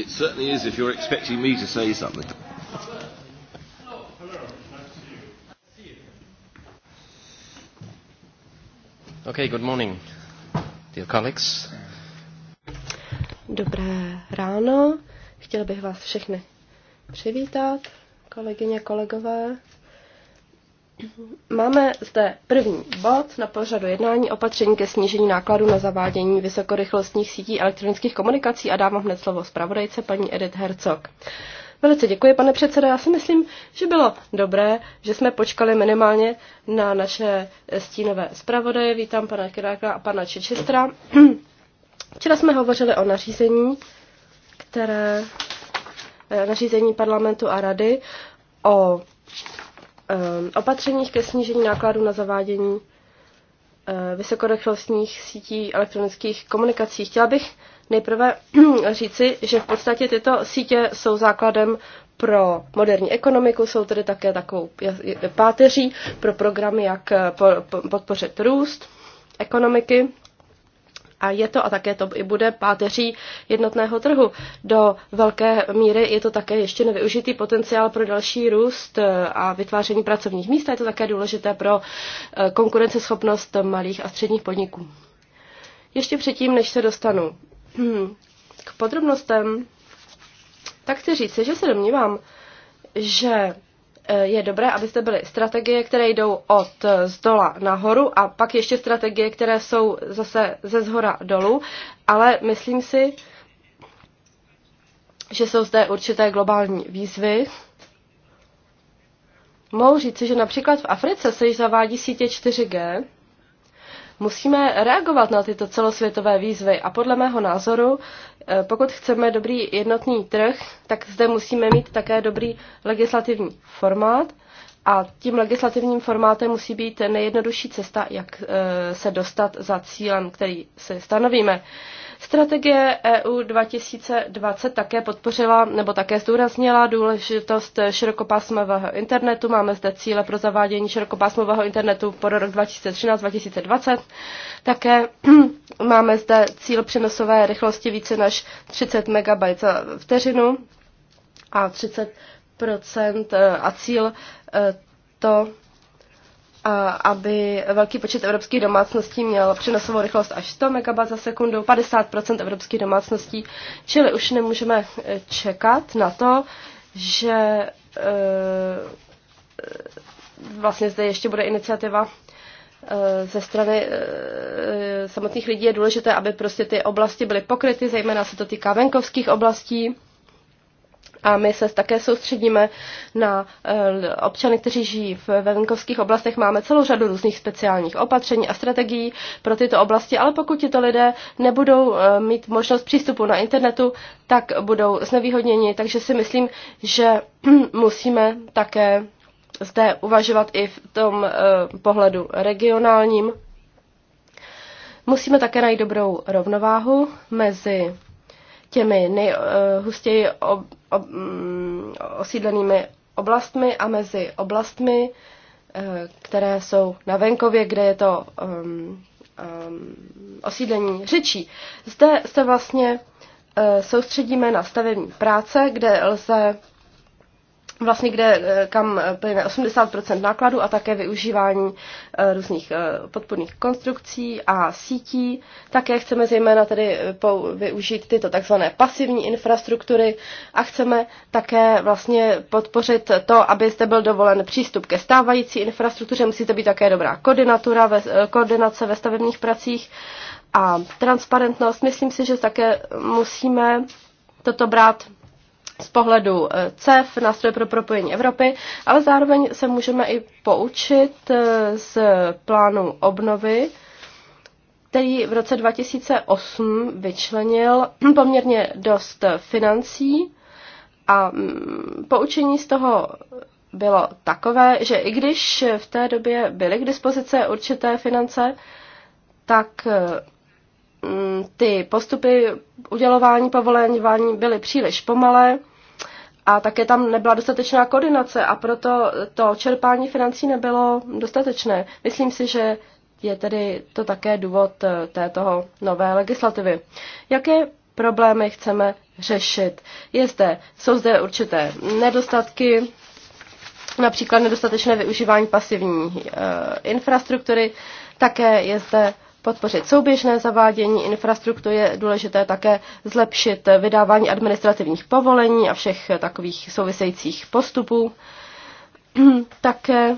It certainly is if you're expecting me to say something. Okay, good morning, dear colleagues. Dobré ráno. Chtěl bych vás všechny přivítat, kolegyně, kolegové. Máme zde první bod na pořadu jednání opatření ke snížení nákladů na zavádění vysokorychlostních sítí elektronických komunikací a dávám hned slovo zpravodajce paní Edith Hercog. Velice děkuji, pane předsedo. Já si myslím, že bylo dobré, že jsme počkali minimálně na naše stínové zpravodaje. Vítám pana Kiráka a pana Čečestra. Včera jsme hovořili o nařízení, které eh, nařízení parlamentu a rady o Ehm, opatřeních ke snížení nákladů na zavádění eh, vysokorychlostních sítí elektronických komunikací. Chtěla bych nejprve říci, že v podstatě tyto sítě jsou základem pro moderní ekonomiku, jsou tedy také takovou páteří pro programy, jak eh, podpořit růst ekonomiky a je to a také to i bude páteří jednotného trhu. Do velké míry je to také ještě nevyužitý potenciál pro další růst a vytváření pracovních míst a je to také důležité pro eh, konkurenceschopnost malých a středních podniků. Ještě předtím, než se dostanu hmm, k podrobnostem, tak chci říct, že se domnívám, že Eh, je dobré, abyste byly strategie, které jdou od eh, zdola nahoru a pak ještě strategie, které jsou zase ze zhora dolů, ale myslím si, že jsou zde určité globální výzvy. Mohu říci, že například v Africe se již zavádí sítě 4G, Musíme reagovat na tyto celosvětové výzvy a podle mého názoru, eh, pokud chceme dobrý jednotný trh, tak zde musíme mít také dobrý legislativní formát, a tím legislativním formátem musí být nejjednodušší cesta, jak e, se dostat za cílem, který si stanovíme. Strategie EU 2020 také podpořila nebo také zdůraznila důležitost širokopásmového internetu. Máme zde cíle pro zavádění širokopásmového internetu pro rok 2013-2020. Také máme zde cíl přenosové rychlosti více než 30 MB za vteřinu a 30 Eh, a cíl eh, to, aby velký počet evropských domácností měl přenosovou rychlost až 100 MB za sekundu, 50 evropských domácností, čili už nemůžeme eh, čekat na to, že vlastně zde ještě bude iniciativa ze strany samotných lidí je důležité, aby prostě ty oblasti byly pokryty, zejména se to týká venkovských oblastí. A my se také soustředíme na eh, občany, kteří žijí v venkovských oblastech. Máme celou řadu různých speciálních opatření a strategií pro tyto oblasti, ale pokud tito lidé nebudou eh, mít možnost přístupu na internetu, tak budou znevýhodněni. Takže si myslím, že musíme také zde uvažovat i v tom eh, pohledu regionálním. Musíme také najít dobrou rovnováhu mezi těmi nejhustěji eh, ob, ob, mm, osídlenými oblastmi a mezi oblastmi, eh, které jsou na venkově, kde je to um, um, osídlení řečí. Zde se vlastně eh, soustředíme na stavební práce, kde lze vlastně kde, eh, kam plyne 80% nákladů a také využívání eh, různých eh, podporných konstrukcí a sítí. Také chceme zejména tedy využít tyto takzvané pasivní infrastruktury a chceme také vlastně podpořit to, aby zde byl dovolen přístup ke stávající infrastruktuře. Musí to být také dobrá koordinatura, ve, koordinace ve stavebních pracích a transparentnost. Myslím si, že také musíme toto brát z pohledu eh, CEF, nástroje pro propojení Evropy, ale zároveň se můžeme i poučit eh, z plánu obnovy, který v roce 2008 vyčlenil poměrně dost financí a mm, poučení z toho bylo takové, že i když v té době byly k dispozici určité finance, tak eh, mm, ty postupy udělování povolení byly příliš pomalé a také tam nebyla dostatečná koordinace a proto to čerpání financí nebylo dostatečné. Myslím si, že je tedy to také důvod eh, této nové legislativy. Jaké problémy chceme řešit? Je zde, jsou zde určité nedostatky, například nedostatečné využívání pasivní e, infrastruktury, také je zde podpořit souběžné zavádění infrastruktury, je důležité také zlepšit vydávání administrativních povolení a všech takových souvisejících postupů. také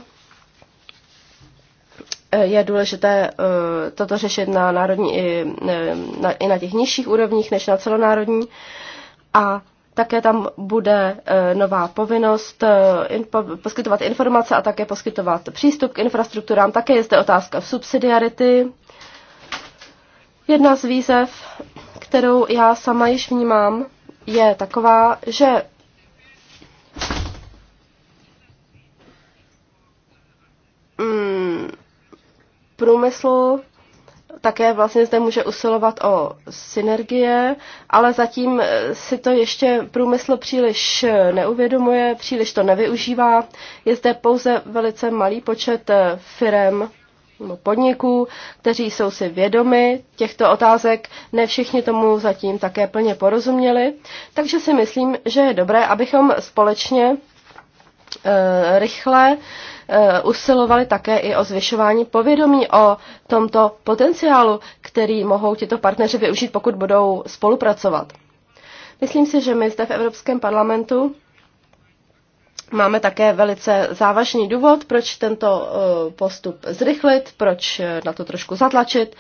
eh, je důležité eh, toto řešit na národní i eh, na, i na těch nižších úrovních než na celonárodní. A také tam bude nová povinnost poskytovat informace a také poskytovat přístup k infrastrukturám. Také je zde otázka subsidiarity. Jedna z výzev, kterou já sama již vnímám, je taková, že mm, průmysl také vlastně zde může usilovat o synergie, ale zatím eh, si to ještě průmysl příliš neuvědomuje, příliš to nevyužívá. Je zde pouze velice malý počet eh, firem, podniků, kteří jsou si vědomi těchto otázek. Ne všichni tomu zatím také plně porozuměli, takže si myslím, že je dobré, abychom společně e, rychle e, usilovali také i o zvyšování povědomí o tomto potenciálu, který mohou tito partneři využít, pokud budou spolupracovat. Myslím si, že my zde v Evropském parlamentu Máme také velice závažný důvod, proč tento eh, postup zrychlit, proč eh, na to trošku zatlačit.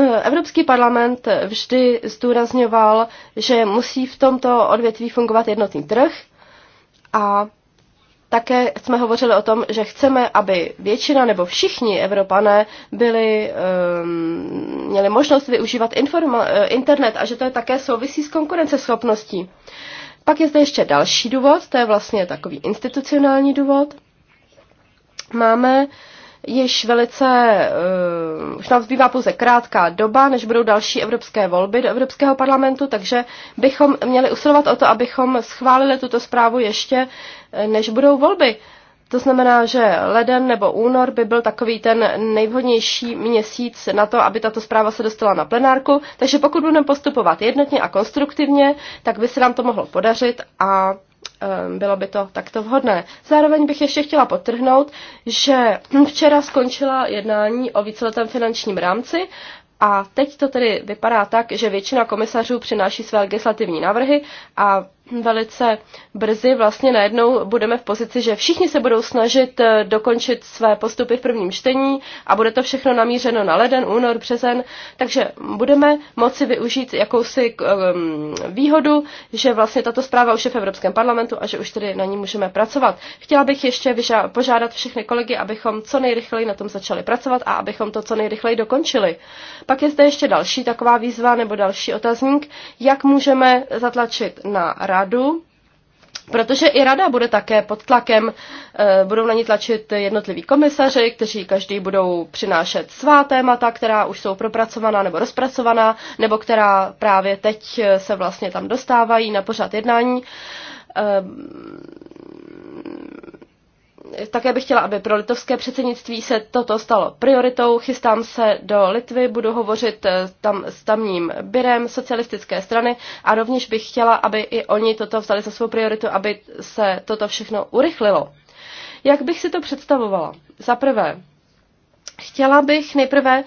Eh, Evropský parlament vždy zdůrazňoval, že musí v tomto odvětví fungovat jednotný trh a také jsme hovořili o tom, že chceme, aby většina nebo všichni Evropané byli, ehm, měli možnost využívat informa- internet a že to je také souvisí s konkurenceschopností. Pak je zde ještě další důvod, to je vlastně takový institucionální důvod. Máme již velice, uh, už nám zbývá pouze krátká doba, než budou další evropské volby do Evropského parlamentu, takže bychom měli usilovat o to, abychom schválili tuto zprávu ještě, eh, než budou volby. Uh, to znamená, že leden nebo únor by byl takový ten nejvhodnější měsíc na to, aby tato zpráva se dostala na plenárku. Takže pokud budeme postupovat jednotně a konstruktivně, tak by se nám to mohlo podařit a bylo by to takto vhodné. Zároveň bych ještě chtěla potrhnout, že včera skončila jednání o víceletém finančním rámci a teď to tedy vypadá tak, že většina komisařů přináší své legislativní návrhy a velice brzy vlastně najednou budeme v pozici, že všichni se budou snažit eh, dokončit své postupy v prvním čtení a bude to všechno namířeno na leden, únor, březen, takže budeme moci využít jakousi eh, mm, výhodu, že vlastně tato zpráva už je v Evropském parlamentu a že už tedy na ní můžeme pracovat. Chtěla bych ještě požádat všechny kolegy, abychom co nejrychleji na tom začali pracovat a abychom to co nejrychleji dokončili. Pak je zde ještě další taková výzva nebo další otazník, jak můžeme zatlačit na rád radu, protože i rada bude také pod tlakem, eh, budou na ní tlačit jednotliví komisaři, kteří každý budou přinášet svá témata, která už jsou propracovaná nebo rozpracovaná, nebo která právě teď eh, se vlastně tam dostávají na pořád jednání ehm, také bych chtěla, aby pro litovské předsednictví se toto stalo prioritou. Chystám se do Litvy, budu hovořit eh, tam s tamním birem socialistické strany a rovněž bych chtěla, aby i oni toto vzali za svou prioritu, aby se toto všechno urychlilo. Jak bych si to představovala? Za prvé, chtěla bych nejprve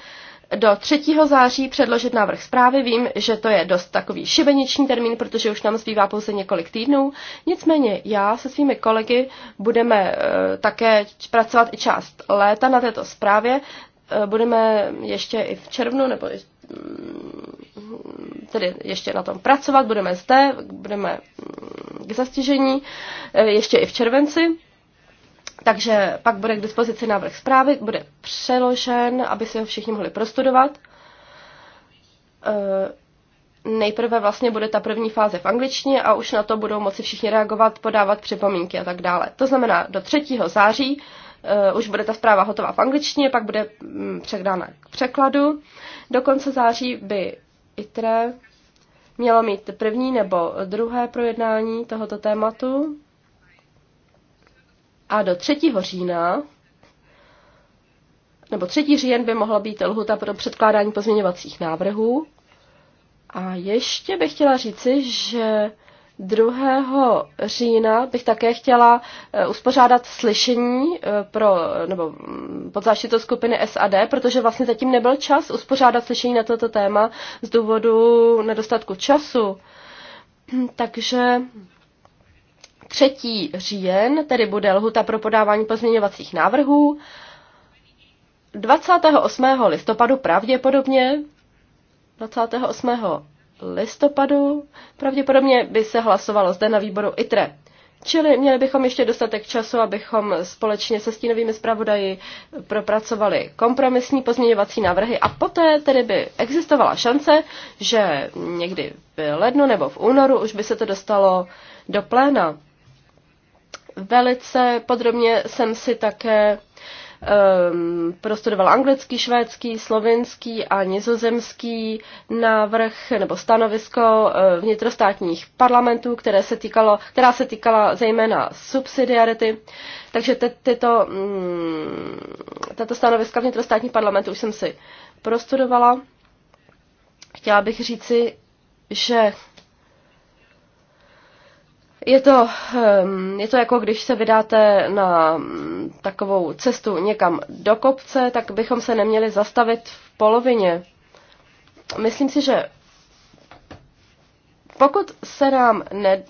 do 3. září předložit návrh zprávy. Vím, že to je dost takový šibeniční termín, protože už nám zbývá pouze několik týdnů. Nicméně já se svými kolegy budeme eh, také pracovat i část léta na této zprávě. Eh, budeme ještě i v červnu nebo mm, tedy ještě na tom pracovat, budeme zde, budeme mm, k zastižení, eh, ještě i v červenci takže pak bude k dispozici návrh zprávy, bude přeložen, aby si ho všichni mohli prostudovat. E, nejprve vlastně bude ta první fáze v angličtině a už na to budou moci všichni reagovat, podávat připomínky a tak dále. To znamená, do 3. září e, už bude ta zpráva hotová v angličtině, pak bude mm, předána k překladu. Do konce září by ITRE mělo mít první nebo druhé projednání tohoto tématu a do 3. října nebo 3. říjen by mohla být lhuta pro předkládání pozměňovacích návrhů. A ještě bych chtěla říci, že 2. října bych také chtěla eh, uspořádat slyšení eh, pro, nebo mm, pod záštitou skupiny SAD, protože vlastně zatím nebyl čas uspořádat slyšení na toto téma z důvodu nedostatku času. Takže 3. říjen, tedy bude lhuta pro podávání pozměňovacích návrhů. 28. listopadu pravděpodobně, 28. listopadu pravděpodobně by se hlasovalo zde na výboru ITRE. Čili měli bychom ještě dostatek času, abychom společně se stínovými zpravodaji propracovali kompromisní pozměňovací návrhy a poté tedy by existovala šance, že někdy v lednu nebo v únoru už by se to dostalo do pléna velice podrobně jsem si také um, prostudoval anglický, švédský, slovinský a nizozemský návrh nebo stanovisko eh, vnitrostátních parlamentů, které se týkalo, která se týkala zejména subsidiarity. Takže te, tyto, um, tato stanoviska vnitrostátních parlamentů už jsem si prostudovala. Chtěla bych říci, že je to, ehm, je to jako když se vydáte na mm, takovou cestu někam do kopce, tak bychom se neměli zastavit v polovině. Myslím si, že pokud se nám ne,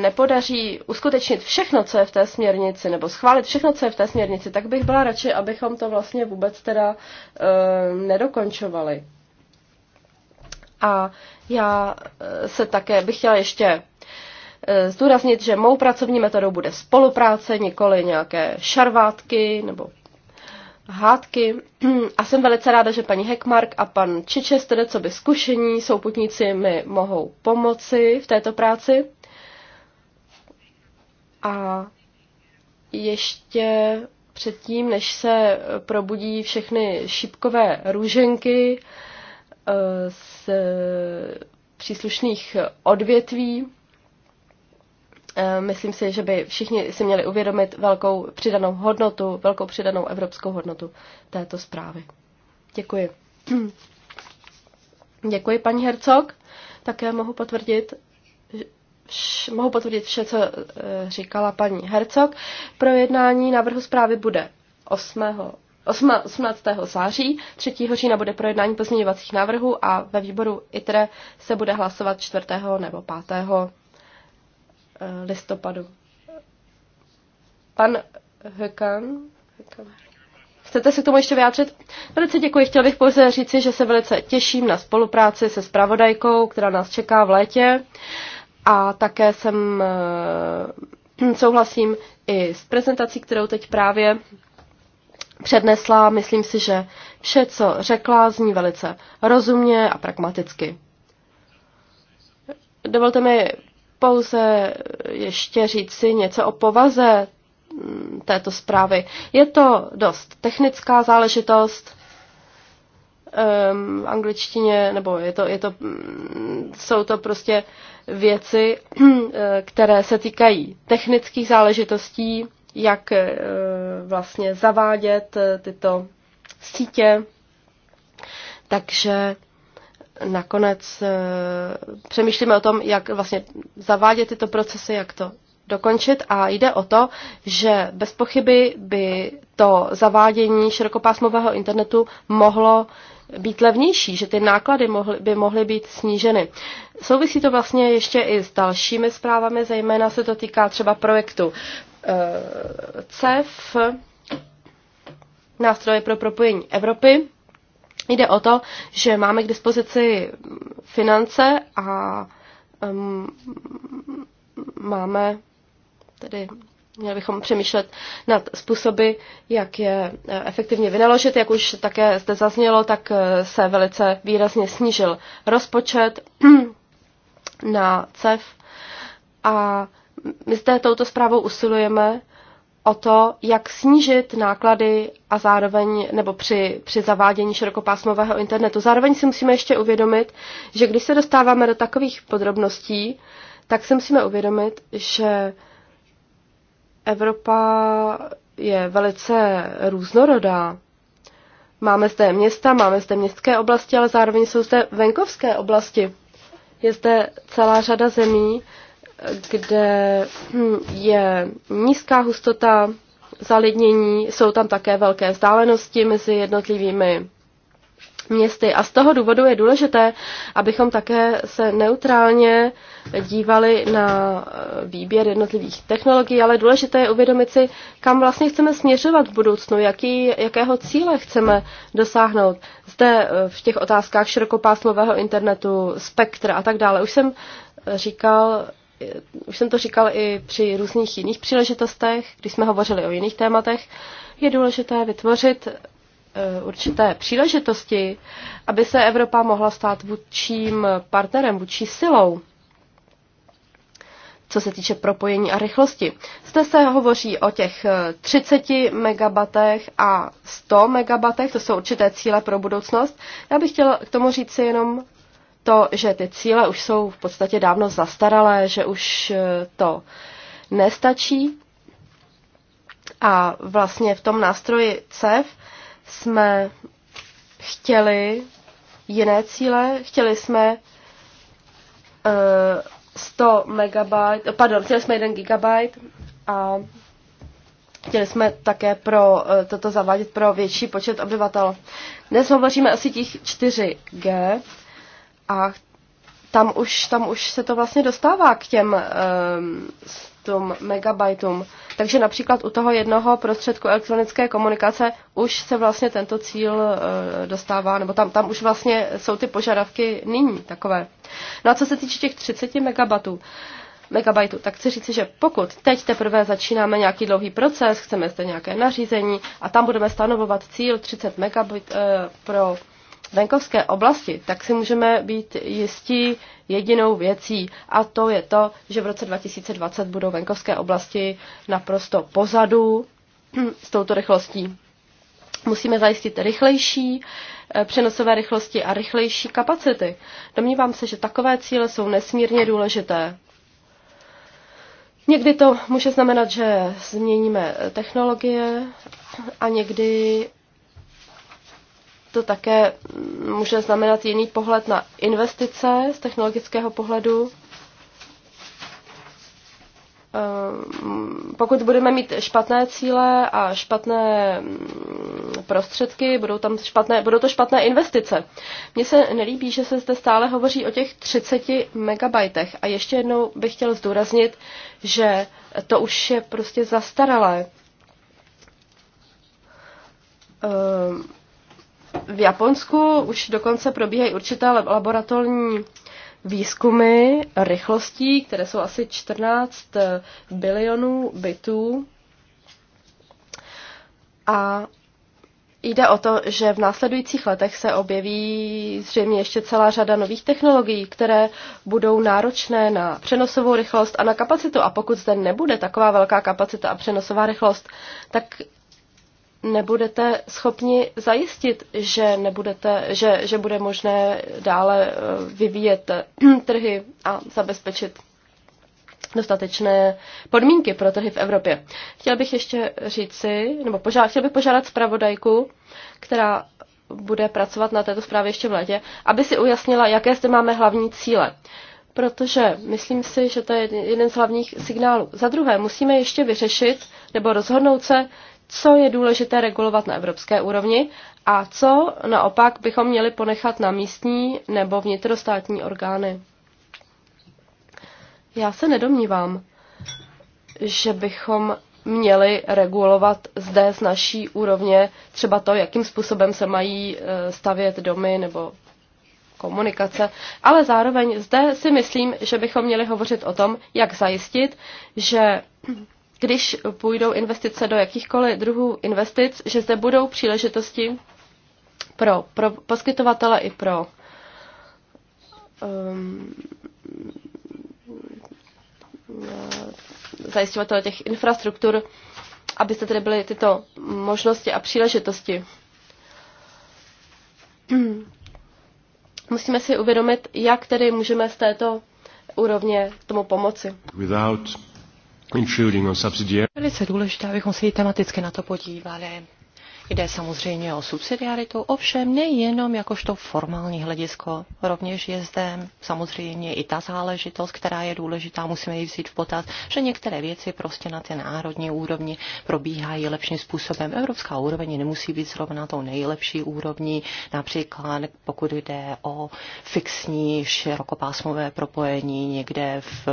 nepodaří uskutečnit všechno, co je v té směrnici, nebo schválit všechno, co je v té směrnici, tak bych byla radši, abychom to vlastně vůbec teda e, nedokončovali. A já eh, se také bych chtěla ještě Eh, zdůraznit, že mou pracovní metodou bude spolupráce, nikoli nějaké šarvátky nebo hádky. A jsem velice ráda, že paní Heckmark a pan Chichester, co by zkušení, souputníci mi mohou pomoci v této práci. A ještě předtím, než se probudí všechny šípkové růženky eh, z příslušných odvětví, Eh, myslím si, že by všichni si měli uvědomit velkou přidanou hodnotu, velkou přidanou evropskou hodnotu této zprávy. Děkuji. Děkuji, paní Hercog. Také mohu potvrdit, mohu potvrdit vše, co eh, říkala paní Hercog. Projednání návrhu zprávy bude 8. 18. září, 3. října bude projednání pozměňovacích návrhů a ve výboru ITRE se bude hlasovat 4. nebo 5. Eh, listopadu. Pan Hökan, Chcete se k tomu ještě vyjádřit? Velice děkuji. Chtěl bych pouze říci, že se velice těším na spolupráci se spravodajkou, která nás čeká v létě. A také jsem eh, souhlasím i s prezentací, kterou teď právě přednesla. Myslím si, že vše, co řekla, zní velice rozumně a pragmaticky. Dovolte mi pouze ještě říci něco o povaze mm, této zprávy. Je to dost technická záležitost, ehm, v angličtině, nebo je to, je to, mm, jsou to prostě věci, eh, které se týkají technických záležitostí, jak eh, vlastně zavádět eh, tyto sítě. Takže nakonec eh, přemýšlíme o tom, jak vlastně zavádět tyto procesy, jak to dokončit a jde o to, že bez pochyby by to zavádění širokopásmového internetu mohlo být levnější, že ty náklady mohly, by mohly být sníženy. Souvisí to vlastně ještě i s dalšími zprávami, zejména se to týká třeba projektu eh, CEF, nástroje pro propojení Evropy. Jde o to, že máme k dispozici finance a um, máme tedy měli bychom přemýšlet nad způsoby, jak je eh, efektivně vynaložit. Jak už také zde zaznělo, tak eh, se velice výrazně snížil rozpočet na CEF a my zde touto zprávou usilujeme o to, jak snížit náklady a zároveň, nebo při, při zavádění širokopásmového internetu. Zároveň si musíme ještě uvědomit, že když se dostáváme do takových podrobností, tak si musíme uvědomit, že Evropa je velice různorodá. Máme zde města, máme zde městské oblasti, ale zároveň jsou zde venkovské oblasti. Je zde celá řada zemí, kde hm, je nízká hustota zalidnění, jsou tam také velké vzdálenosti mezi jednotlivými městy. A z toho důvodu je důležité, abychom také se neutrálně dívali na eh, výběr jednotlivých technologií, ale důležité je uvědomit si, kam vlastně chceme směřovat v budoucnu, jaký, jakého cíle chceme dosáhnout. Zde eh, v těch otázkách širokopásmového internetu, spektra a tak dále. Už jsem eh, říkal, Eh, už jsem to říkal i při různých jiných příležitostech, když jsme hovořili o jiných tématech, je důležité vytvořit eh, určité příležitosti, aby se Evropa mohla stát vůdčím partnerem, vůdčí silou, co se týče propojení a rychlosti. Zde se hovoří o těch 30 eh, megabatech a 100 megabatech, to jsou určité cíle pro budoucnost. Já bych chtěla k tomu říct si jenom to, že ty cíle už jsou v podstatě dávno zastaralé, že už eh, to nestačí. A vlastně v tom nástroji CEF jsme chtěli jiné cíle, chtěli jsme 100 eh, megabyte, pardon, chtěli jsme 1 gigabyte a chtěli jsme také pro eh, toto zavádět pro větší počet obyvatel. Dnes hovoříme o sítích 4G, a tam už, tam už se to vlastně dostává k těm um, tom megabajtům. Takže například u toho jednoho prostředku elektronické komunikace už se vlastně tento cíl uh, dostává, nebo tam, tam už vlastně jsou ty požadavky nyní takové. No a co se týče těch 30 megabatů, megabajtů, tak chci říci, že pokud teď teprve začínáme nějaký dlouhý proces, chceme zde nějaké nařízení a tam budeme stanovovat cíl 30 megabit uh, eh, pro venkovské oblasti, tak si můžeme být jistí jedinou věcí a to je to, že v roce 2020 budou venkovské oblasti naprosto pozadu s touto rychlostí. Musíme zajistit rychlejší eh, přenosové rychlosti a rychlejší kapacity. Domnívám se, že takové cíle jsou nesmírně důležité. Někdy to může znamenat, že změníme eh, technologie a někdy to také může znamenat jiný pohled na investice z technologického pohledu. Ehm, pokud budeme mít špatné cíle a špatné mm, prostředky, budou, tam špatné, budou to špatné investice. Mně se nelíbí, že se zde stále hovoří o těch 30 megabajtech. A ještě jednou bych chtěl zdůraznit, že to už je prostě zastaralé. Ehm, v Japonsku už dokonce probíhají určité laboratorní výzkumy rychlostí, které jsou asi 14 eh, bilionů bitů. A jde o to, že v následujících letech se objeví zřejmě ještě celá řada nových technologií, které budou náročné na přenosovou rychlost a na kapacitu. A pokud zde nebude taková velká kapacita a přenosová rychlost, tak nebudete schopni zajistit, že, nebudete, že, že bude možné dále eh, vyvíjet eh, trhy a zabezpečit dostatečné podmínky pro trhy v Evropě. Chtěl bych ještě říci, nebo požádat, chtěl bych požádat zpravodajku, která bude pracovat na této zprávě ještě v létě, aby si ujasnila, jaké zde máme hlavní cíle. Protože myslím si, že to je jeden z hlavních signálů. Za druhé, musíme ještě vyřešit nebo rozhodnout se, co je důležité regulovat na evropské úrovni a co naopak bychom měli ponechat na místní nebo vnitrostátní orgány. Já se nedomnívám, že bychom měli regulovat zde z naší úrovně třeba to, jakým způsobem se mají eh, stavět domy nebo komunikace, ale zároveň zde si myslím, že bychom měli hovořit o tom, jak zajistit, že když půjdou investice do jakýchkoliv druhů investic, že zde budou příležitosti pro, pro poskytovatele i pro um, zajišťovatele těch infrastruktur, aby se tedy byly tyto možnosti a příležitosti. Musíme si uvědomit, jak tedy můžeme z této úrovně tomu pomoci. Without Velice důležité, abychom se i tematicky na to podívali. Jde samozřejmě o subsidiaritu, ovšem nejenom jakožto formální hledisko. Rovněž je zde samozřejmě i ta záležitost, která je důležitá, musíme ji vzít v potaz, že některé věci prostě na té národní úrovni probíhají lepším způsobem. Evropská úroveň nemusí být zrovna tou nejlepší úrovní, například pokud jde o fixní širokopásmové propojení někde v,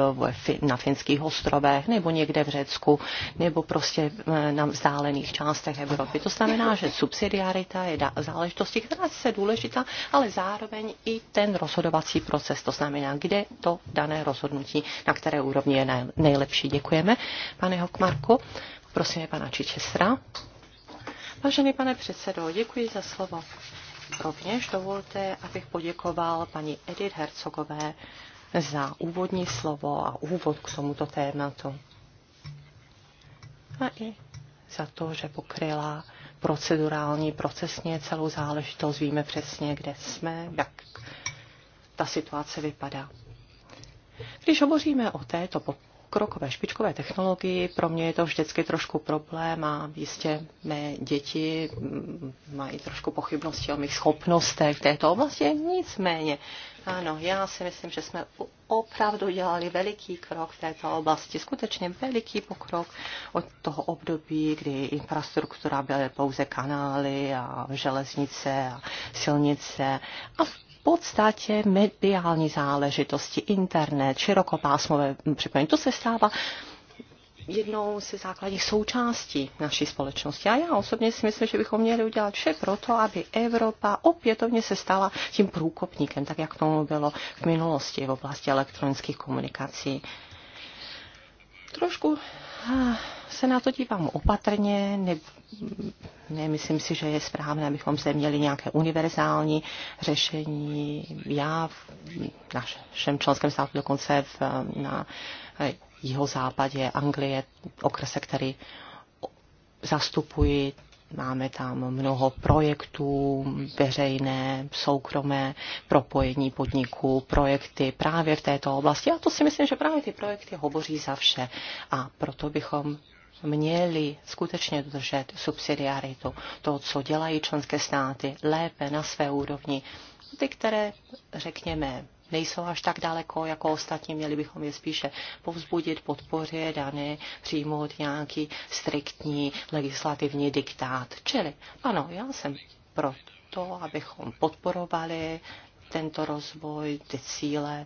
na finských ostrovech nebo někde v Řecku nebo prostě eh, na vzdálených částech Evropy. To znamená, znamená, že subsidiarita je záležitosti, která se důležitá, ale zároveň i ten rozhodovací proces, to znamená, kde to dané rozhodnutí, na které úrovni je nejlepší. Děkujeme, pane Hokmarku. Prosím je pana Čičestra. Vážený pane předsedo, děkuji za slovo. Rovněž dovolte, abych poděkoval paní Edith Hercogové za úvodní slovo a úvod k tomuto tématu. A i za to, že pokryla procedurální, procesně celou záležitost, víme přesně, kde jsme, jak ta situace vypadá. Když hovoříme o této pokrokové špičkové technologii. Pro mě je to vždycky trošku problém a jistě mé děti mm, mají trošku pochybnosti o mých schopnostech v této oblasti. Nicméně, ano, já si myslím, že jsme opravdu dělali veliký krok v této oblasti, skutečně veliký pokrok od toho období, kdy infrastruktura byly pouze kanály a železnice a silnice a v podstatě mediální záležitosti, internet, širokopásmové připojení. To se stává jednou ze základních součástí naší společnosti. A já osobně si myslím, že bychom měli udělat vše pro to, aby Evropa opětovně se stala tím průkopníkem, tak jak tomu bylo v minulosti v oblasti elektronických komunikací. Trošku Ah, se na to dívám opatrně, ne, nemyslím si, že je správné, abychom se měli nějaké univerzální řešení. Já v našem členském státu dokonce v, na jihozápadě Anglie, okrese, který zastupuji, Máme tam mnoho projektů, veřejné, soukromé, propojení podniků, projekty právě v této oblasti. A to si myslím, že právě ty projekty hovoří za vše. A proto bychom měli skutečně dodržet subsidiaritu, to, co dělají členské státy lépe na své úrovni, ty, které, řekněme, nejsou až tak daleko jako ostatní, měli bychom je spíše povzbudit, podpořit dané přijmout nějaký striktní legislativní diktát. Čili ano, já jsem pro to, abychom podporovali tento rozvoj, ty cíle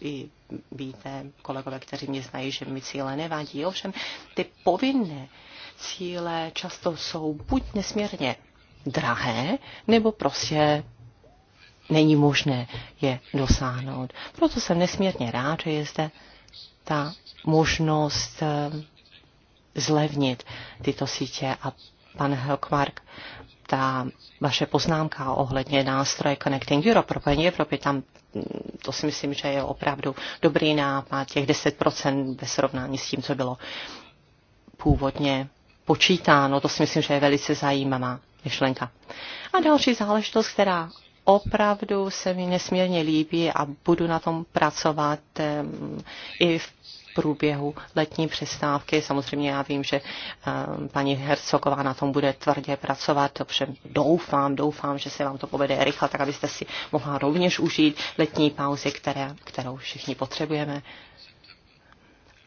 i víte, kolegové, kteří mě znají, že mi cíle nevadí. Ovšem, ty povinné cíle často jsou buď nesmírně drahé, nebo prostě není možné je dosáhnout. Proto jsem nesmírně rád, že je zde ta možnost eh, zlevnit tyto sítě a pan Helkmark, ta vaše poznámka ohledně nástroje Connecting Europe, propojení Evropy, tam mm, to si myslím, že je opravdu dobrý nápad, těch 10% ve srovnání s tím, co bylo původně počítáno, to si myslím, že je velice zajímavá myšlenka. A další záležitost, která opravdu se mi nesmírně líbí a budu na tom pracovat i v průběhu letní přestávky. Samozřejmě já vím, že paní Hercoková na tom bude tvrdě pracovat, protože doufám, doufám, že se vám to povede rychle, tak abyste si mohla rovněž užít letní pauzy, které, kterou všichni potřebujeme.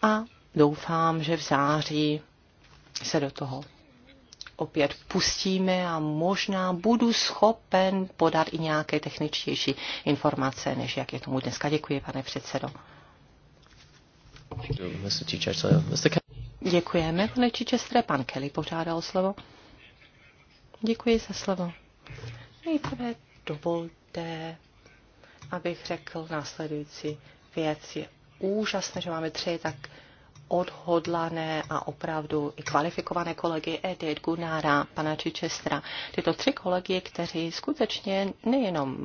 A doufám, že v září se do toho opět pustíme a možná budu schopen podat i nějaké techničtější informace, než jak je tomu dneska. Děkuji, pane předsedo. Děkujeme, pane Čičestre. Pan Kelly požádal slovo. Děkuji za slovo. Nejprve dovolte, abych řekl následující věc. Je úžasné, že máme tři tak odhodlané a opravdu i kvalifikované kolegy Edith, Gunára, pana Čičestra. Tyto tři kolegy, kteří skutečně nejenom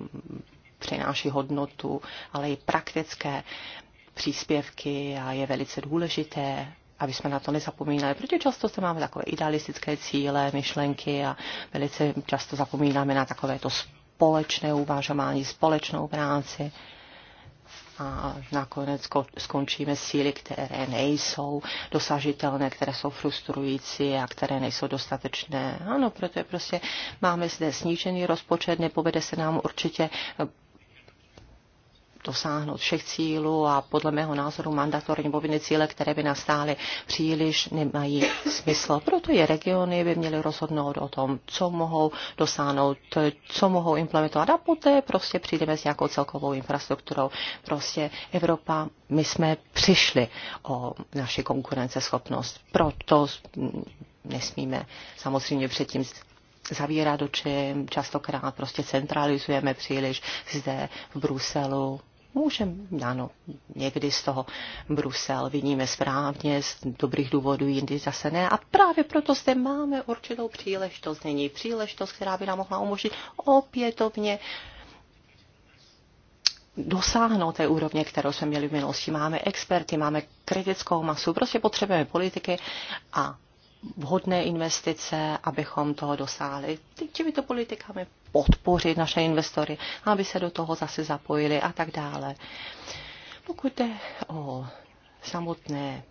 přináší hodnotu, ale i praktické příspěvky a je velice důležité, aby jsme na to nezapomínali, protože často se máme takové idealistické cíle, myšlenky a velice často zapomínáme na takovéto společné uvažování, společnou práci a nakonec skončíme síly, které nejsou dosažitelné, které jsou frustrující a které nejsou dostatečné. Ano, proto je prostě máme zde snížený rozpočet, nepovede se nám určitě dosáhnout všech cílů a podle mého názoru mandatorní povinné cíle, které by nastály příliš, nemají smysl. Proto je regiony by měly rozhodnout o tom, co mohou dosáhnout, co mohou implementovat a poté prostě přijdeme s nějakou celkovou infrastrukturou. Prostě Evropa, my jsme přišli o naši konkurenceschopnost. Proto nesmíme samozřejmě předtím zavírat oči, častokrát prostě centralizujeme příliš zde v Bruselu, Můžem, no, ano, někdy z toho Brusel vidíme správně, z dobrých důvodů, jindy zase ne. A právě proto zde máme určitou příležitost. Není příležitost, která by nám mohla umožnit opětovně dosáhnout té úrovně, kterou jsme měli v minulosti. Máme experty, máme kritickou masu, prostě potřebujeme politiky a vhodné investice, abychom toho dosáhli. těmito politikami podpořit naše investory, aby se do toho zase zapojili a tak dále. Pokud jde o samotné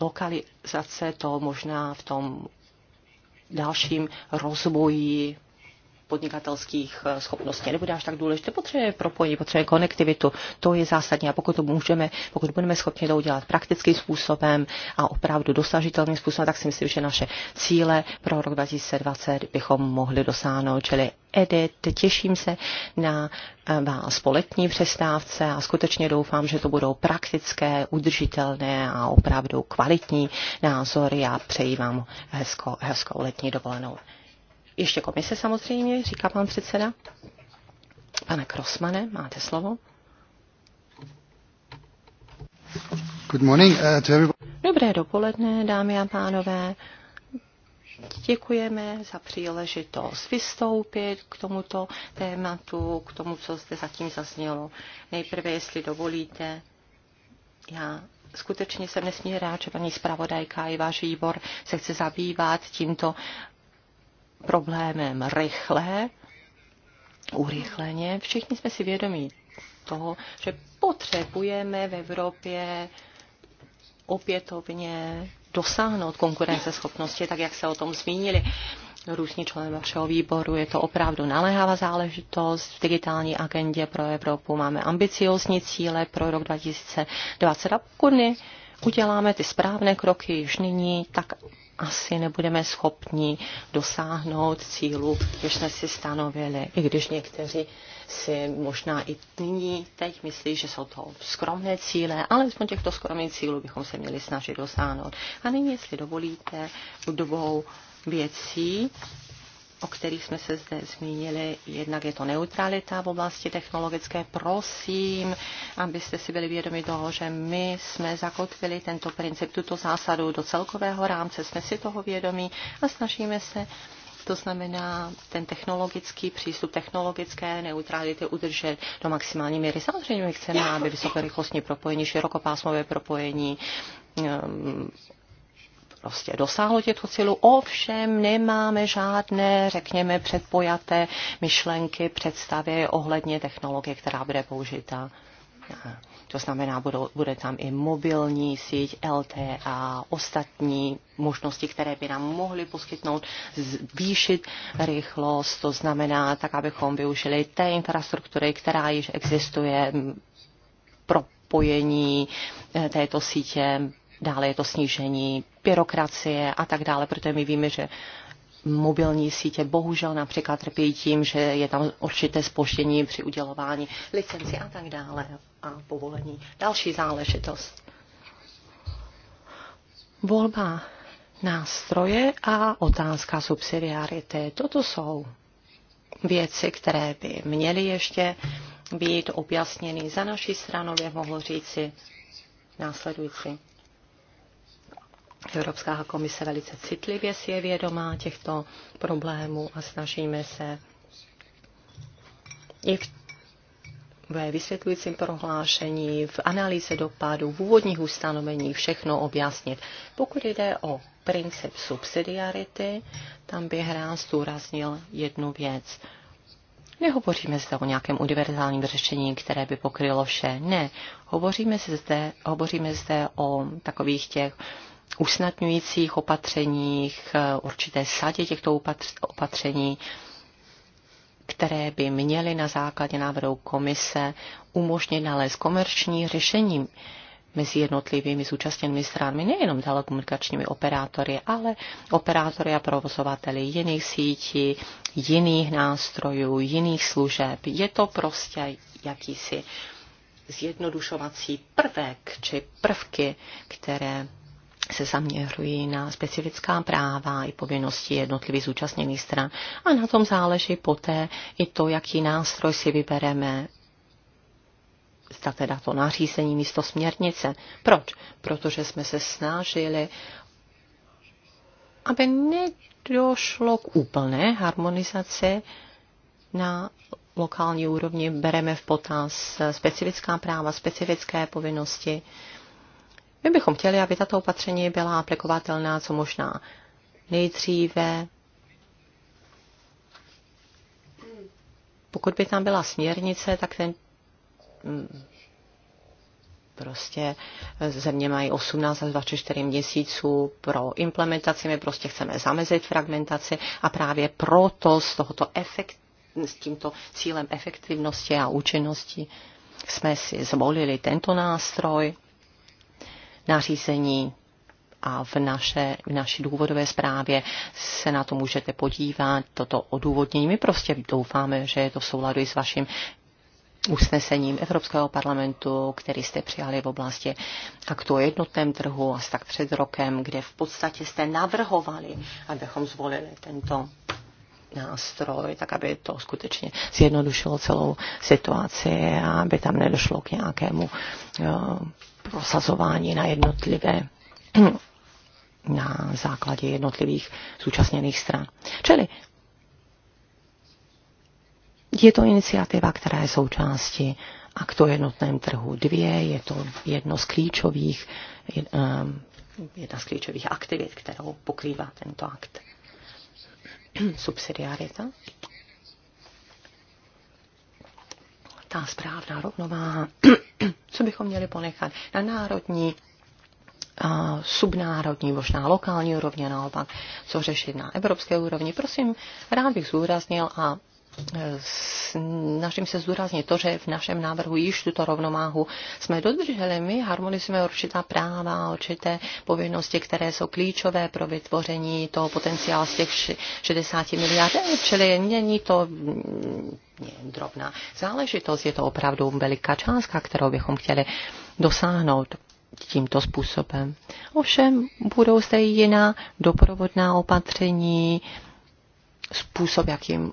lokalizace, to možná v tom dalším rozvoji podnikatelských eh, schopností nebude až tak důležité. Potřebuje propojení, potřebuje konektivitu. To je zásadní a pokud to můžeme, pokud budeme schopni to udělat praktickým způsobem a opravdu dosažitelným způsobem, tak si myslím, že naše cíle pro rok 2020 bychom mohli dosáhnout, čili edit. Těším se na eh, vás po přestávce a skutečně doufám, že to budou praktické, udržitelné a opravdu kvalitní názory a přeji vám hezkou, hezkou letní dovolenou. Ještě komise samozřejmě, říká pan předseda. Pane Krosmane, máte slovo. Good morning, uh, to everybody. Dobré dopoledne, dámy a pánové. Děkujeme za příležitost vystoupit k tomuto tématu, k tomu, co zde zatím zaznělo. Nejprve, jestli dovolíte, já skutečně jsem nesmírně rád, že paní zpravodajka i váš výbor se chce zabývat tímto problémem rychle, urychleně. Všichni jsme si vědomí toho, že potřebujeme v Evropě opětovně dosáhnout konkurenceschopnosti, tak jak se o tom zmínili různí členové vašeho výboru. Je to opravdu naléhavá záležitost v digitální agendě pro Evropu. Máme ambiciozní cíle pro rok 2020 a pokud uděláme ty správné kroky již nyní, tak asi nebudeme schopni dosáhnout cílu, když jsme si stanovili, i když někteří si možná i nyní teď myslí, že jsou to skromné cíle, ale alespoň těchto skromných cílů bychom se měli snažit dosáhnout. A nyní, jestli dovolíte, u dvou věcí, o kterých jsme se zde zmínili. Jednak je to neutralita v oblasti technologické. Prosím, abyste si byli vědomi toho, že my jsme zakotvili tento princip, tuto zásadu do celkového rámce, jsme si toho vědomí a snažíme se to znamená ten technologický přístup, technologické neutrality udržet do maximální míry. Samozřejmě chceme, aby vysokorychlostní propojení, širokopásmové propojení, prostě dosáhlo těchto cílů. Ovšem nemáme žádné, řekněme, předpojaté myšlenky, představy ohledně technologie, která bude použita. To znamená, budou, bude tam i mobilní síť, LTE a ostatní možnosti, které by nám mohly poskytnout, zvýšit rychlost, to znamená tak, abychom využili té infrastruktury, která již existuje, propojení e, této sítě dále je to snížení byrokracie a tak dále, protože my víme, že mobilní sítě bohužel například trpí tím, že je tam určité spoždění při udělování licenci a tak dále a povolení. Další záležitost. Volba nástroje a otázka subsidiarity. Toto jsou věci, které by měly ještě být objasněny. Za naší stranu bych mohl říci následující. Evropská komise velice citlivě si je vědomá těchto problémů a snažíme se i v ve vysvětlujícím prohlášení, v analýze dopadů, v úvodních ustanovení všechno objasnit. Pokud jde o princip subsidiarity, tam bych rád zdůraznil jednu věc. Nehovoříme zde o nějakém univerzálním řešení, které by pokrylo vše. Ne, hovoříme, se zde, hovoříme zde o takových těch usnadňujících opatřeních, eh, určité sadě těchto opatření, které by měly na základě návrhu komise umožnit nalézt komerční řešení mezi jednotlivými zúčastněnými stranami, nejenom telekomunikačními operátory, ale operátory a provozovateli jiných sítí, jiných nástrojů, jiných služeb. Je to prostě jakýsi zjednodušovací prvek či prvky, které se zaměřují na specifická práva i povinnosti jednotlivých zúčastněných stran a na tom záleží poté i to, jaký nástroj si vybereme, zda teda to nařízení místo směrnice. Proč? Protože jsme se snažili, aby nedošlo k úplné harmonizaci na lokální úrovni, bereme v potaz specifická práva, specifické povinnosti, my bychom chtěli, aby tato opatření byla aplikovatelná co možná nejdříve. Pokud by tam byla směrnice, tak ten mm, prostě e, země mají 18 až 24 měsíců pro implementaci, my prostě chceme zamezit fragmentaci a právě proto z tohoto efekt, s tímto cílem efektivnosti a účinnosti jsme si zvolili tento nástroj nařízení a v, naše, v naší důvodové zprávě se na to můžete podívat, toto odůvodnění. My prostě doufáme, že je to v souladu i s vaším usnesením Evropského parlamentu, který jste přijali v oblasti aktu o jednotném trhu a tak před rokem, kde v podstatě jste navrhovali, abychom zvolili tento nástroj, tak aby to skutečně zjednodušilo celou situaci a aby tam nedošlo k nějakému prosazování na jednotlivé na základě jednotlivých zúčastněných stran. Čili je to iniciativa, která je součástí aktu to jednotném trhu dvě, je to jedno z klíčových, ehm, jedna z klíčových aktivit, kterou pokrývá tento akt. Subsidiarita. Ta správná rovnováha co bychom měli ponechat na národní subnárodní, možná lokální úrovně, naopak, co řešit na evropské úrovni. Prosím, rád bych zúraznil a Eh, snažím se zdůraznit to, že v našem návrhu již tuto rovnováhu jsme dodrželi. My harmonizujeme určitá práva, určité povinnosti, které jsou klíčové pro vytvoření toho potenciálu z těch 60 miliard. Čili není to mm, drobná záležitost, je to opravdu veliká částka, kterou bychom chtěli dosáhnout tímto způsobem. Ovšem budou zde jiná doprovodná opatření, způsob, jakým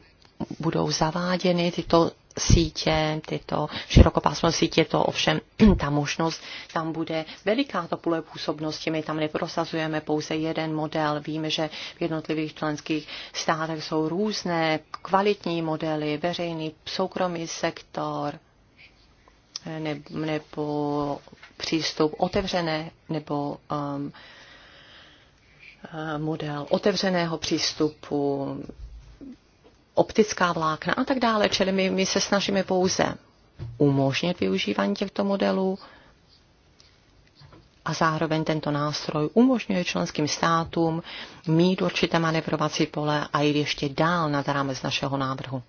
budou zaváděny tyto sítě, tyto širokopásmové sítě, to ovšem ta možnost tam bude veliká, to půle působnosti. My tam neprosazujeme pouze jeden model. Víme, že v jednotlivých členských státech jsou různé kvalitní modely, veřejný, soukromý sektor, ne, nebo přístup otevřené, nebo um, eh, model otevřeného přístupu, optická vlákna a tak dále. Čili my, my se snažíme pouze umožnit využívání těchto modelů a zároveň tento nástroj umožňuje členským státům mít určité manevrovací pole a jít ještě dál nad rámec našeho návrhu.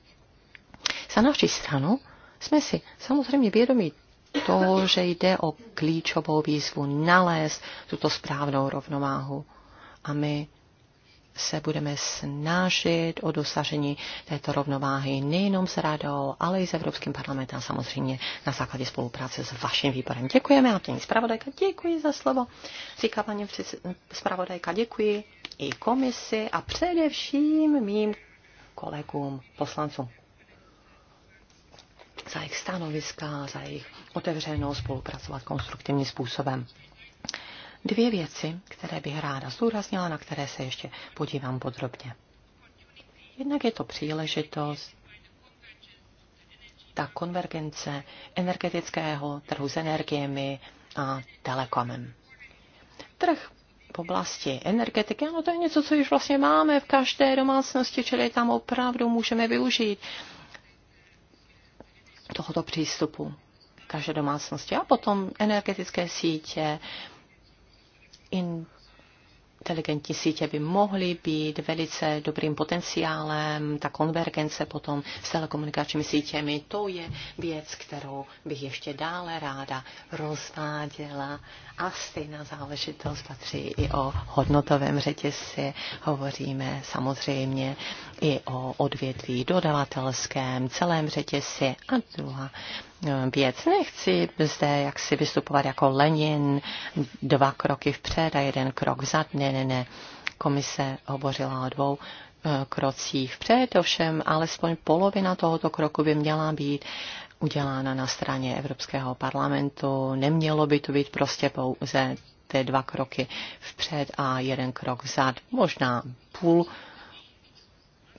Za naši stranu jsme si samozřejmě vědomí toho, že jde o klíčovou výzvu nalézt tuto správnou rovnováhu. A my se budeme snažit o dosažení této rovnováhy nejenom s radou, ale i s Evropským parlamentem a samozřejmě na základě spolupráce s vaším výborem. Děkujeme a paní zpravodajka, děkuji za slovo. Říká paní zpravodajka, děkuji i komisi a především mým kolegům, poslancům za jejich stanoviska, za jejich otevřenou spolupracovat konstruktivním způsobem dvě věci, které bych ráda zdůraznila, na které se ještě podívám podrobně. Jednak je to příležitost ta konvergence energetického trhu s energiemi a telekomem. Trh v oblasti energetiky, ano, to je něco, co již vlastně máme v každé domácnosti, čili tam opravdu můžeme využít tohoto přístupu každé domácnosti. A potom energetické sítě, inteligentní sítě by mohly být velice dobrým potenciálem, ta konvergence potom s telekomunikačními sítěmi, to je věc, kterou bych ještě dále ráda rozváděla. A stejná záležitost patří i o hodnotovém řetězci. Hovoříme samozřejmě i o odvětví dodavatelském, celém řetězci. A druhá věc. Nechci zde jak vystupovat jako Lenin, dva kroky vpřed a jeden krok vzad. Ne, ne, ne. Komise hovořila o dvou e, krocích vpřed, ovšem alespoň polovina tohoto kroku by měla být udělána na straně Evropského parlamentu. Nemělo by to být prostě pouze ty dva kroky vpřed a jeden krok vzad, možná půl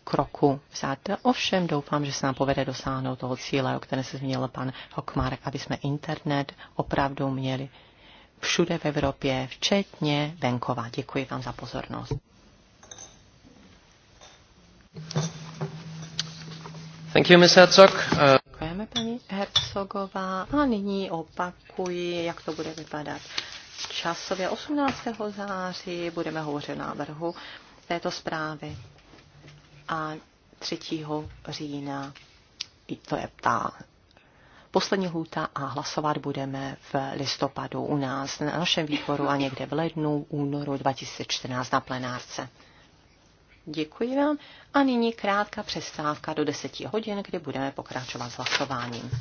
kroku vzad. Ovšem doufám, že se nám povede dosáhnout toho cíle, o kterém se zmínil pan Hokmark, aby jsme internet opravdu měli všude v Evropě, včetně venkova. Děkuji vám za pozornost. Thank you, Ms. Herzog. Uh... Děkujeme, paní Herzogová. A nyní opakuji, jak to bude vypadat. Časově 18. září budeme hovořit o návrhu této zprávy a 3. října. I to je ta poslední hůta a hlasovat budeme v listopadu u nás na našem výboru a někde v lednu, únoru 2014 na plenárce. Děkuji vám a nyní krátká přestávka do 10 hodin, kdy budeme pokračovat s hlasováním.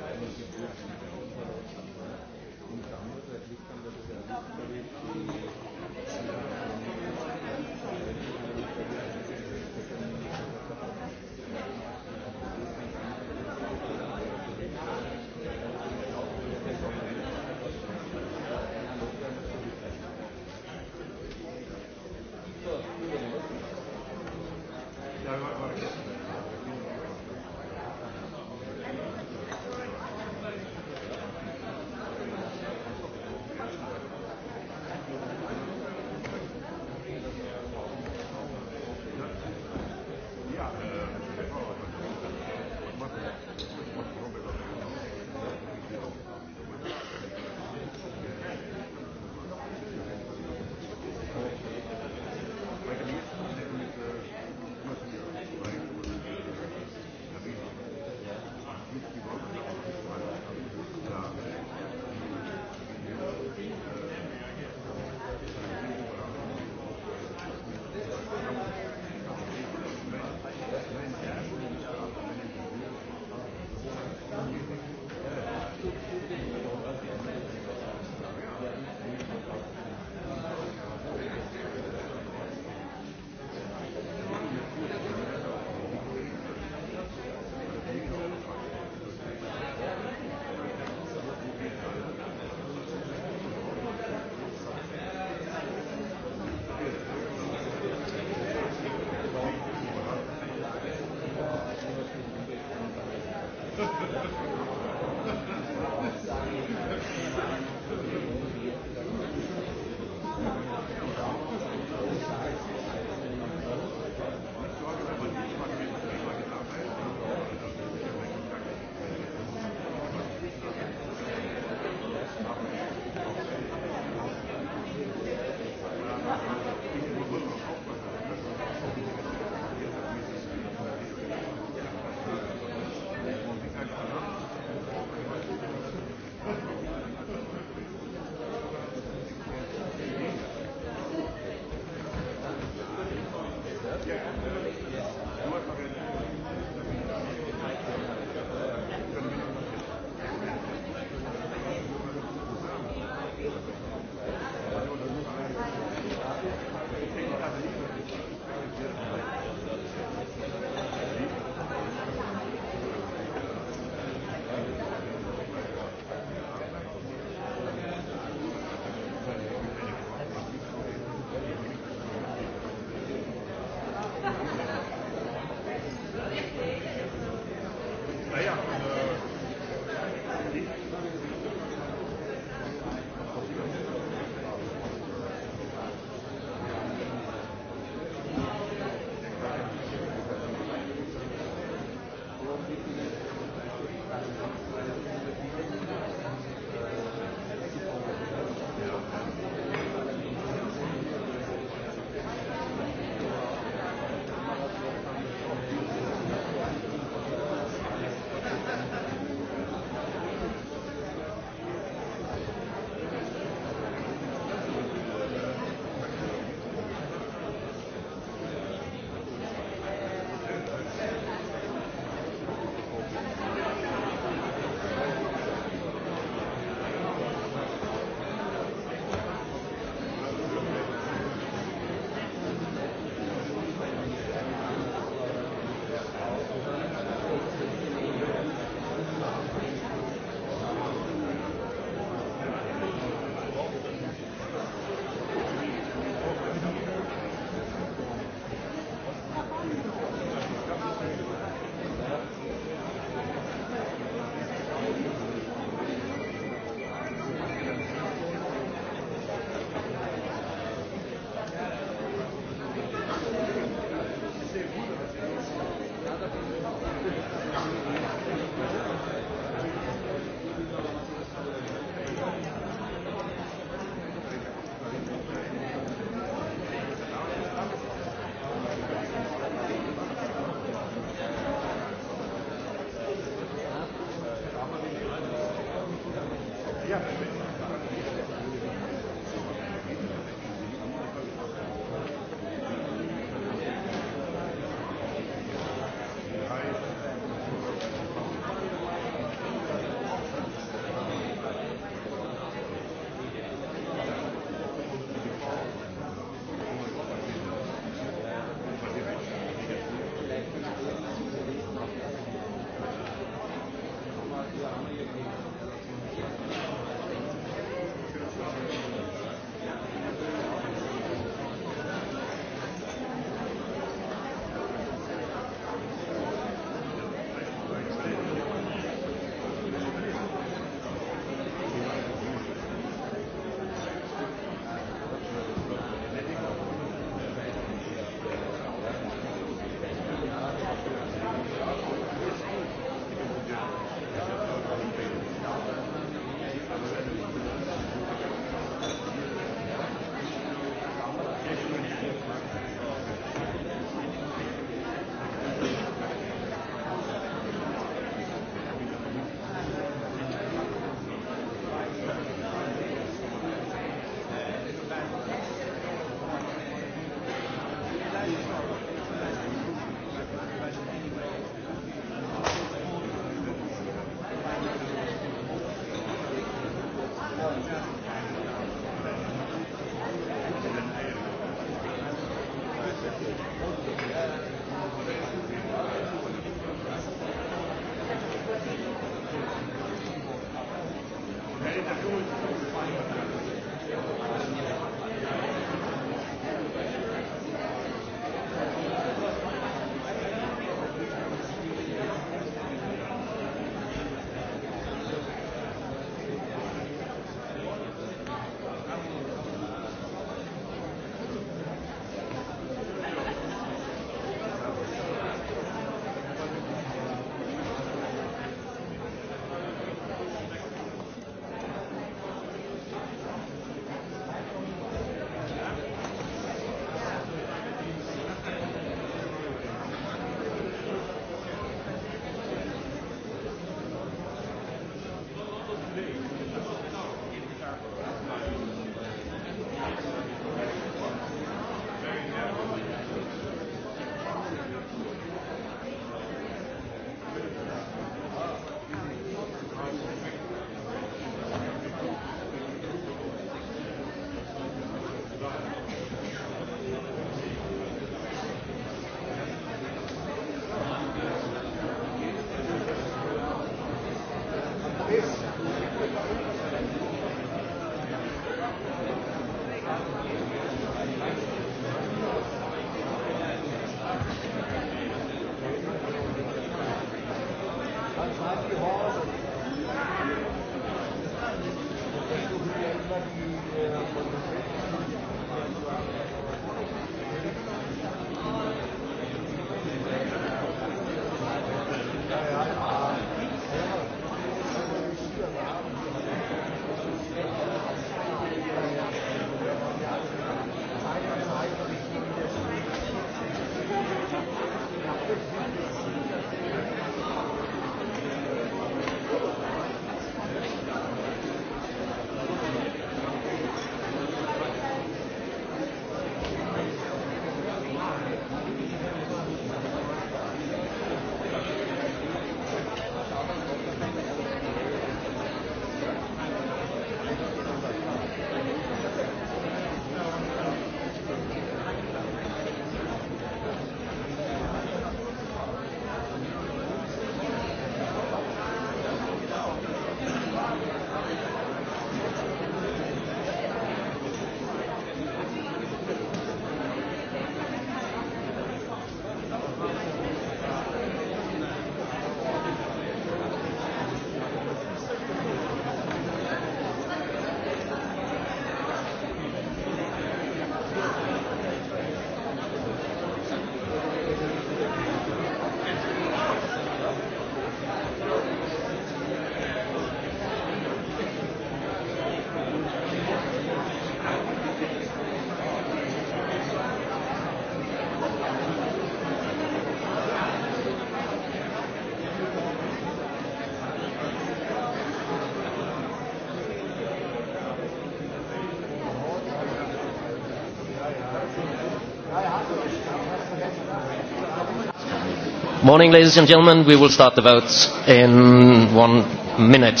Morning, ladies and gentlemen. We will start the votes in one minute.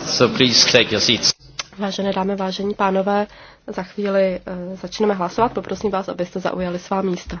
So please take your seats. Vážené dámy, vážení pánové, za chvíli eh, začneme hlasovat. Poprosím vás, abyste zaujali svá místa.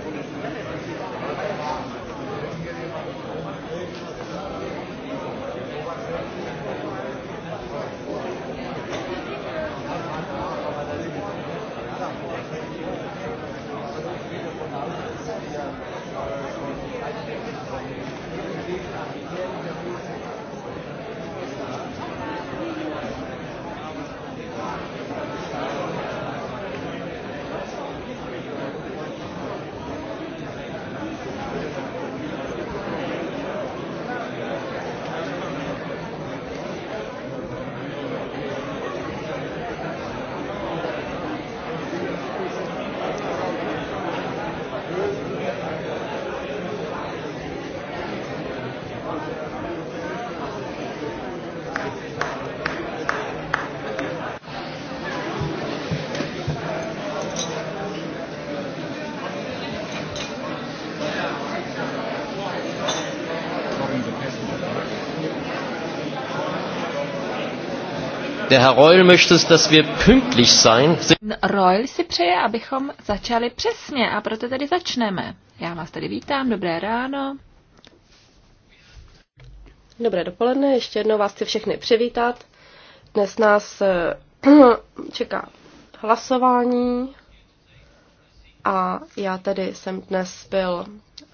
Der Herr Reul möchte, dass wir pünktlich sein. Reul si přeje, abychom začali přesně a proto tady začneme. Já vás tady vítám, dobré ráno. Dobré dopoledne, ještě jednou vás chci všechny přivítat. Dnes nás eh, čeká hlasování a já tedy jsem dnes byl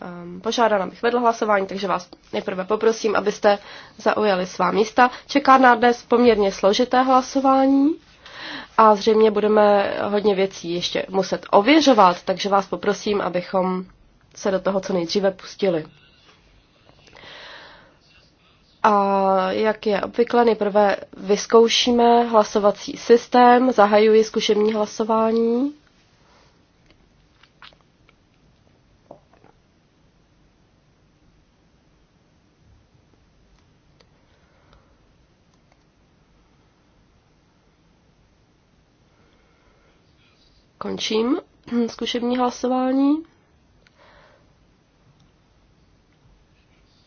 um, požádala bych vedl hlasování, takže vás nejprve poprosím, abyste zaujali svá místa. Čeká na dnes poměrně složité hlasování a zřejmě budeme hodně věcí ještě muset ověřovat, takže vás poprosím, abychom se do toho co nejdříve pustili. A jak je obvykle, nejprve vyzkoušíme hlasovací systém, zahajuji zkušební hlasování. Končím zkušební hlasování.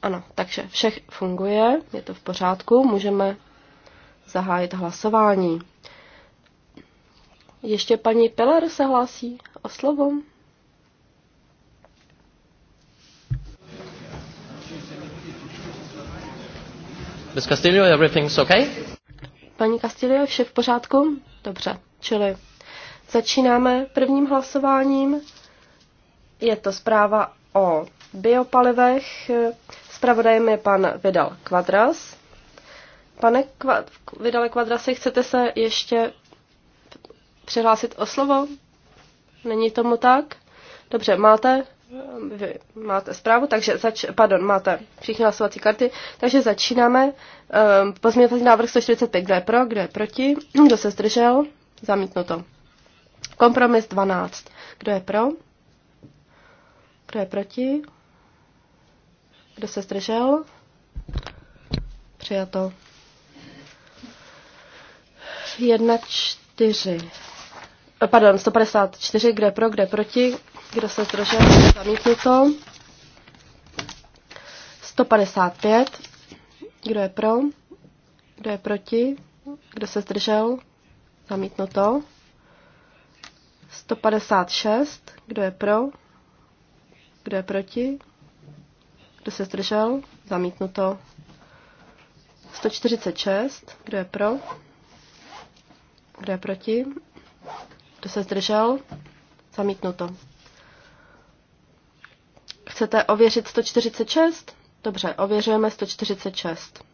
Ano, takže vše funguje, je to v pořádku, můžeme zahájit hlasování. Ještě paní Peller se hlásí o slovo. Miss Castillo, everything's okay? Paní Castillo, vše v pořádku? Dobře, čili Začínáme prvním hlasováním. Je to zpráva o biopalivech. Zpravodajem je pan Vidal Quadras. Pane Kva- Vidale Quadrasy, chcete se ještě přihlásit o slovo? Není tomu tak? Dobře, máte, vy máte zprávu, takže zač, pardon, máte všichni hlasovací karty, takže začínáme. Ehm, pozměňovací návrh 145, kdo je pro, kdo je proti, kdo se zdržel, zamítnuto. Kompromis 12. Kdo je pro? Kdo je proti? Kdo se zdržel? Přijato. 1, 4. Eh, pardon, 154. Kdo je pro, kdo je proti? Kdo se zdržel? Zamítnuto. 155. Kdo je pro? Kdo je proti? Kdo se zdržel? Zamítnuto. 156. Kdo je pro? Kdo je proti? Kdo se zdržel? Zamítnuto. 146. Kdo je pro? Kdo je proti? Kdo se zdržel? Zamítnuto. Chcete ověřit 146? Dobře, ověřujeme 146.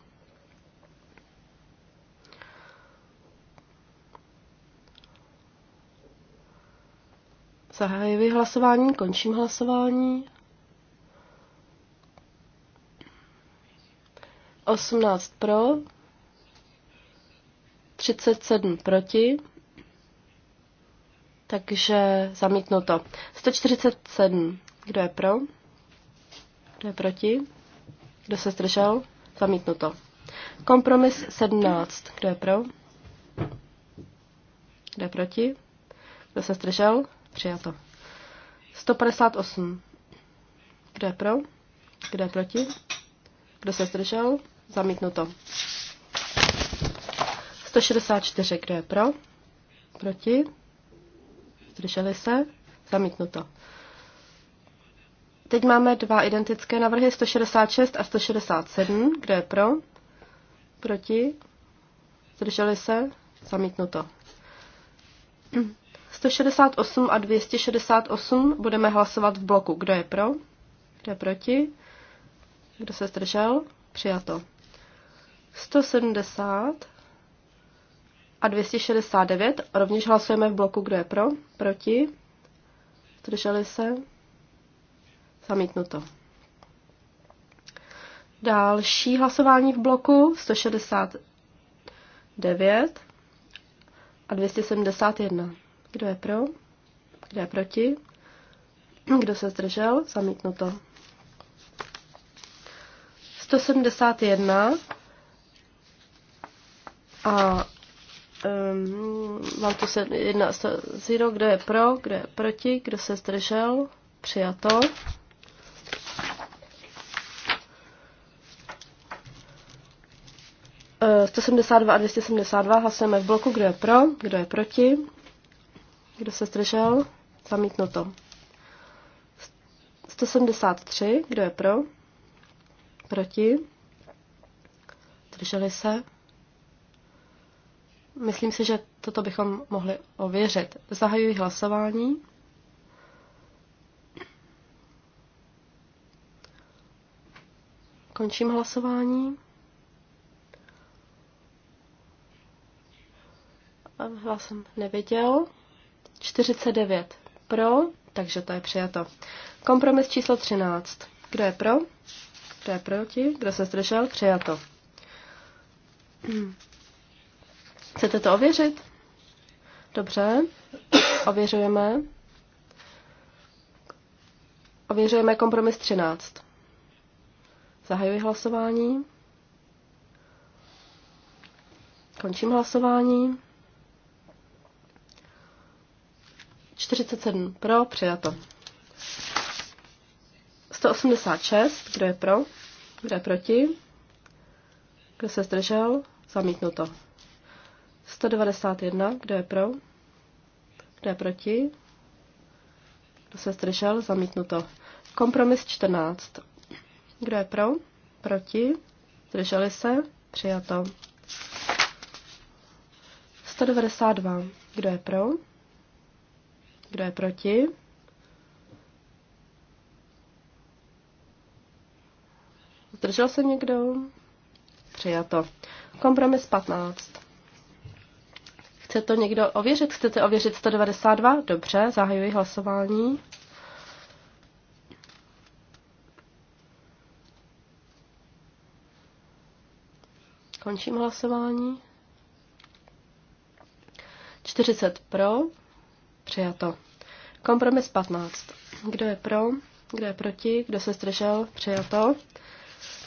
Zahajuji hlasování, končím hlasování. 18 pro, 37 proti, takže zamítnuto. 147, kdo je pro, kdo je proti, kdo se zdržel, zamítnuto. Kompromis 17, kdo je pro, kdo je proti, kdo se zdržel, Přijato. 158. Kdo je pro? Kdo je proti? Kdo se zdržel? Zamítnuto. 164. Kdo je pro? Proti? Zdrželi se? Zamítnuto. Teď máme dva identické navrhy, 166 a 167. Kdo je pro? Proti? Zdrželi se? Zamítnuto. 168 a 268 budeme hlasovat v bloku. Kdo je pro? Kdo je proti? Kdo se zdržel? Přijato. 170 a 269. Rovněž hlasujeme v bloku, kdo je pro, proti. Zdrželi se. Zamítnuto. Další hlasování v bloku 169 a 271. Kdo je pro? Kdo je proti? Kdo se zdržel? to. 171 a um, mám tu se jedna, zero, kdo je pro, kdo je proti, kdo se zdržel, přijato. Uh, 172 a 272 hlasujeme v bloku, kdo je pro, kdo je proti, kdo se zdržel? Zamítnuto. 173. Kdo je pro? Proti? Drželi se? Myslím si, že toto bychom mohli ověřit. Zahajuji hlasování. Končím hlasování. Hlas jsem neviděl. 49 pro, takže to je přijato. Kompromis číslo 13. Kdo je pro? Kdo je proti? Kdo se zdržel? Přijato. Chcete to ověřit? Dobře, ověřujeme. Ověřujeme kompromis 13. Zahajuji hlasování. Končím hlasování. 47 pro, přijato. 186, kdo je pro, kdo je proti, kdo se zdržel, zamítnuto. 191, kdo je pro, kdo je proti, kdo se zdržel, zamítnuto. Kompromis 14, kdo je pro, proti, zdrželi se, přijato. 192, kdo je pro, kdo je proti? Zdržel se někdo? Přijato. Kompromis 15. Chce to někdo ověřit? Chcete ověřit 192? Dobře, zahajuji hlasování. Končím hlasování. 40 pro. Přijato. Kompromis 15. Kdo je pro? Kdo je proti? Kdo se zdržel? Přijato.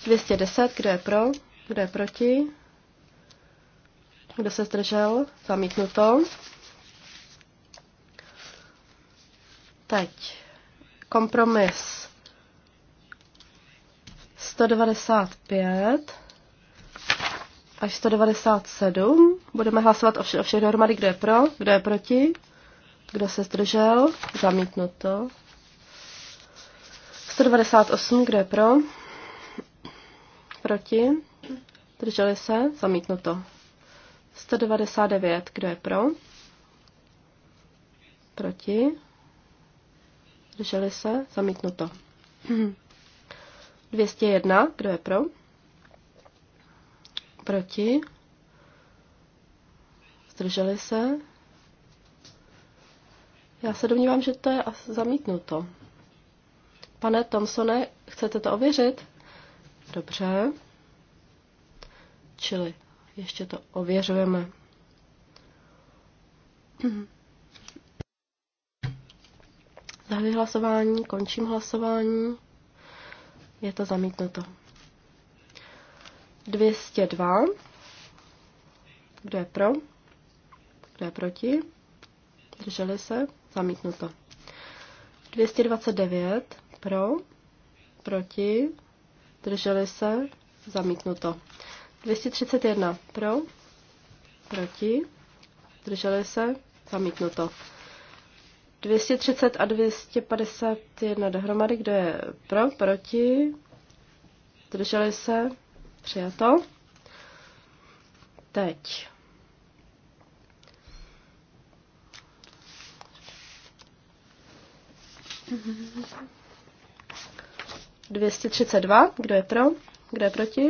210. Kdo je pro? Kdo je proti? Kdo se zdržel? Zamítnuto. Teď kompromis 195 až 197. Budeme hlasovat o, o všech dohromady, kdo je pro, kdo je proti, kdo se zdržel? Zamítnuto. 198, kdo je pro? Proti? Drželi se? Zamítnuto. 199, kdo je pro? Proti? Drželi se? Zamítnuto. 201, kdo je pro? Proti? Zdrželi se? Já se domnívám, že to je zamítnuto. Pane Thomsone, chcete to ověřit? Dobře. Čili ještě to ověřujeme. Zahajuji hlasování, končím hlasování. Je to zamítnuto. 202. Kdo je pro? Kdo je proti? Drželi se? Zamítnuto. 229 pro, proti, drželi se, zamítnuto. 231 pro, proti, drželi se, zamítnuto. 230 a 251 dohromady, kdo je pro, proti, drželi se, přijato. Teď 232, kdo je pro, kdo je proti?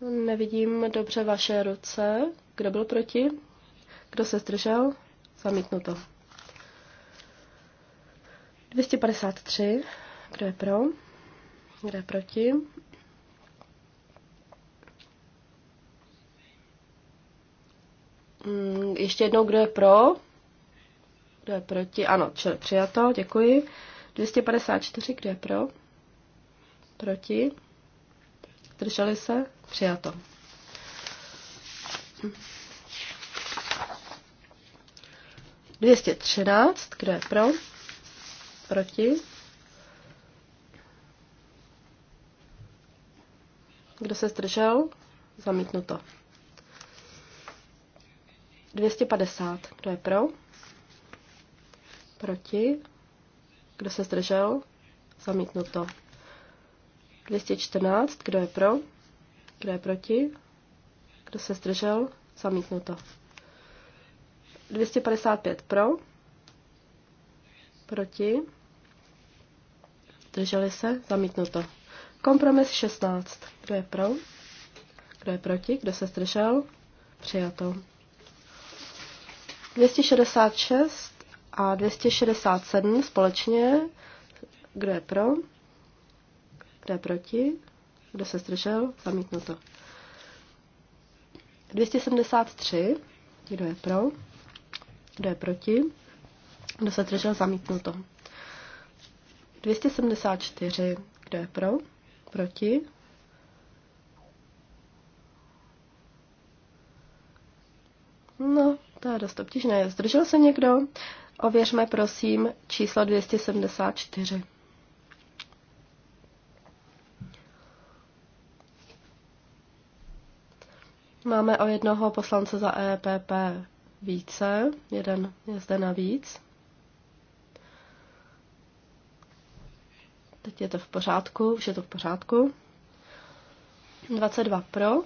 Nevidím dobře vaše ruce. Kdo byl proti? Kdo se zdržel? Zamítnuto. 253. Kdo je pro? Kdo je proti? Hmm, ještě jednou, kdo je pro? Kdo je proti? Ano, čili přijato, děkuji. 254, kdo je pro? Proti? Drželi se? Přijato. Hm. 213, kdo je pro? Proti? Kdo se zdržel? Zamítnuto. 250, kdo je pro? Proti? Kdo se zdržel? Zamítnuto. 214. Kdo je pro? Kdo je proti? Kdo se zdržel? Zamítnuto. 255 pro. Proti. Zdrželi se? Zamítnuto. Kompromis 16. Kdo je pro? Kdo je proti? Kdo se zdržel? Přijato. 266 a 267 společně. Kdo je pro? Kdo je proti? Kdo se zdržel? to. 273. Kdo je pro? Kdo je proti? Kdo se zdržel? to. 274. Kdo je pro? Proti? No, to je dost obtížné. Zdržel se někdo? Ověřme prosím číslo 274. Máme o jednoho poslance za EPP více, jeden je zde navíc. Teď je to v pořádku, už je to v pořádku. 22 pro,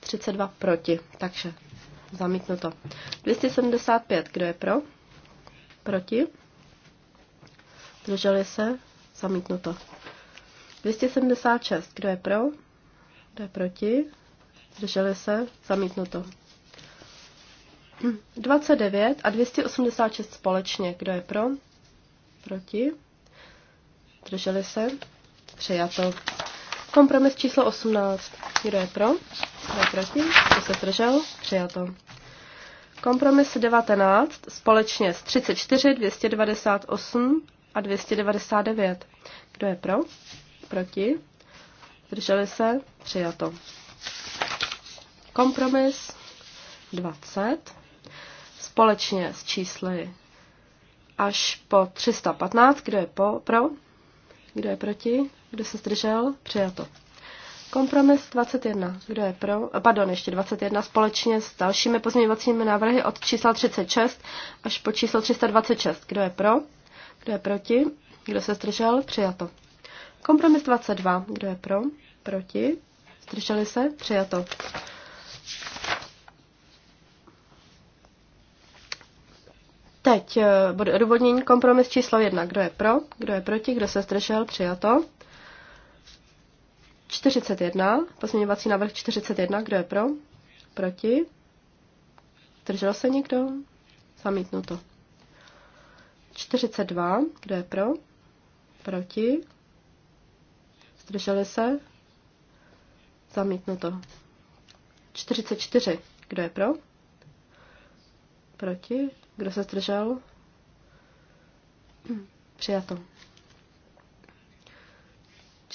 32 proti, takže zamítnuto. 275, kdo je pro? Proti? Drželi se? Zamítnuto. 276. Kdo je pro? Kdo je proti? Drželi se? Zamítnuto. 29 a 286 společně. Kdo je pro? Proti? Drželi se? Přijato. Kompromis číslo 18. Kdo je pro? Kdo je proti? Kdo se držel? Přijato. Kompromis 19 společně s 34, 298 a 299. Kdo je pro? Proti? Zdrželi se? Přijato. Kompromis 20 společně s čísly až po 315. Kdo je po, pro? Kdo je proti? Kdo se zdržel? Přijato. Kompromis 21. Kdo je pro? Eh, pardon, ještě 21 společně s dalšími pozměňovacími návrhy od čísla 36 až po číslo 326. Kdo je pro? Kdo je proti? Kdo se zdržel? Přijato. Kompromis 22. Kdo je pro? Proti? Zdrželi se? Přijato. Teď eh, bude odůvodnění kompromis číslo 1. Kdo je pro? Kdo je proti? Kdo se zdržel? Přijato. 41, pozměňovací návrh 41, kdo je pro? Proti? Držel se někdo? Zamítnuto. 42, kdo je pro? Proti? Zdrželi se? Zamítnuto. 44, kdo je pro? Proti? Kdo se zdržel? Přijato.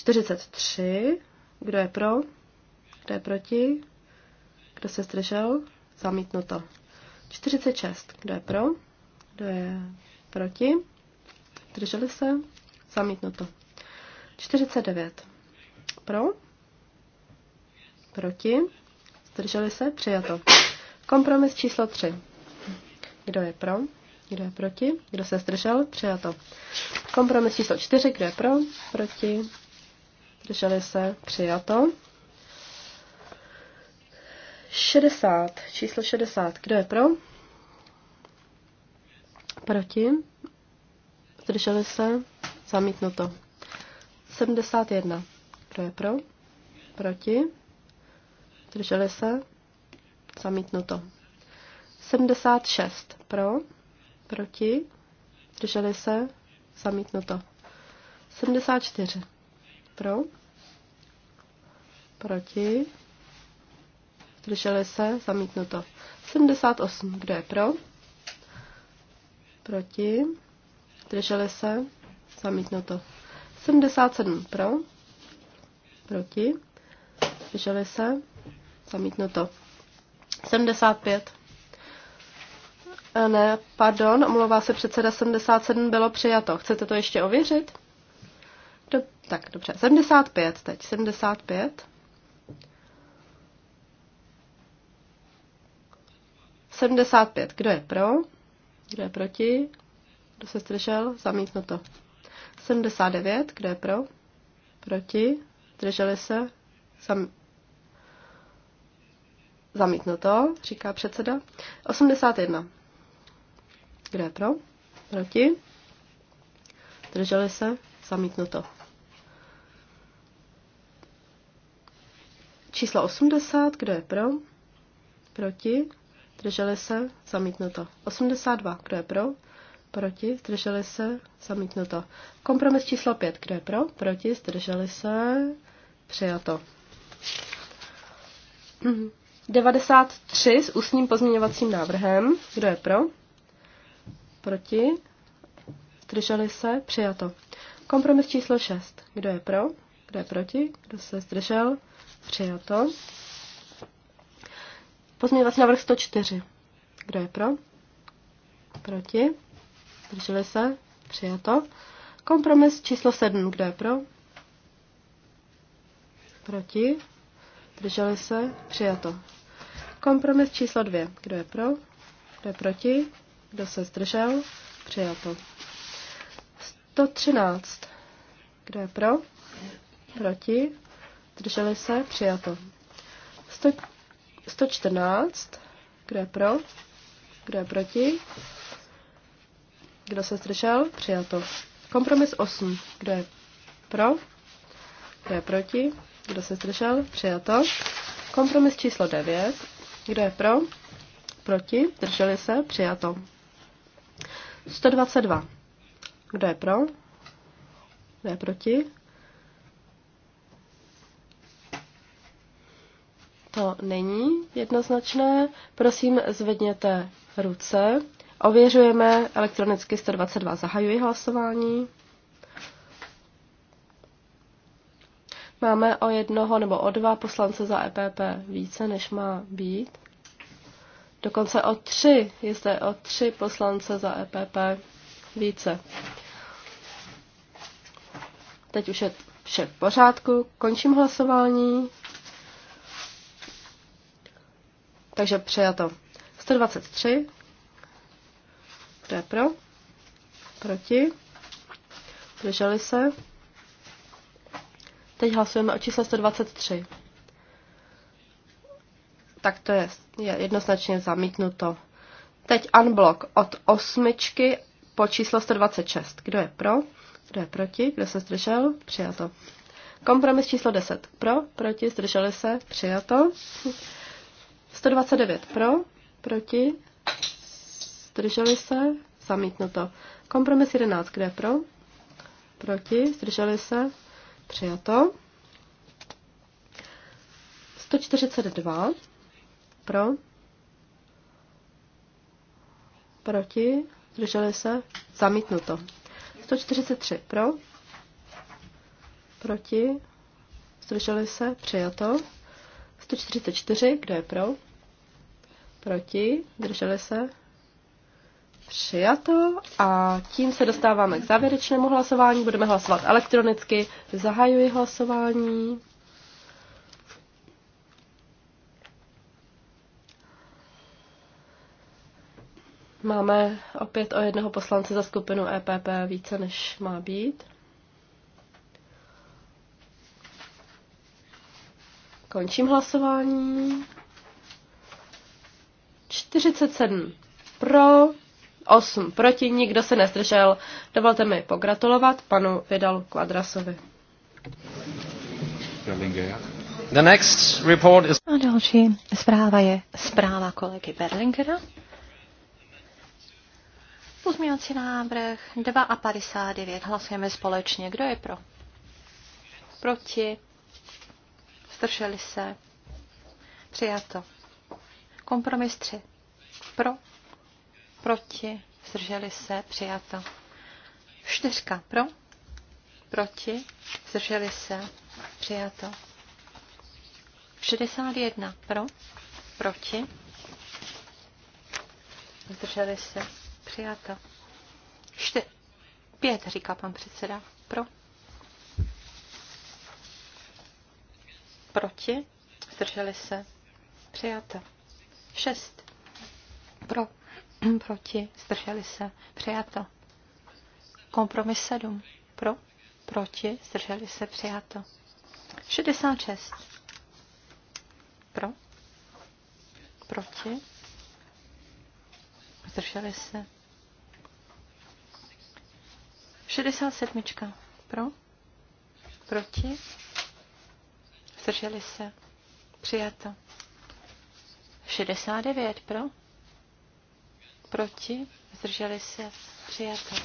43. Kdo je pro? Kdo je proti? Kdo se zdržel? Zamítnuto. 46. Kdo je pro? Kdo je proti? Drželi se? Zamítnuto. 49. Pro? Proti? Zdrželi se? Přijato. Kompromis číslo 3. Kdo je pro? Kdo je proti? Kdo se zdržel? Přijato. Kompromis číslo 4. Kdo je pro? Proti? Drželi se? Přijato. 60. Číslo 60. Kdo je pro? Proti? Zdrželi se? Zamítnuto. 71. Kdo je pro? Proti? Zdrželi se? Zamítnuto. 76. Pro? Proti? Zdrželi se? Zamítnuto. 74. Pro? Proti? Zdrželi se? Zamítnuto. 78. Kdo je pro? Proti? Zdrželi se? Zamítnuto. 77. Pro? Proti? Zdrželi se? Zamítnuto. 75. Eh, ne, pardon, omlouvá se předseda 77, bylo přijato. Chcete to ještě ověřit? Tak, dobře. 75 teď. 75. 75. Kdo je pro? Kdo je proti? Kdo se zdržel? to. 79. Kdo je pro? Proti? Zdrželi se? Zam... to, říká předseda. 81. Kdo je pro? Proti? Drželi se? to. Číslo 80, kdo je pro? Proti? Zdrželi se? Zamítnuto. 82, kdo je pro? Proti? Zdrželi se? Zamítnuto. Kompromis číslo 5, kdo je pro? Proti? Zdrželi se? Přijato. 93 s ústním pozměňovacím návrhem. Kdo je pro? Proti? Zdrželi se? Přijato. Kompromis číslo 6. Kdo je pro? Kdo je proti? Kdo se zdržel? Přijato. Pozměňovací návrh 104. Kdo je pro? Proti? Drželi se? Přijato. Kompromis číslo 7. Kdo je pro? Proti? Drželi se? Přijato. Kompromis číslo 2. Kdo je pro? Kdo je proti? Kdo se zdržel? Přijato. 113. Kdo je pro? Proti? Zdrželi se? Přijato. 114. Kdo je pro? Kdo je proti? Kdo se zdržel? Přijato. Kompromis 8. Kdo je pro? Kdo je proti? Kdo se zdržel? Přijato. Kompromis číslo 9. Kdo je pro? Proti? Drželi se? Přijato. 122. Kdo je pro? Kdo je proti? to není jednoznačné. Prosím, zvedněte ruce. Ověřujeme elektronicky 122. Zahajuji hlasování. Máme o jednoho nebo o dva poslance za EPP více, než má být. Dokonce o tři, je o tři poslance za EPP více. Teď už je vše v pořádku. Končím hlasování. Takže přijato. 123. Kdo je pro? Proti? Drželi se? Teď hlasujeme o čísle 123. Tak to je, je jednoznačně zamítnuto. Teď unblock od osmičky po číslo 126. Kdo je pro? Kdo je proti? Kdo se zdržel? Přijato. Kompromis číslo 10. Pro, proti, zdrželi se, přijato. 129 pro, proti, zdrželi se, zamítnuto. Kompromis 11, kde pro, proti, zdrželi se, přijato. 142 pro, proti, zdrželi se, zamítnuto. 143 pro, proti, zdrželi se, přijato. 144, kdo je pro? Proti, drželi se? Přijato. A tím se dostáváme k závěrečnému hlasování. Budeme hlasovat elektronicky. Zahajuji hlasování. Máme opět o jednoho poslance za skupinu EPP více, než má být. Končím hlasování. 47 pro, 8 proti, nikdo se nezdržel. Dovolte mi pogratulovat panu Vidal Kvadrasovi. The next report is... A další zpráva je zpráva kolegy Berlingera. Pozměňovací návrh 2 a 59. Hlasujeme společně. Kdo je pro? Proti? Zdrželi se. Přijato. Kompromis 3. Pro. Proti. Zdrželi se. Přijato. Čtyřka. Pro. Proti. Zdrželi se. Přijato. 61. Pro. Proti. Zdrželi se. Přijato. Čty- pět, říká pan předseda. Pro. Proti? Zdrželi se? Přijata. Šest. Pro. Proti? Zdrželi se? Přijata. Kompromis sedm. Pro. Proti? Zdrželi se? Přijata. Šedesát šest. Pro. Proti? Zdrželi se? 67. Pro. Proti? zdrželi se, přijato. 69 pro, proti, zdrželi se, přijato.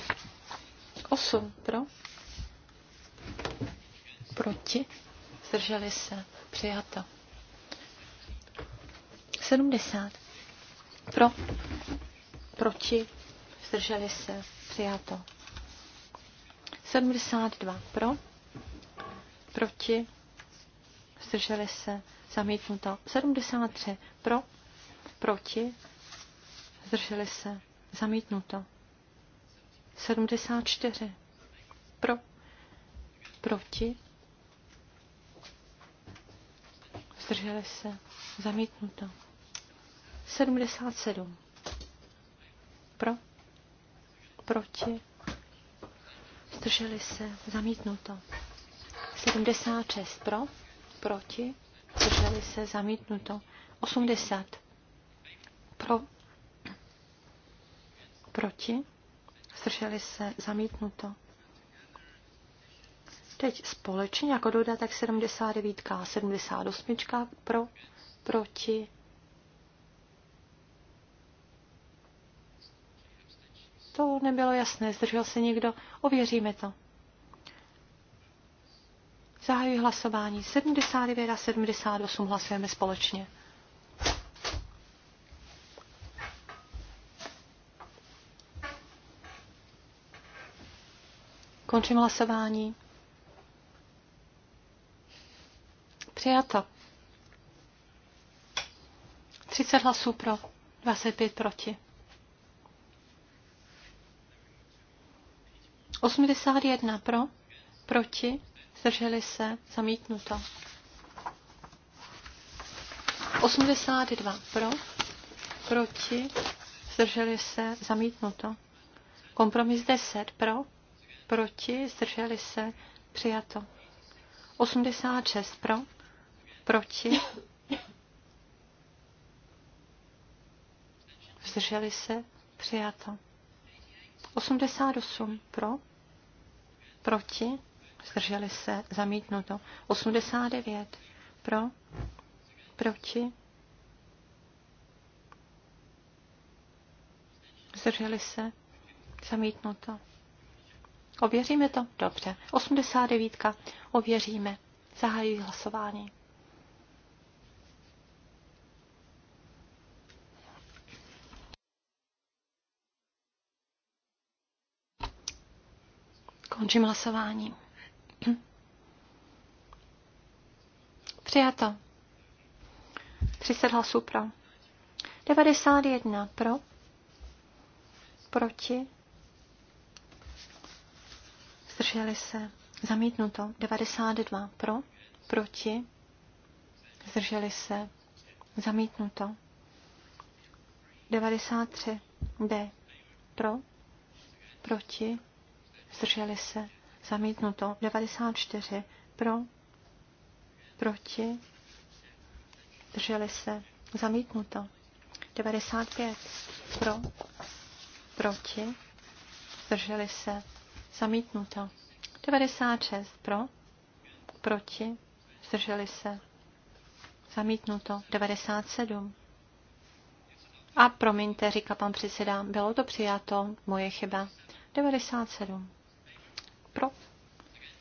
8 pro, proti, zdrželi se, přijato. 70 pro, proti, zdrželi se, přijato. 72 pro, proti, zdrželi se, zamítnuto. 73 pro, proti, zdrželi se, zamítnuto. 74 pro, proti, zdrželi se, zamítnuto. 77 pro, proti, zdrželi se, zamítnuto. 76 pro, proti, zdrželi se, zamítnuto. 80 pro, proti, zdrželi se, zamítnuto. Teď společně jako dodatek 79 78 pro, proti, To nebylo jasné, zdržel se někdo. Ověříme to. Zahajuji hlasování 79 a 78. Hlasujeme společně. Končím hlasování. Přijata. 30 hlasů pro, 25 proti. 81 pro, proti, Zdrželi se? Zamítnuto. 82 pro, proti, zdrželi se, zamítnuto. Kompromis 10 pro, proti, zdrželi se, přijato. 86 pro, proti, zdrželi se, přijato. 88 pro, proti, zdrželi se, zamítnuto. 89 pro, proti, zdrželi se, zamítnuto. Ověříme to? Dobře. 89. Ověříme. Zahajuji hlasování. Končím hlasování. Přijato. 30 hlasů pro. 91 pro. Proti. Zdrželi se. Zamítnuto. 92 pro. Proti. Zdrželi se. Zamítnuto. 93 D. Pro. Proti. Zdrželi se. Zamítnuto. 94 pro proti, drželi se, zamítnuto. 95 pro, proti, zdrželi se, zamítnuto. 96 pro, proti, zdrželi se, zamítnuto. 97. A promiňte, říká pan předseda, bylo to přijato, moje chyba. 97. Pro,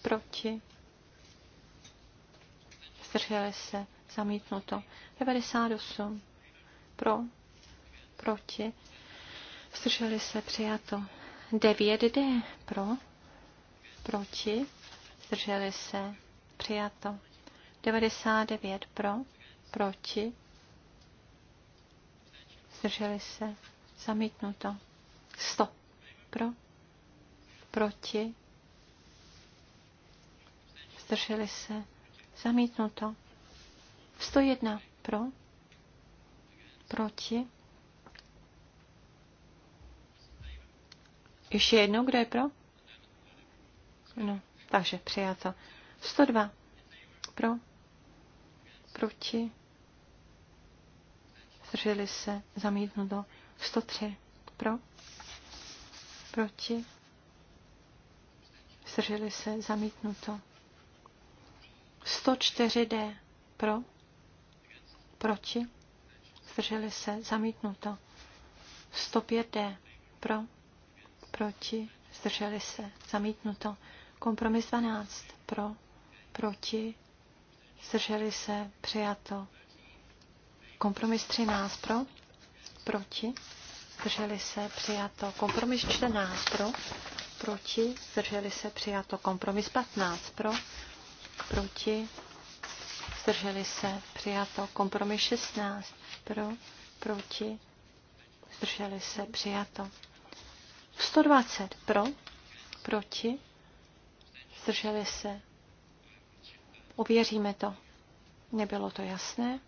proti, zdrželi se, zamítnuto. 98 pro, proti, zdrželi se, přijato. 9D pro, proti, zdrželi se, přijato. 99 pro, proti, zdrželi se, zamítnuto. 100 pro, proti, zdrželi se, Zamítnuto. 101 pro. Proti. Ještě jednou, kdo je pro? No, takže přijato. 102 pro. Proti. Zdrželi se. Zamítnuto. 103 pro. Proti. Zdrželi se. Zamítnuto. 104D pro, proti, zdrželi se, zamítnuto. 105D pro, proti, zdrželi se, zamítnuto. Kompromis 12 pro, proti, zdrželi se, přijato. Kompromis 13 pro, proti, zdrželi se, přijato. Kompromis 14 pro, proti, zdrželi se, přijato. Kompromis 15 pro, proti, zdrželi se, přijato. Kompromis 16, pro, proti, zdrželi se, přijato. 120 pro, proti, zdrželi se. Ověříme to. Nebylo to jasné.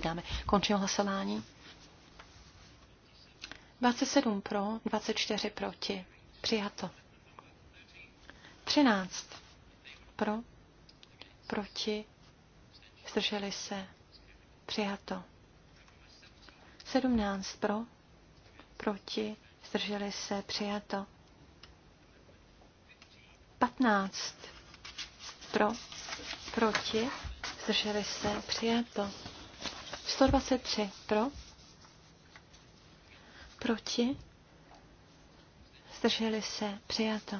Vítáme. Končím hlasování. 27 pro, 24 proti. Přijato. 13 pro, proti, zdrželi se. Přijato. 17 pro, proti, zdrželi se. Přijato. 15 pro, proti, zdrželi se. Přijato. 123 pro, proti, zdrželi se, přijato.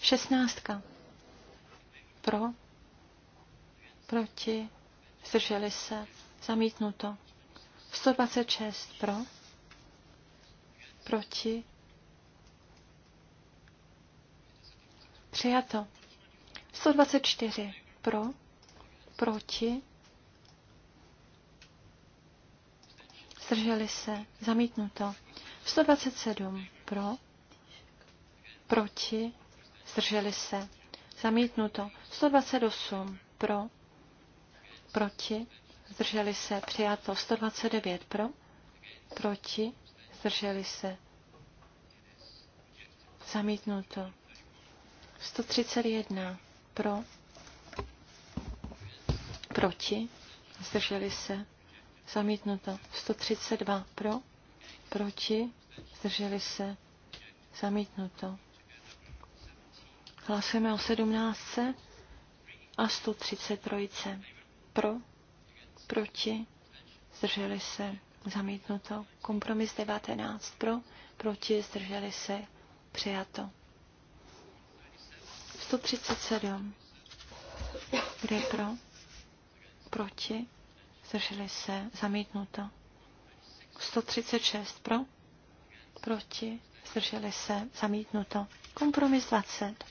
16 pro, proti, zdrželi se, zamítnuto. 126 pro, proti, přijato. 124 pro, proti, zdrželi se, zamítnuto. 127 pro, proti, zdrželi se, zamítnuto. 128 pro, proti, zdrželi se, přijato. 129 pro, proti, zdrželi se, zamítnuto. 131 pro, proti, zdrželi se, zamítnuto. 132 pro, proti, zdrželi se, zamítnuto. Hlasujeme o 17 a 133 pro, proti, zdrželi se, zamítnuto. Kompromis 19 pro, proti, zdrželi se, přijato. 137. Kde pro? Proti? zdrželi se, zamítnuto. 136 pro, proti, zdrželi se, zamítnuto. Kompromis 20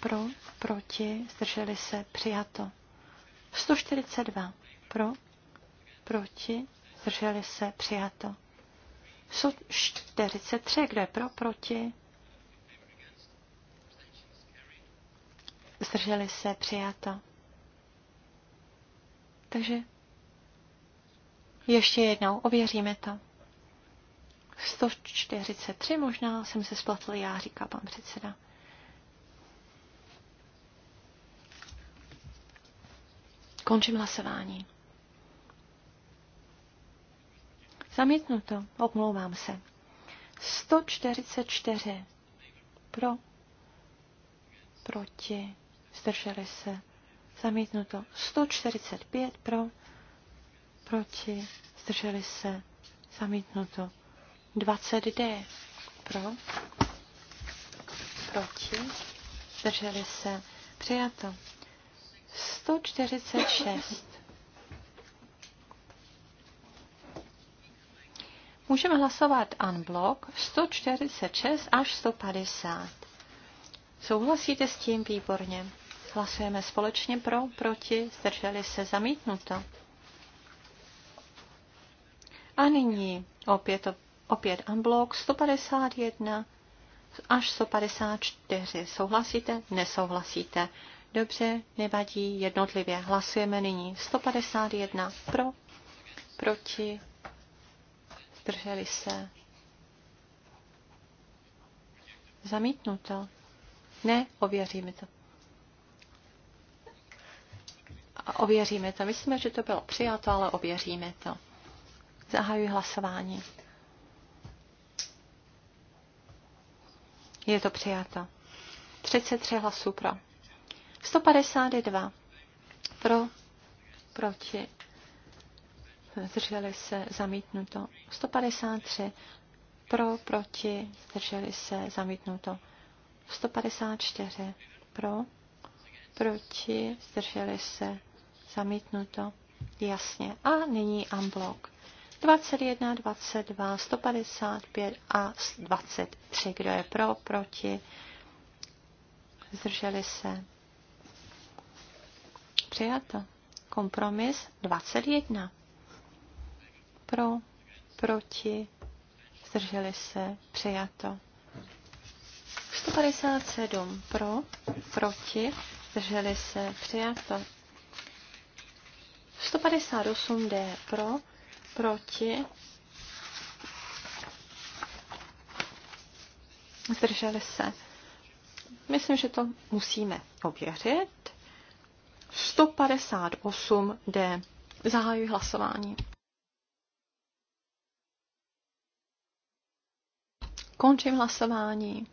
pro, proti, zdrželi se, přijato. 142 pro, proti, zdrželi se, přijato. 143, kde je pro, proti, zdrželi se, přijato. Takže ještě jednou ověříme to. 143 možná jsem se spletl já, říká pan předseda. Končím hlasování. Zamítnuto, omlouvám se. 144 pro, proti, zdrželi se, zamítnuto 145 pro, proti, zdrželi se, zamítnuto 20D pro, proti, zdrželi se, přijato 146. Můžeme hlasovat unblock 146 až 150. Souhlasíte s tím výborně? Hlasujeme společně pro, proti, zdrželi se zamítnuto. A nyní opět, opět unblock 151 až 154. Souhlasíte? Nesouhlasíte. Dobře, nevadí, jednotlivě. Hlasujeme nyní 151 pro, proti, zdrželi se. Zamítnuto. Ne, ověříme to. A ověříme to. Myslíme, že to bylo přijato, ale ověříme to. Zahajuji hlasování. Je to přijato. 33 hlasů pro. 152 pro, proti. Zdrželi se, zamítnuto. 153 pro, proti. Zdrželi se, zamítnuto. 154 pro, proti. Zdrželi se, zamítnuto, jasně. A nyní amblok. 21, 22, 155 a 23. Kdo je pro, proti? Zdrželi se. Přijato. Kompromis 21. Pro, proti, zdrželi se, přijato. 157 pro, proti, zdrželi se, přijato. 158D pro, proti, zdrželi se. Myslím, že to musíme ověřit. 158D. Zahajuji hlasování. Končím hlasování.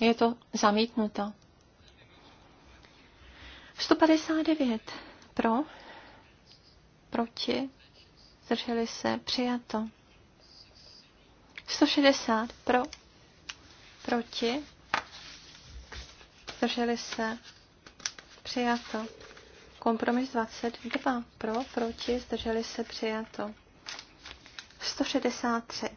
Je to zamítnuto. 159 pro, proti, zdrželi se, přijato. 160 pro, proti, zdrželi se, přijato. Kompromis 22 pro, proti, zdrželi se, přijato. 163.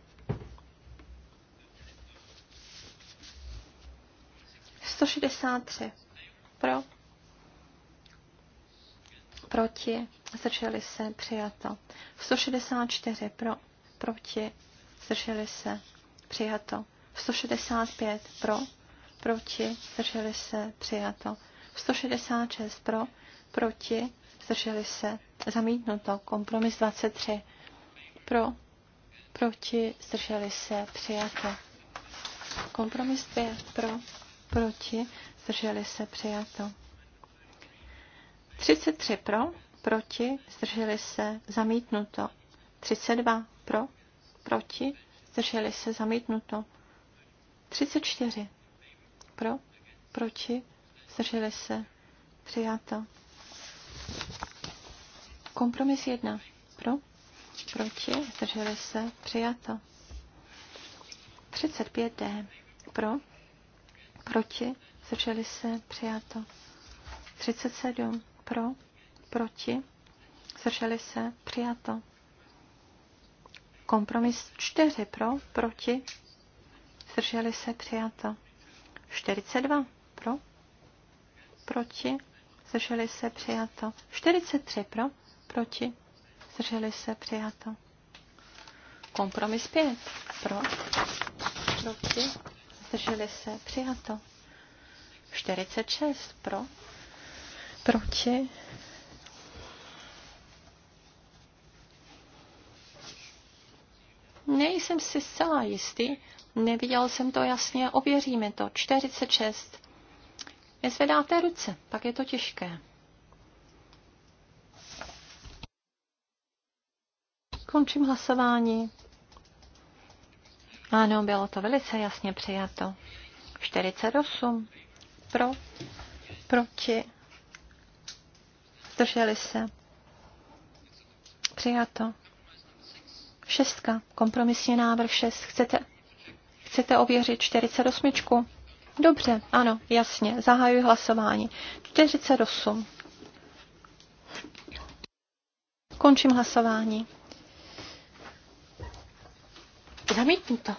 163 pro, proti, zdrželi se, přijato. 164 pro, proti, zdrželi se, přijato. 165 pro, proti, zdrželi se, přijato. 166 pro, proti, zdrželi se, zamítnuto. Kompromis 23 pro, proti, zdrželi se, přijato. Kompromis 2 pro, proti, zdrželi se, přijato. 33 pro, proti, zdrželi se, zamítnuto. 32 pro, proti, zdrželi se, zamítnuto. 34 pro, proti, zdrželi se, přijato. Kompromis 1 pro, proti, zdrželi se, přijato. 35D pro, proti, zdrželi se, přijato. 37 pro, proti, zdrželi se, přijato. Kompromis 4 pro, proti, zdrželi se, přijato. 42 pro, proti, zdrželi se, přijato. 43 pro, proti, zdrželi se, přijato. Kompromis 5 pro, proti, zdrželi se, přijato. 46 pro, Proti? Nejsem si zcela jistý, neviděl jsem to jasně, ověříme to. 46. Nezvedáte ruce, pak je to těžké. Končím hlasování. Ano, bylo to velice jasně přijato. 48 pro, proti zdrželi se, přijato. Šestka, kompromisní návrh šest. Chcete, chcete ověřit 48? Dobře, ano, jasně, zahajuji hlasování. 48. Končím hlasování. Zamítnuto.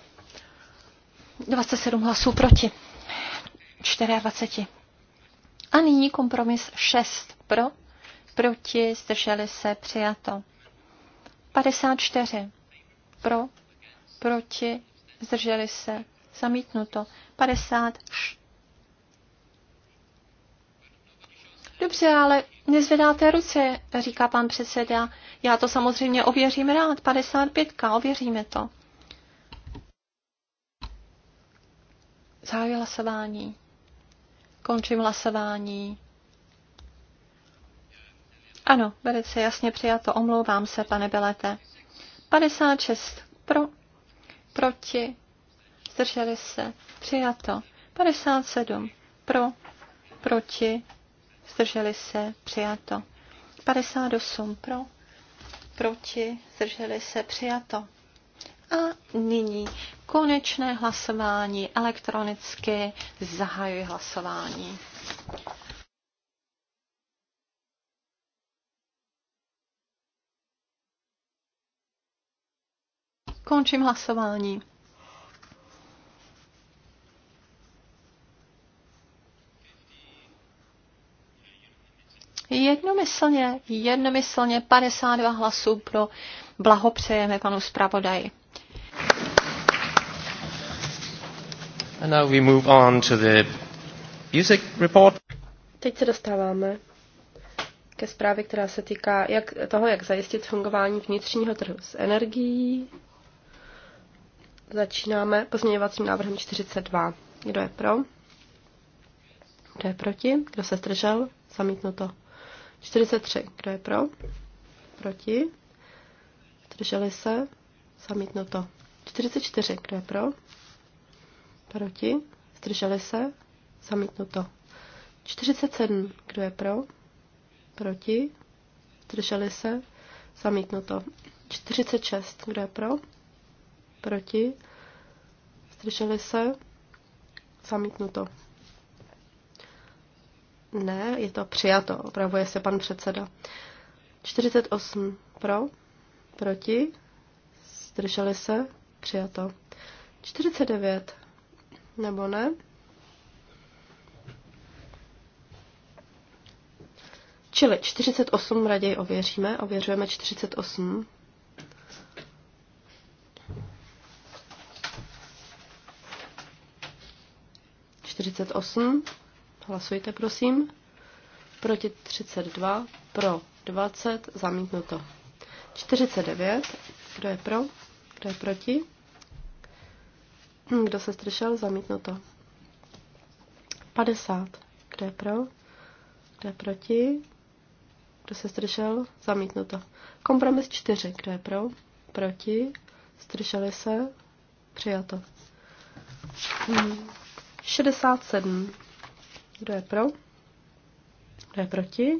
27 hlasů proti. 24. A nyní kompromis 6 pro, proti, zdrželi se, přijato. 54 pro, proti, zdrželi se, zamítnuto. 50 Dobře, ale nezvedáte ruce, říká pan předseda. Já to samozřejmě ověřím rád. 55, ověříme to. Zahajuji hlasování. Končím hlasování. Ano, velice jasně přijato. Omlouvám se, pane Belete. 56 pro, proti, zdrželi se, přijato. 57 pro, proti, zdrželi se, přijato. 58 pro, proti, zdrželi se, přijato. A nyní konečné hlasování elektronicky zahajuji hlasování. Končím hlasování. Jednomyslně, jednomyslně 52 hlasů pro blahopřejeme panu zpravodaji. And now we move on to the music report. Teď se dostáváme ke zprávě, která se týká jak toho, jak zajistit fungování vnitřního trhu s energií, Začínáme pozměňovacím návrhem 42. Kdo je pro? Kdo je proti? Kdo se zdržel? Zamítnuto. 43. Kdo je pro? Proti? Zdrželi se? Zamítnuto. 44. Kdo je pro? Proti? Zdrželi se? Zamítnuto. 47. Kdo je pro? Proti? Zdrželi se? Zamítnuto. 46. Kdo je pro? proti, zdrželi se, zamítnuto. Ne, je to přijato, opravuje se pan předseda. 48 pro, proti, zdrželi se, přijato. 49, nebo ne? Čili 48 raději ověříme, ověřujeme 48. 48. Hlasujte, prosím. Proti 32. Pro 20. Zamítnuto. 49. Kdo je pro? Kdo je proti? Kdo se zdržel? Zamítnuto. 50. Kdo je pro? Kdo je proti? Kdo se zdržel? Zamítnuto. Kompromis 4. Kdo je pro? Proti? Zdrželi se? Přijato. Hmm. 67. Kdo je pro? Kdo je proti?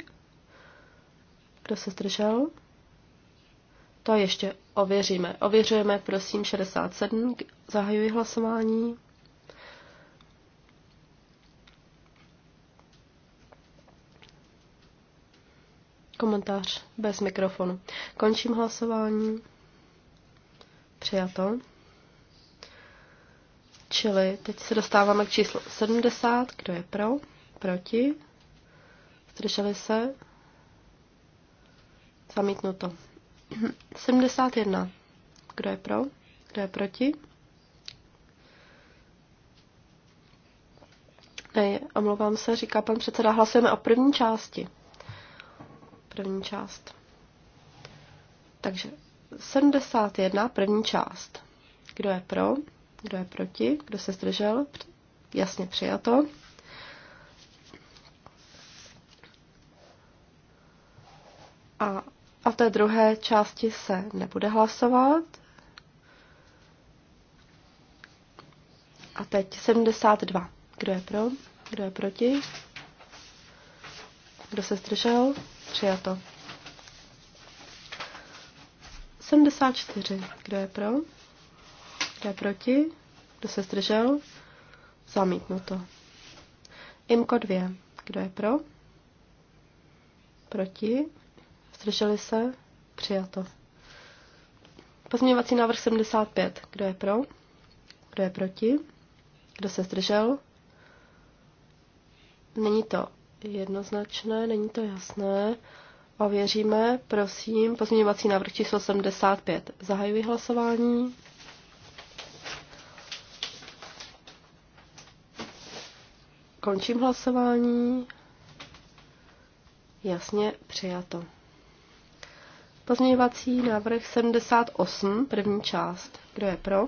Kdo se zdržel? To ještě ověříme. Ověřujeme, prosím, 67. Zahajuji hlasování. Komentář bez mikrofonu. Končím hlasování. Přijato. Čili teď se dostáváme k číslu 70. Kdo je pro? Proti? Zdrželi se? Zamítnuto. 71. Kdo je pro? Kdo je proti? Ne, omlouvám se, říká pan předseda, hlasujeme o první části. První část. Takže 71, první část. Kdo je pro? Kdo je proti? Kdo se zdržel? Jasně přijato. A, a té druhé části se nebude hlasovat. A teď 72. Kdo je pro? Kdo je proti? Kdo se zdržel? Přijato. 74. Kdo je pro? Kdo je proti? Kdo se zdržel? Zamítnuto. Imko 2. Kdo je pro? Proti? Zdrželi se? Přijato. Pozměňovací návrh 75. Kdo je pro? Kdo je proti? Kdo se zdržel? Není to jednoznačné, není to jasné. Ověříme, prosím, pozměňovací návrh číslo 75. Zahajuji hlasování. Končím hlasování. Jasně, přijato. Pozměňovací návrh 78, první část. Kdo je pro?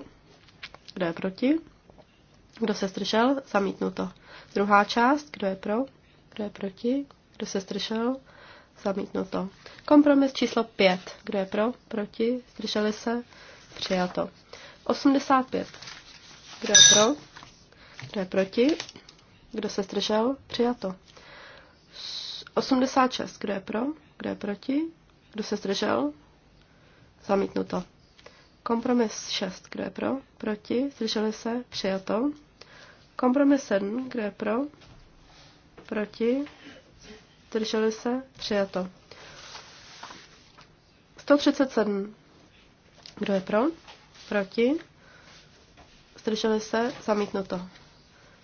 Kdo je proti? Kdo se zdržel? Zamítnuto. Druhá část. Kdo je pro? Kdo je proti? Kdo se zdržel? Zamítnuto. Kompromis číslo 5. Kdo je pro? Proti? Zdrželi se? Přijato. 85. Kdo je pro? Kdo je proti? Kdo se zdržel? Přijato. 86. Kdo je pro? Kdo je proti? Kdo se zdržel? Zamítnuto. Kompromis 6. Kdo je pro? Proti? Zdrželi se? Přijato. Kompromis 7. Kdo je pro? Proti? Zdrželi se? Přijato. 137. Kdo je pro? Proti? Zdrželi se? Zamítnuto.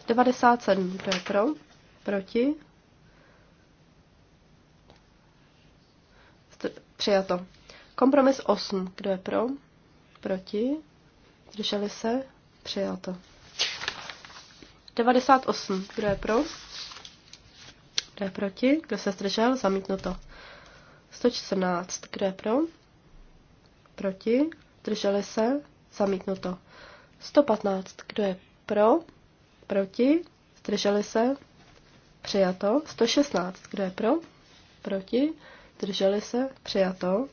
97. Kdo je pro? Proti? Přijato. Kompromis 8. Kdo je pro? Proti? Zdrželi se? Přijato. 98. Kdo je pro? Kdo je proti? Kdo se zdržel? Zamítnuto. 114. Kdo je pro? Proti? Zdrželi se? Zamítnuto. 115. Kdo je pro? Proti? Zdrželi se? Přijato. 116. Kdo je pro? Proti? Zdrželi se? Přijato.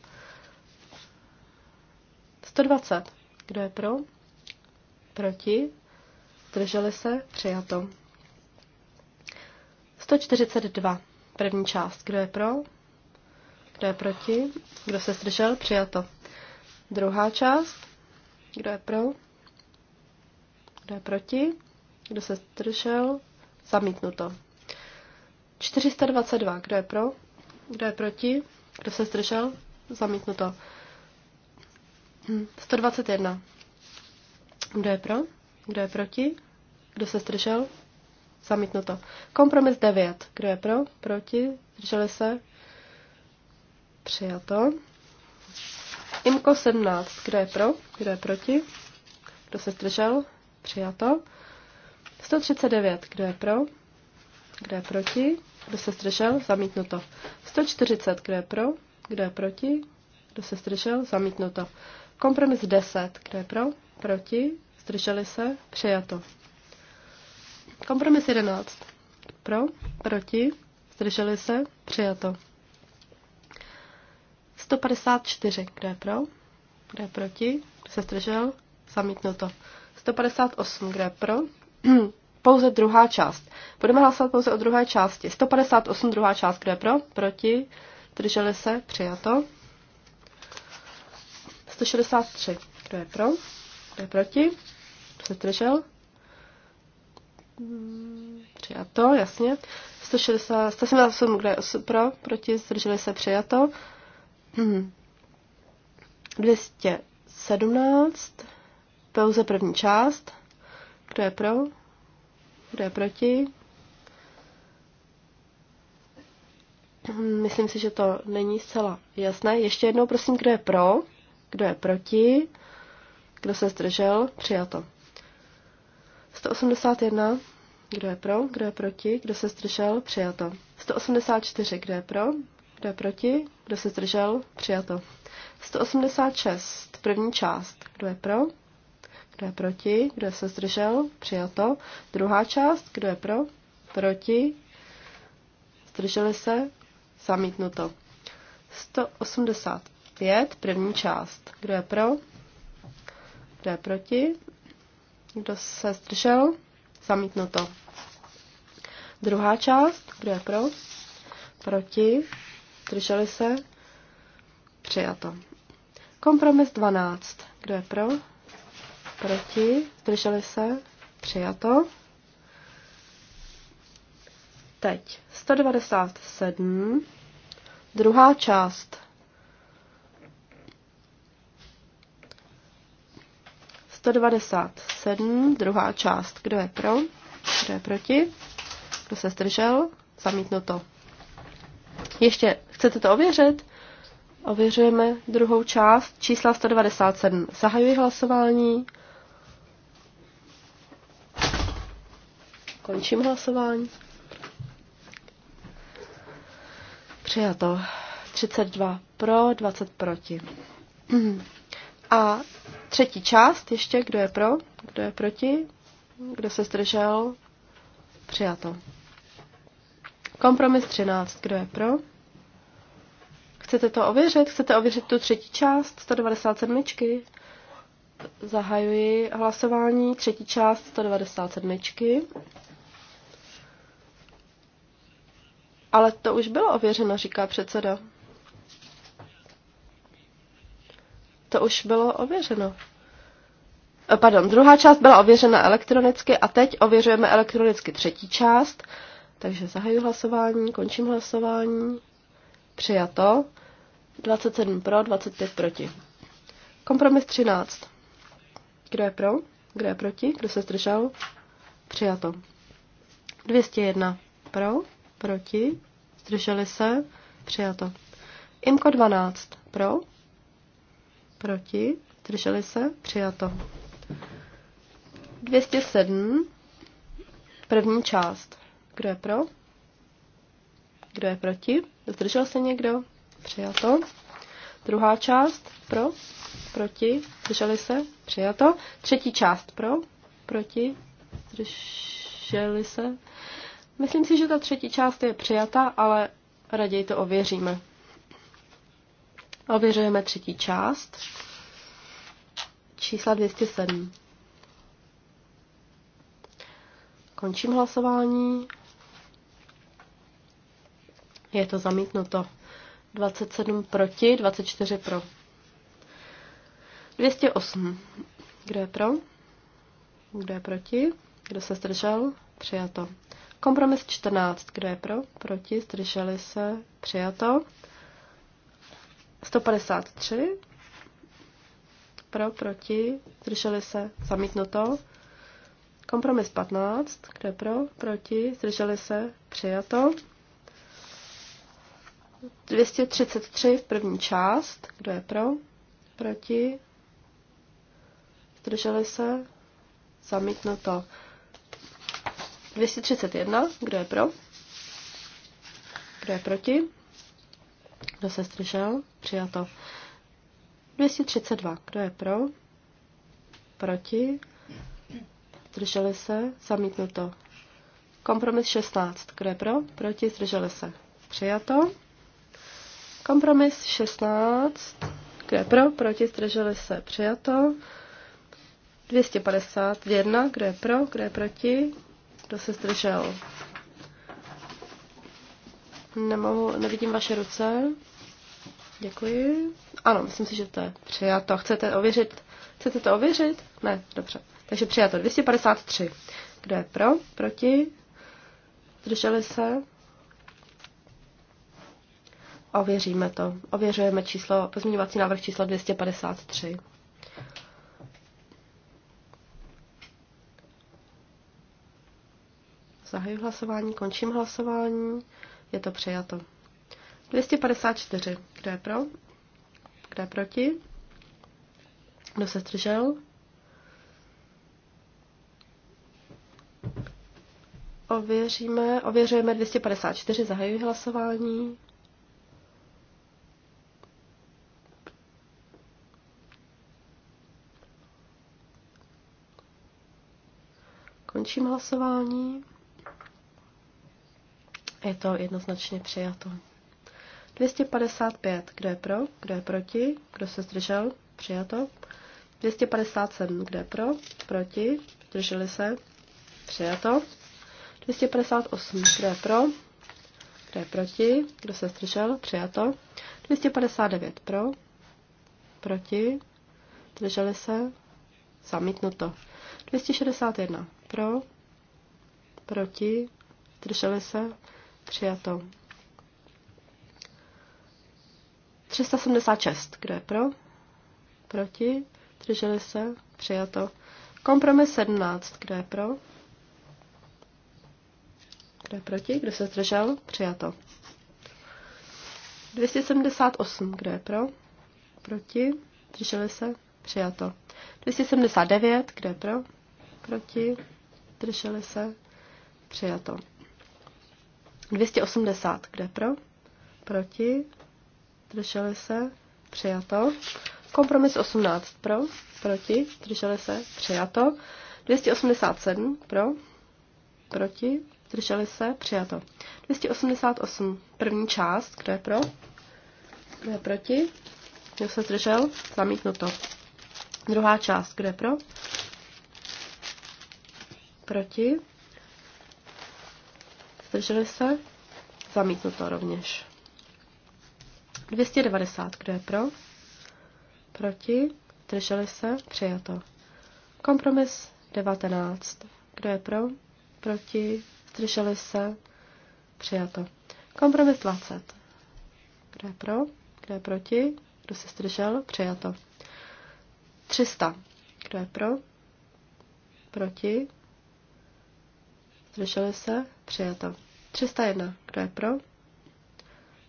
120. Kdo je pro? Proti? Zdrželi se? Přijato. 142. První část. Kdo je pro? Kdo je proti? Kdo se zdržel? Přijato. Druhá část. Kdo je pro? Kdo je proti? Kdo se zdržel? Zamítnuto. 422. Kdo je pro? Kdo je proti? Kdo se zdržel? Zamítnuto. 121. Kdo je pro? Kdo je proti? Kdo se zdržel? Zamítnuto. Kompromis 9. Kdo je pro? Proti? Zdrželi se? Přijato. Imko 17. Kdo je pro? Kdo je proti? Kdo se zdržel? Přijato. 139, kdo je pro? Kdo je proti? Kdo se zdržel? Zamítnuto. 140, kdo je pro? Kdo je proti? Kdo se zdržel? Zamítnuto. Kompromis 10, kdo je pro? Proti? Zdrželi se? Přijato. Kompromis 11. Pro? Proti? Zdrželi se? Přijato. 154. Kdo je pro? Kdo je proti? Kdo se zdržel? Zamítnuto. 158. Kdo je pro? pouze druhá část. Budeme hlasovat pouze o druhé části. 158 druhá část, kdo je pro? Proti? Drželi se? Přijato. 163, kdo je pro? Kdo je proti? Kdo se držel? Přijato, jasně. 160, 178, kdo je pro? Proti? Zdrželi se? Přijato. 217, pouze první část. Kdo je pro? Kdo je proti? Myslím si, že to není zcela jasné. Ještě jednou prosím, kdo je pro, kdo je proti, kdo se zdržel, přijato. 181, kdo je pro, kdo je proti, kdo se zdržel, přijato. 184, kdo je pro, kdo je proti, kdo se zdržel, přijato. 186, první část, kdo je pro, kdo je proti? Kdo se zdržel? Přijato. Druhá část. Kdo je pro? Proti? Zdrželi se? Zamítnuto. 185. První část. Kdo je pro? Kdo je proti? Kdo se zdržel? Zamítnuto. Druhá část. Kdo je pro? Proti? Zdrželi se? Přijato. Kompromis 12. Kdo je pro? proti, zdrželi se, přijato. Teď 197, druhá část. 197. druhá část. Kdo je pro? Kdo je proti? Kdo se zdržel? to. Ještě chcete to ověřit? Ověřujeme druhou část čísla 197. Zahajuji hlasování. Končím hlasování. Přijato. 32 pro, 20 proti. A třetí část ještě, kdo je pro, kdo je proti, kdo se zdržel, přijato. Kompromis 13, kdo je pro? Chcete to ověřit? Chcete ověřit tu třetí část 197? Zahajuji hlasování, třetí část 197. Ale to už bylo ověřeno, říká předseda. To už bylo ověřeno. Eh, pardon, druhá část byla ověřena elektronicky a teď ověřujeme elektronicky třetí část. Takže zahajuji hlasování, končím hlasování. Přijato. 27 pro, 25 proti. Kompromis 13. Kdo je pro? Kdo je proti? Kdo se zdržel? Přijato. 201 pro, proti, zdrželi se, přijato. Imko 12, pro, proti, zdrželi se, přijato. 207, první část. Kdo je pro? Kdo je proti? Zdržel se někdo? Přijato. Druhá část pro, proti, zdrželi se, přijato. Třetí část pro, proti, zdrželi se, Myslím si, že ta třetí část je přijata, ale raději to ověříme. Ověřujeme třetí část čísla 207. Končím hlasování. Je to zamítnuto. 27 proti, 24 pro. 208. Kdo je pro? Kdo je proti? Kdo se zdržel? Přijato. Kompromis 14. Kdo je pro? Proti? Zdrželi se? Přijato. 153. Pro, proti, zdrželi se, zamítnuto. Kompromis 15, Kdo je pro, proti, zdrželi se, přijato. 233 v první část, kdo je pro, proti, zdrželi se, zamítnuto. 231, kdo je pro? Kdo je proti? Kdo se zdržel? Přijato. 232, kdo je pro? Proti? Zdrželi se? Zamítnuto. Kompromis 16, kdo je pro? Proti? Zdrželi se? Přijato. Kompromis 16, kdo je pro? Proti? Zdrželi se? Přijato. 251, kdo je pro, kdo je proti, kdo se zdržel? Nemohu, nevidím vaše ruce. Děkuji. Ano, myslím si, že to je přijato. Chcete ověřit? Chcete to ověřit? Ne, dobře. Takže přijato 253. Kdo je pro? Proti? Zdrželi se? Ověříme to. Ověřujeme číslo, pozměňovací návrh číslo 253. Zahajuji hlasování, končím hlasování. Je to přijato. 254. Kdo je pro? Kdo je proti? Kdo se zdržel? Ověříme, ověřujeme 254, zahajuji hlasování. Končím hlasování. Je to jednoznačně přijato. 255. Kdo je pro? Kdo je proti? Kdo se zdržel? Přijato. 257. Kdo je pro? Proti? Zdrželi se? Přijato. 258. Kdo je pro? Kdo je proti? Kdo se zdržel? Přijato. 259 pro, proti, zdrželi se, zamítnuto. 261 pro, proti, zdrželi se, Přijato. 376. Kdo je pro? Proti? Drželi se? Přijato. Kompromis 17. Kdo je pro? Kdo je proti? Kdo se zdržel? Přijato. 278. Kdo je pro? Proti? Drželi se? Přijato. 279. Kdo je pro? Proti? Drželi se? Přijato. 280, kde pro? Proti? Drželi se? Přijato. Kompromis 18 pro? Proti? Drželi se? Přijato. 287 pro? Proti? Drželi se? Přijato. 288, první část, Kde pro? Kde proti? Kdo se zdržel? Zamítnuto. Druhá část, Kde pro? Proti? Zdrželi se? Zamítnuto rovněž. 290. Kdo je pro? Proti? Zdrželi se? Přijato. Kompromis 19. Kdo je pro? Proti? Zdrželi se? Přijato. Kompromis 20. Kdo je pro? Kdo je proti? Kdo se zdržel? Přijato. 300. Kdo je pro? Proti? Zdrželi se? Přijato. 301. Kdo je pro?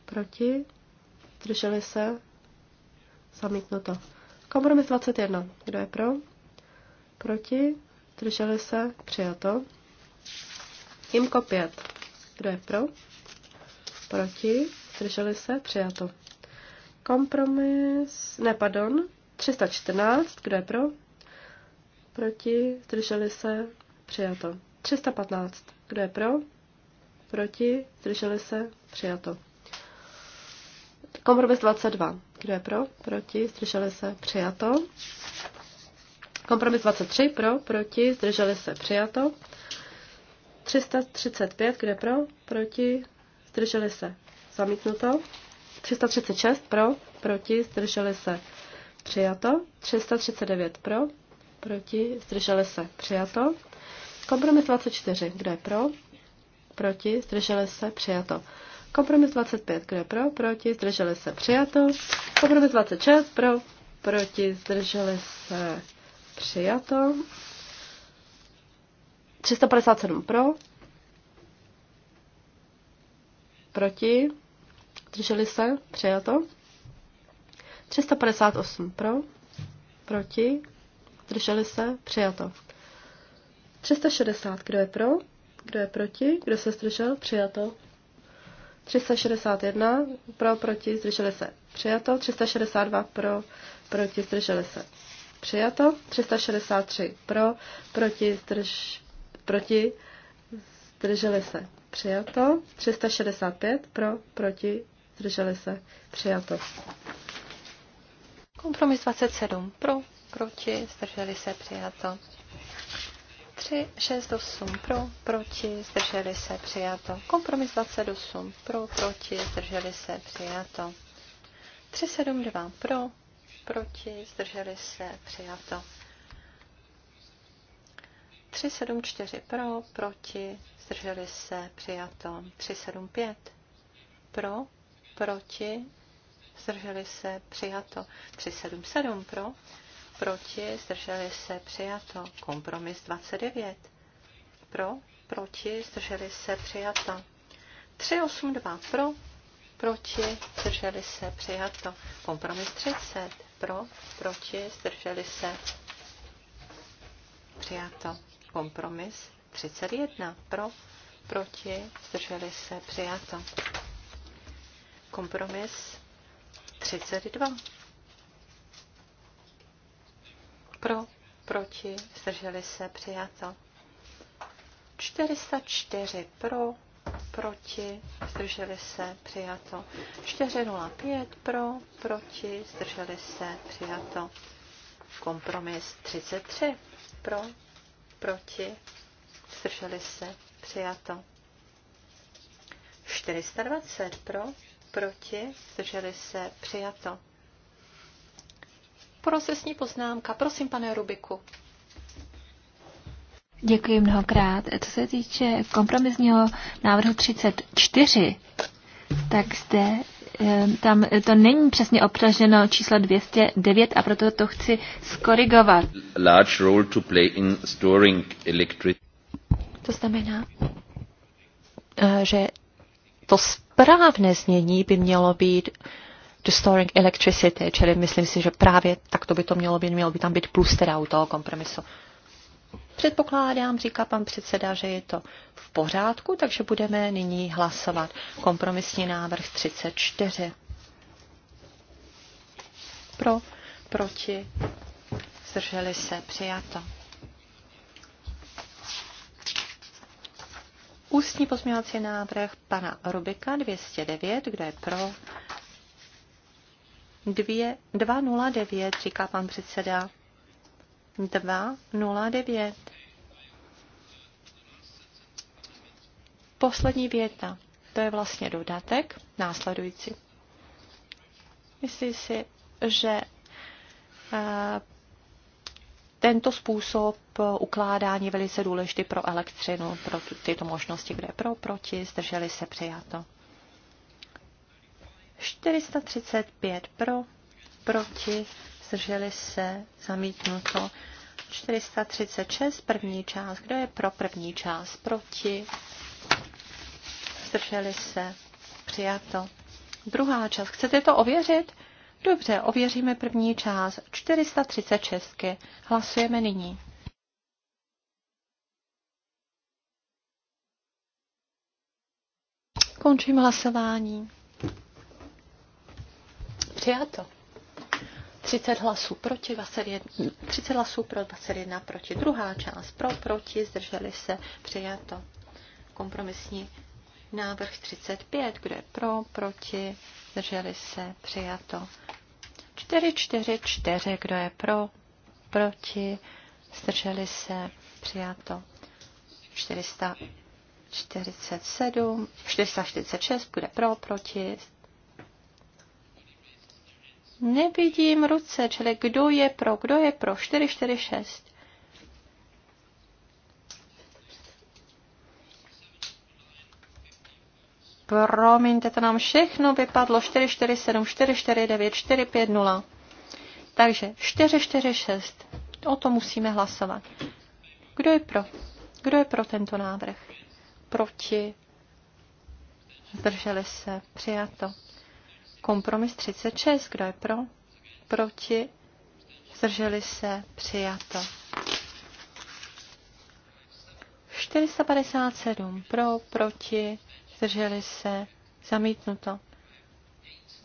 Proti? Zdrželi se? Zamítnuto. Kompromis 21. Kdo je pro? Proti? Zdrželi se? Přijato. Imko 5. Kdo je pro? Proti? Zdrželi se? Přijato. Kompromis... Ne, pardon. 314. Kdo je pro? Proti? Zdrželi se? Přijato. 315. Kdo je pro? Proti? Zdrželi se? Přijato. Kompromis 22. Kdo je pro? Proti? Zdrželi se? Přijato. Kompromis 23. Pro? Proti? Zdrželi se? Přijato. 335. Kdo je pro? Proti? Zdrželi se? Zamítnuto. 336. Pro? Proti? Zdrželi se? Přijato. 339. Pro? Proti? Zdrželi se? Přijato. Kompromis 24. Kdo je pro? Proti? Zdrželi se? Přijato. Kompromis 25. Kdo je pro? Proti? Zdrželi se? Přijato. Kompromis 26. Pro? Proti? Zdrželi se? Přijato. 357 pro. Proti? Zdrželi se? Přijato. 358 pro. Proti? Zdrželi se? Přijato. 360, kdo je pro, kdo je proti, kdo se zdržel, přijato. 361 pro, proti, zdrželi se, přijato. 362 pro, proti, zdrželi se, přijato. 363 pro, proti, zdrž, proti, zdrželi se, přijato. 365 pro, proti, zdrželi se, přijato. Kompromis 27 pro, proti, zdrželi se, přijato. 3, 6, 8 pro, proti, zdrželi se, přijato. Kompromis 28 pro, proti, zdrželi se, přijato. 3, 7, 2 pro, proti, zdrželi se, přijato. 3, 7, 4 pro, proti, zdrželi se, přijato. 3, 7, 5 pro, proti, zdrželi se, přijato. 3, 7, 7 pro, proti, zdrželi se, přijato. Kompromis 29. Pro, proti, zdrželi se, přijato. 382 pro, proti, zdrželi se, přijato. Kompromis 30 pro, proti, zdrželi se, přijato. Kompromis 31 pro, proti, zdrželi se, přijato. Kompromis 32 pro, proti, zdrželi se, přijato. 404 pro, proti, zdrželi se, přijato. 405 pro, proti, zdrželi se, přijato. Kompromis 33 pro, proti, zdrželi se, přijato. 420 pro, proti, zdrželi se, přijato. Procesní poznámka. Prosím, pane Rubiku. Děkuji mnohokrát. Co se týče kompromisního návrhu 34, tak zde tam to není přesně obsaženo číslo 209 a proto to chci skorigovat. Large role to play in storing electric. To znamená, eh, že to správné znění by mělo být to storing electricity, čili myslím si, že právě tak to by to mělo být, mělo by tam být plus teda u toho kompromisu. Předpokládám, říká pan předseda, že je to v pořádku, takže budeme nyní hlasovat. Kompromisní návrh 34. Pro, proti, zdrželi se, přijato. Ústní pozměňovací návrh pana Rubika 209, kdo je pro, 209, říká pan předseda. 209. Poslední věta. To je vlastně dodatek následující. Myslím si, že eh, tento způsob ukládání je velice důležitý pro elektřinu, pro tyto možnosti, kde pro, proti, zdrželi se přijato. 435 pro, proti, zdrželi se, zamítnuto. 436, první část. Kdo je pro první část? Proti, zdrželi se, přijato. Druhá část. Chcete to ověřit? Dobře, ověříme první část. 436. Hlasujeme nyní. Končím hlasování. Přijato. 30 hlasů proti, 21, 30 hlasů pro, 21 proti. Druhá část pro, proti, zdrželi se, přijato. Kompromisní návrh 35, kde je pro, proti, zdrželi se, přijato. 4, 4, 4, kdo je pro, proti, zdrželi se, přijato. 447, 446, bude pro, proti, Nevidím ruce, čili kdo je pro, kdo je pro, 446. Promiňte, to nám všechno vypadlo 447, 449, 450. Takže 446, o to musíme hlasovat. Kdo je pro? Kdo je pro tento návrh? Proti? Zdrželi se. Přijato. Kompromis 36. Kdo je pro? Proti? Zdrželi se? Přijato. 457 pro, proti, zdrželi se, zamítnuto.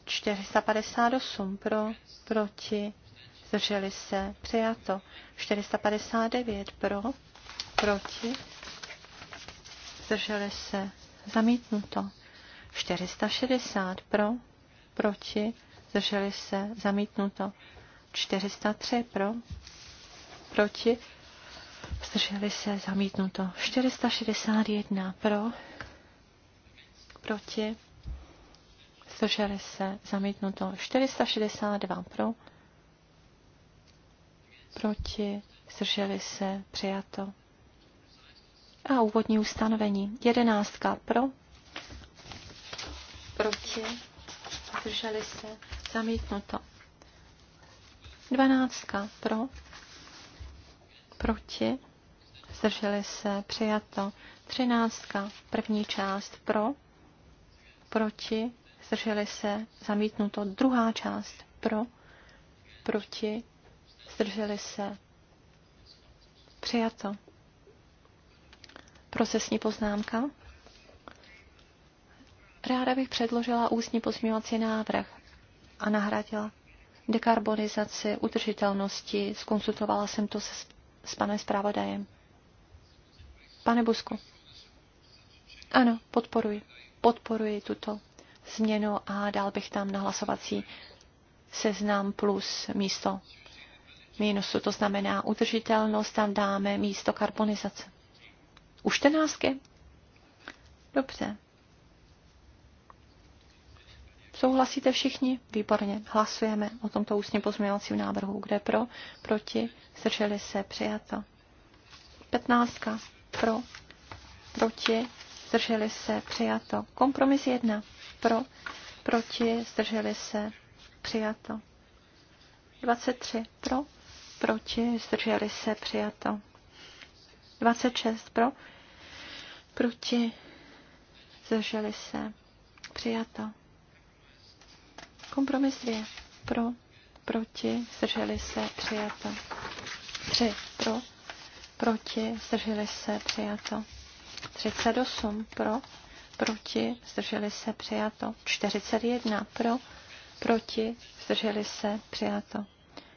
458 pro, proti, zdrželi se, přijato. 459 pro, proti, zdrželi se, zamítnuto. 460 pro, proti, zdrželi se, zamítnuto. 403 pro, proti, zdrželi se, zamítnuto. 461 pro, proti, zdrželi se, zamítnuto. 462 pro, proti, zdrželi se, přijato. A úvodní ustanovení. Jedenáctka pro, proti, zdrželi se, zamítnuto. Dvanáctka pro, proti, zdrželi se, přijato. Třináctka, první část pro, proti, zdrželi se, zamítnuto. Druhá část pro, proti, zdrželi se, přijato. Procesní poznámka. Ráda bych předložila ústní pozměňovací návrh a nahradila dekarbonizaci, udržitelnosti. Skonsultovala jsem to se s panem zpravodajem. Pane Busku. Ano, podporuji. Podporuji tuto změnu a dal bych tam na hlasovací seznam plus místo minusu. To znamená udržitelnost, tam dáme místo karbonizace. Už čtrnáctky? Dobře. Souhlasíte všichni? Výborně. Hlasujeme o tomto ústně pozměňovacím návrhu. Kde pro? Proti? Zdrželi se? Přijato. Petnáctka. Pro? Proti? Zdrželi se? Přijato. Kompromis jedna. Pro? Proti? Zdrželi se? Přijato. 23. Pro? Proti? Zdrželi se? Přijato. 26. Pro? Proti? Zdrželi se? Přijato. Kompromis dvě. Pro, proti, zdrželi se, přijato. Tři Pro, proti, zdrželi se, přijato. 38. Pro, proti, zdrželi se, přijato. 41. Pro, proti, zdrželi se, přijato.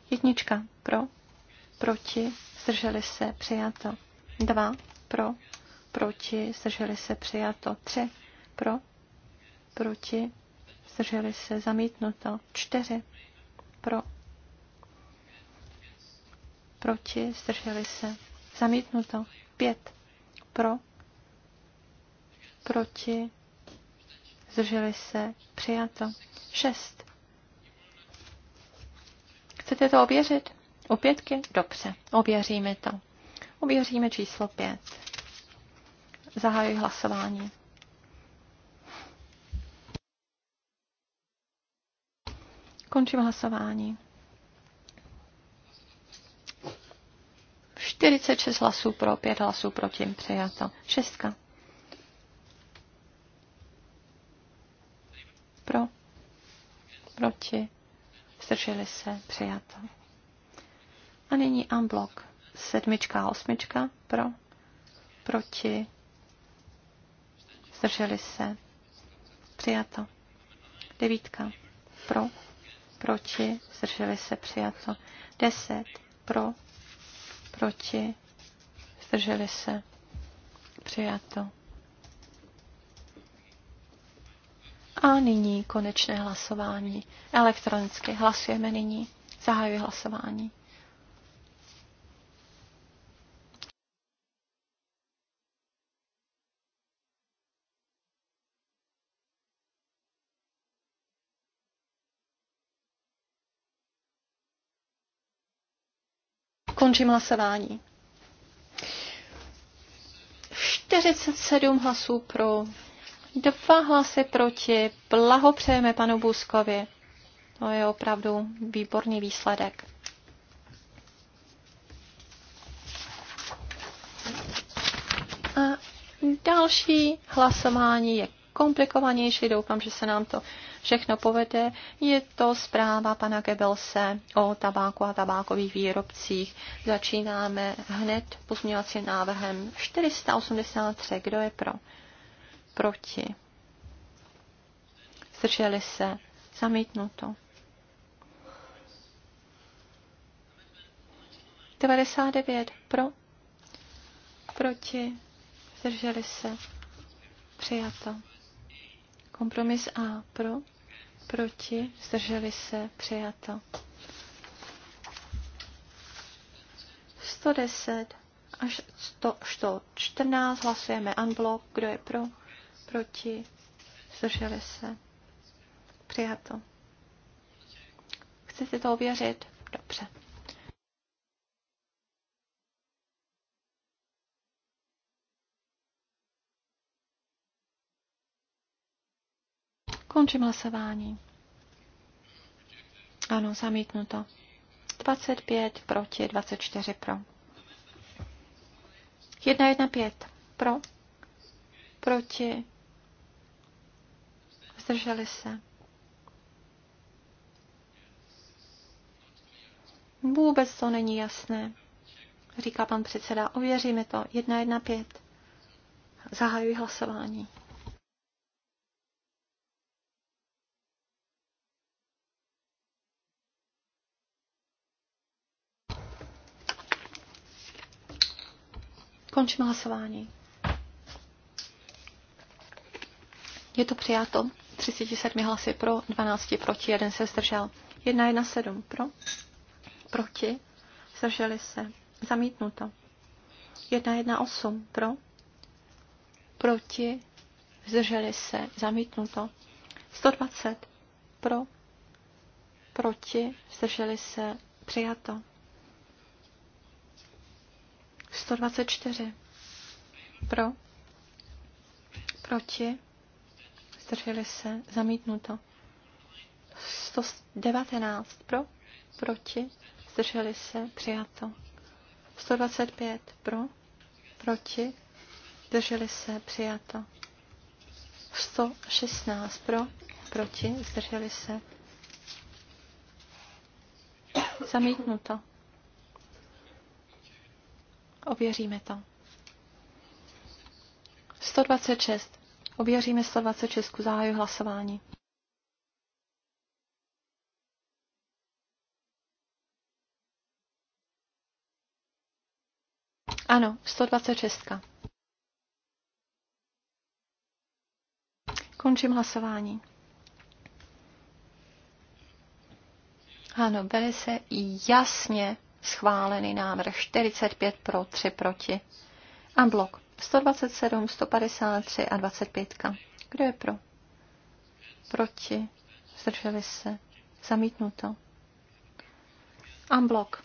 Jednička. Pro, proti, zdrželi se, přijato. 2. Pro, proti, zdrželi se, přijato. 3. Pro, proti, zdrželi se, zamítnuto. čtyři pro, proti, zdrželi se, zamítnuto. pět pro, proti, zdrželi se, přijato. šest. Chcete to ověřit? U pětky? Dobře, ověříme to. Ověříme číslo pět. Zahajuji hlasování. Končím hlasování. 46 hlasů pro, 5 hlasů proti, přijato. Šestka. Pro, proti, zdrželi se, přijato. A nyní unblock. Sedmička a osmička pro, proti, zdrželi se, přijato. Devítka pro, proti, zdrželi se přijato. 10 pro, proti, zdrželi se přijato. A nyní konečné hlasování. Elektronicky hlasujeme nyní. Zahajuji hlasování. Končím hlasování. 47 hlasů pro, dva hlasy proti. Blahopřejeme panu Buskovi. To je opravdu výborný výsledek. A další hlasování je komplikovanější. Doufám, že se nám to všechno povede. Je to zpráva pana Gebelse o tabáku a tabákových výrobcích. Začínáme hned pozměňovacím návrhem 483. Kdo je pro? Proti. Zdrželi se. Zamítnuto. 99 pro, proti, zdrželi se, přijato. Kompromis A pro, proti, zdrželi se, přijato. 110 až 114 hlasujeme unblock, kdo je pro, proti, zdrželi se, přijato. Chcete to ověřit? Dobře. Končím hlasování. Ano, zamítnuto. 25 proti, 24 pro. 1, 1, 5 pro, proti, zdrželi se. Vůbec to není jasné, říká pan předseda. Ověříme to. 1, 1, 5. Zahajuji hlasování. Končím hlasování. Je to přijato. 37 hlasy pro, 12 proti, jeden se zdržel. 7 pro, proti, zdrželi se, zamítnuto. 8 pro, proti, zdrželi se, zamítnuto. 120 pro, proti, zdrželi se, přijato. 124. Pro. Proti. Zdrželi se. Zamítnuto. 119. Pro. Proti. Zdrželi se. Přijato. 125. Pro. Proti. Zdrželi se. Přijato. 116. Pro. Proti. Zdrželi se. Zamítnuto. Ověříme to. 126. Ověříme 126. Zaháju hlasování. Ano, 126. Končím hlasování. Ano, bere se jasně schválený návrh 45 pro, 3 proti. A blok 127, 153 a 25. Kdo je pro? Proti. Zdrželi se. Zamítnuto. A blok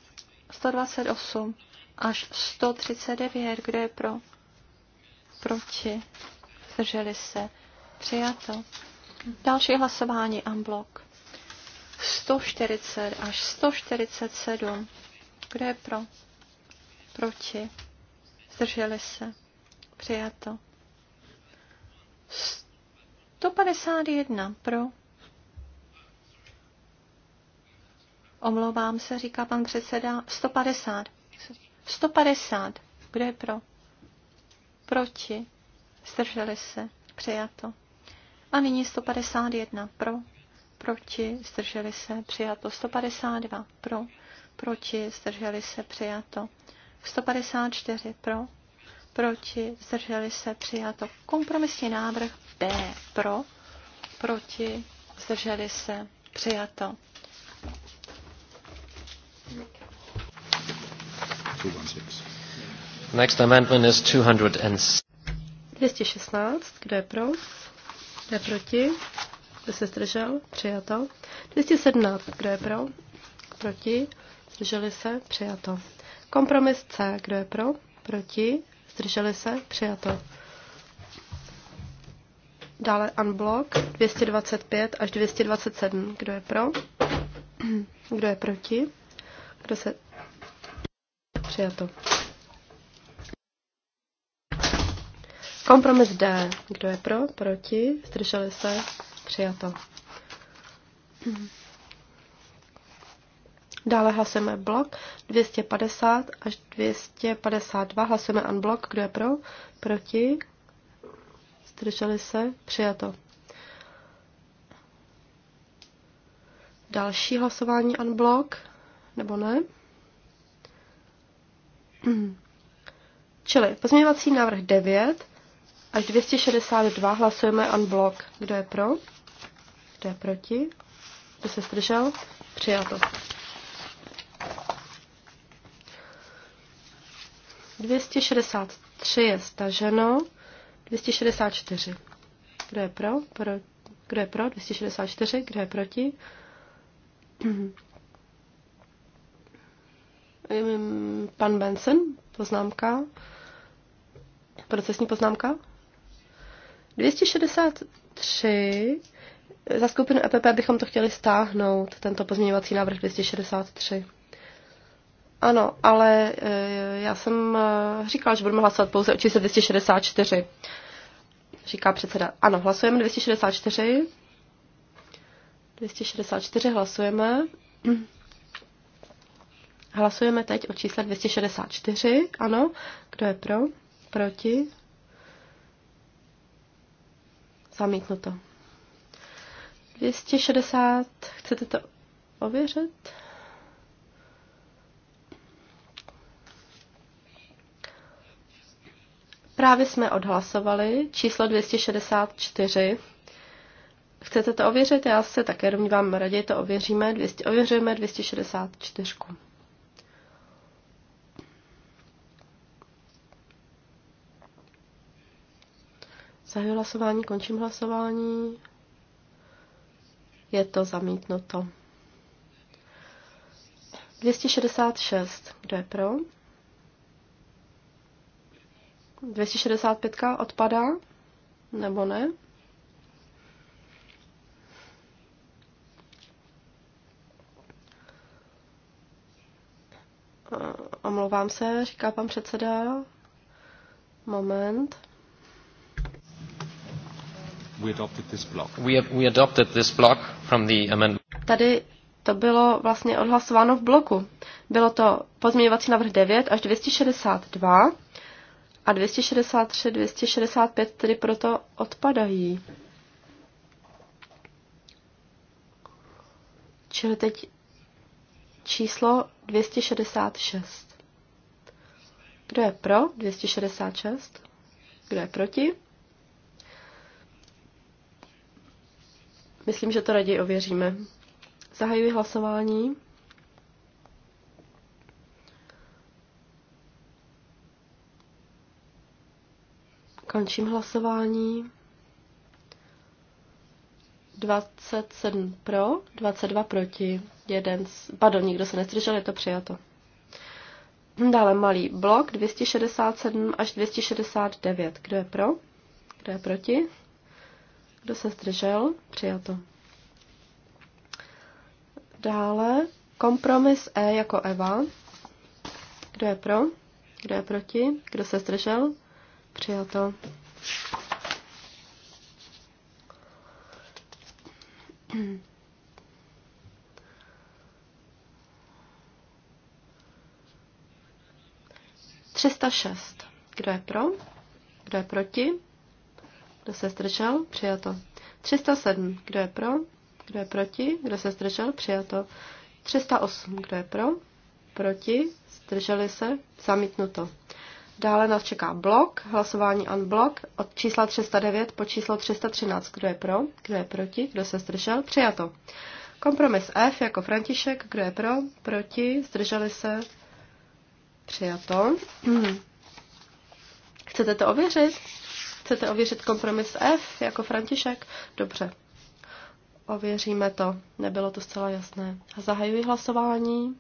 128 až 139. Kdo je pro? Proti. Zdrželi se. Přijato. Další hlasování unblock. 140 až 147. Kdo je pro? Proti? Zdrželi se? Přijato. 151 pro. Omlouvám se, říká pan předseda. 150. 150. Kdo je pro? Proti? Zdrželi se? Přijato. A nyní 151 pro, proti, zdrželi se, přijato 152 pro, proti, zdrželi se přijato. 154 pro, proti, zdrželi se přijato. Kompromisní návrh B pro, proti, zdrželi se přijato. Next amendment is 216. 216, kdo je pro? Kdo je proti? Kdo se zdržel? Přijato. 217, kdo je pro? Proti? zdrželi se, přijato. Kompromis C, kdo je pro, proti, zdrželi se, přijato. Dále unblock 225 až 227. Kdo je pro? Kdo je proti? Kdo se... Přijato. Kompromis D. Kdo je pro? Proti? Zdrželi se? Přijato. Mm-hmm. Dále hlasujeme blok 250 až 252. Hlasujeme unblock. Kdo je pro? Proti? Zdrželi se? Přijato. Další hlasování unblock? Nebo ne? Čili pozměňovací návrh 9 až 262 hlasujeme unblock. Kdo je pro? Kdo je proti? Kdo se zdržel? Přijato. 263 je staženo. 264. Kdo je pro? pro kdo je pro? 264. Kdo je proti? Pan Benson, poznámka. Procesní poznámka. 263. Za skupinu EPP bychom to chtěli stáhnout, tento pozměňovací návrh 263. Ano, ale e, já jsem e, říkala, že budeme hlasovat pouze o čísle 264. Říká předseda. Ano, hlasujeme 264. 264 hlasujeme. Hlasujeme teď o čísle 264. Ano, kdo je pro? Proti? Zamítnuto. 260, chcete to ověřit? Zprávy jsme odhlasovali, číslo 264. Chcete to ověřit? Já se také domnívám, raději to ověříme. 200, ověřujeme 264. Zahajuji hlasování, končím hlasování. Je to zamítnuto. 266. Kdo je pro? 265 odpadá? Nebo ne? Omlouvám se, říká pan předseda. Moment. We adopted this block. We, we adopted this block from the amendment. Tady to bylo vlastně odhlasováno v bloku. Bylo to pozměňovací návrh 9 až 262 a 263, 265 tedy proto odpadají. Čili teď číslo 266. Kdo je pro 266? Kdo je proti? Myslím, že to raději ověříme. Zahajuji hlasování. Končím hlasování. 27 pro, 22 proti, jeden z... Pardon, nikdo se nestržel, je to přijato. Dále malý blok 267 až 269. Kdo je pro? Kdo je proti? Kdo se zdržel? Přijato. Dále kompromis E jako Eva. Kdo je pro? Kdo je proti? Kdo se zdržel? Přijato. Třista šest. Kdo je pro? Kdo je proti? Kdo se zdržel? Přijato. 307. Kdo je pro? Kdo je proti? Kdo se zdržel? Přijato. 308. Kdo je pro? Proti? Zdrželi se? Zamítnuto. Dále nás čeká blok, hlasování unblock od čísla 309 po číslo 313. Kdo je pro, kdo je proti, kdo se zdržel, přijato. Kompromis F jako František, kdo je pro, proti, zdrželi se, přijato. Chcete to ověřit? Chcete ověřit kompromis F jako František? Dobře. Ověříme to. Nebylo to zcela jasné. Zahajuji hlasování.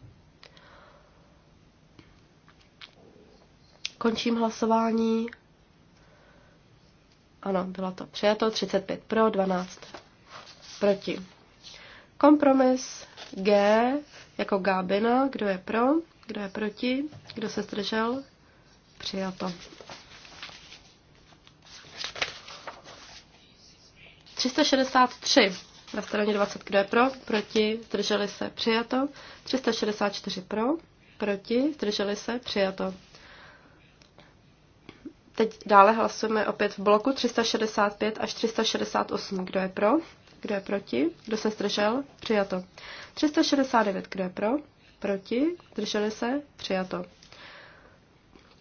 Končím hlasování. Ano, bylo to přijato. 35 pro, 12 proti. Kompromis G jako Gábina. Kdo je pro, kdo je proti, kdo se zdržel? Přijato. 363 na straně 20, kdo je pro, proti, zdrželi se, přijato. 364 pro, proti, zdrželi se, přijato. Teď dále hlasujeme opět v bloku 365 až 368. Kdo je pro? Kdo je proti? Kdo se zdržel? Přijato. 369. Kdo je pro? Proti? Zdrželi se? Přijato.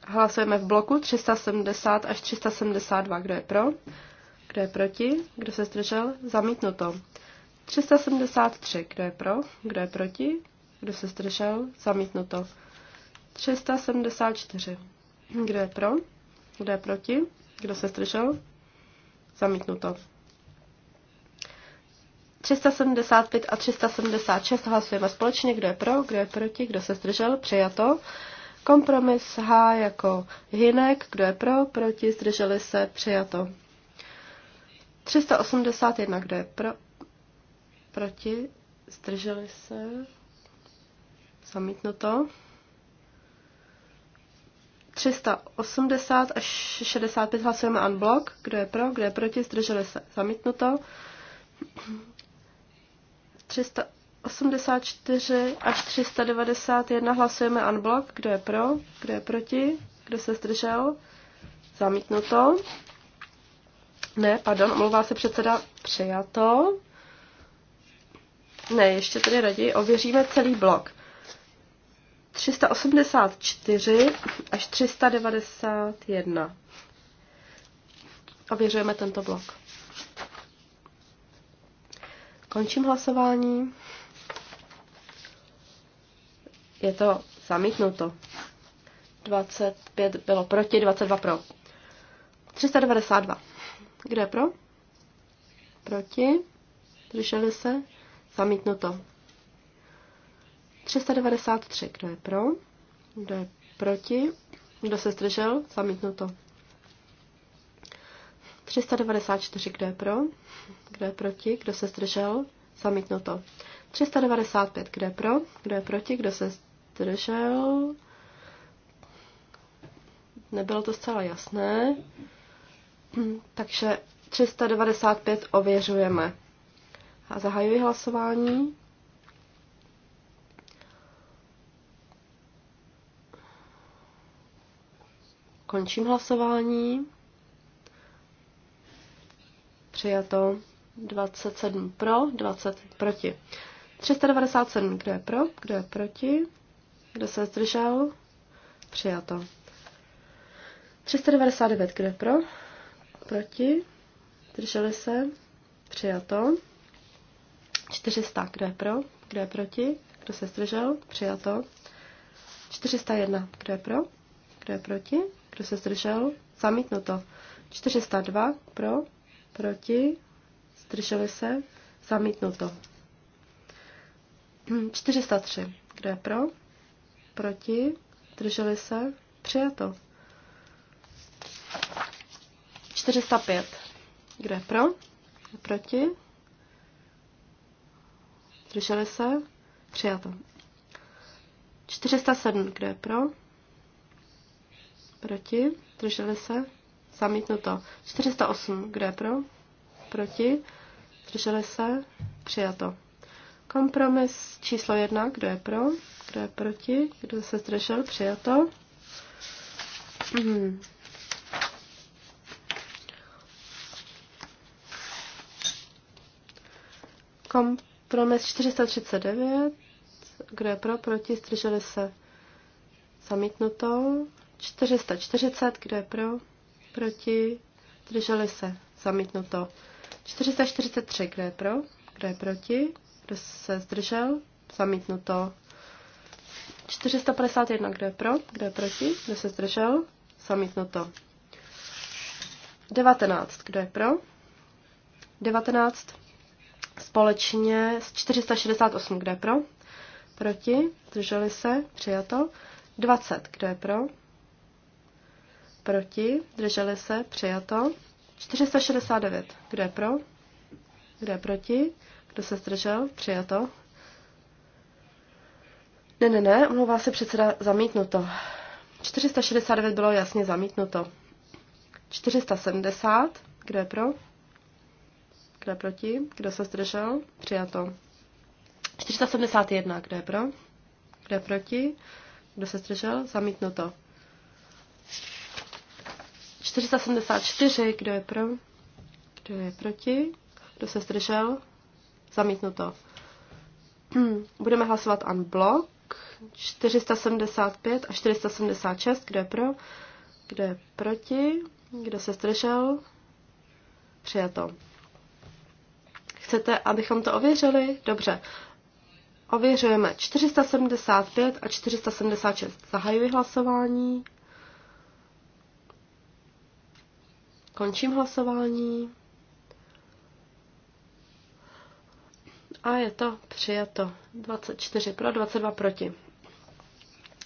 Hlasujeme v bloku 370 až 372. Kdo je pro? Kdo je proti? Kdo se zdržel? Zamítnuto. 373. Kdo je pro? Kdo je proti? Kdo se zdržel? Zamítnuto. 374. Kdo je pro? Kdo je proti? Kdo se zdržel? Zamítnuto. 375 a 376 hlasujeme společně, kdo je pro, kdo je proti, kdo se zdržel, přijato. Kompromis H jako hinek, kdo je pro, proti, zdrželi se, přijato. 381, kdo je pro, proti, zdrželi se, zamítnuto. 380 až 65 hlasujeme unblock. Kdo je pro, kdo je proti, zdrželi se. Zamítnuto. 384 až 391 hlasujeme unblock. Kdo je pro, kdo je proti, kdo se zdržel. Zamítnuto. Ne, pardon, omlouvá se předseda. Přijato. Ne, ještě tady raději ověříme celý blok. 384 až 391. Ověřujeme tento blok. Končím hlasování. Je to zamítnuto. 25 bylo proti, 22 pro. 392. Kdo je pro? Proti. Zdrželi se. Zamítnuto. 393. Kdo je pro? Kdo je proti? Kdo se zdržel? Zamítnuto. 394. Kdo je pro? Kdo je proti? Kdo se zdržel? Zamítnuto. 395. Kdo je pro? Kdo je proti? Kdo se zdržel? Nebylo to zcela jasné. Takže 395 ověřujeme. A zahajuji hlasování. Končím hlasování. Přijato 27 pro, 20 proti. 397, kdo je pro, kdo je proti, kdo se zdržel, přijato. 399, kdo je pro, proti, zdrželi se, přijato. 400, kdo je pro, kdo je proti, kdo se zdržel, přijato. 401, kdo je pro, kdo je proti, kdo se zdržel? Zamítnuto. 402 pro, proti, zdrželi se, zamítnuto. 403. Kdo je pro? Proti, zdrželi se, přijato. 405. Kdo je pro? Proti? Zdrželi se? Přijato. 407. Kdo je pro? Proti? Drželi se? Zamítnuto. 408. Kdo je pro? Proti? Drželi se? Přijato. Kompromis číslo 1. Kdo je pro? Kdo je proti? Kdo se zdržel? Přijato. Hmm. Kompromis 439. Kdo je pro? Proti? Zdrželi se? Zamítnuto. 440, kdo je pro? Proti? Drželi se. Zamítnuto. 443, kdo je pro? Kdo je proti? Kdo se zdržel? Zamítnuto. 451, kdo je pro? Kdo je proti? Kdo se zdržel? Zamítnuto. 19, kdo je pro? 19. Společně s 468, kdo je pro? Proti? zdrželi se? Přijato. 20, kdo je pro? Proti? Drželi se? Přijato. 469. Kdo je pro? Kdo je proti? Kdo se zdržel? Přijato. Ne, ne, ne, omlouvá se předseda zamítnuto. 469 bylo jasně zamítnuto. 470. Kdo je pro? Kdo je proti? Kdo se zdržel? Přijato. 471. Kdo je pro? Kdo je proti? Kdo se zdržel? Zamítnuto. 474, kdo je pro? Kdo je proti? Kdo se zdržel? Zamítnuto. Budeme hlasovat unblock. 475 a 476, kdo je pro? Kdo je proti? Kdo se zdržel? Přijato. Chcete, abychom to ověřili? Dobře. Ověřujeme 475 a 476. Zahajuji hlasování. Končím hlasování. A je to přijato. 24 pro, 22 proti.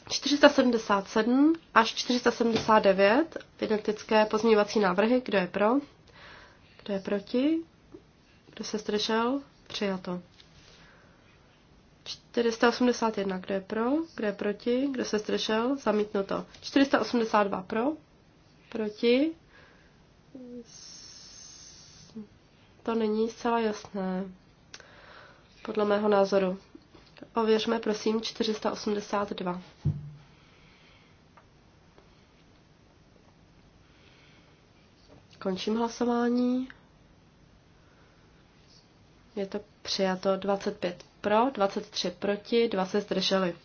477 až 479 identické pozměňovací návrhy. Kdo je pro? Kdo je proti? Kdo se zdržel? Přijato. 481. Kdo je pro? Kdo je proti? Kdo se zdržel? Zamítnuto. 482 pro? Proti? to není zcela jasné, podle mého názoru. Ověřme prosím 482. Končím hlasování. Je to přijato 25 pro, 23 proti, 2 se zdrželi.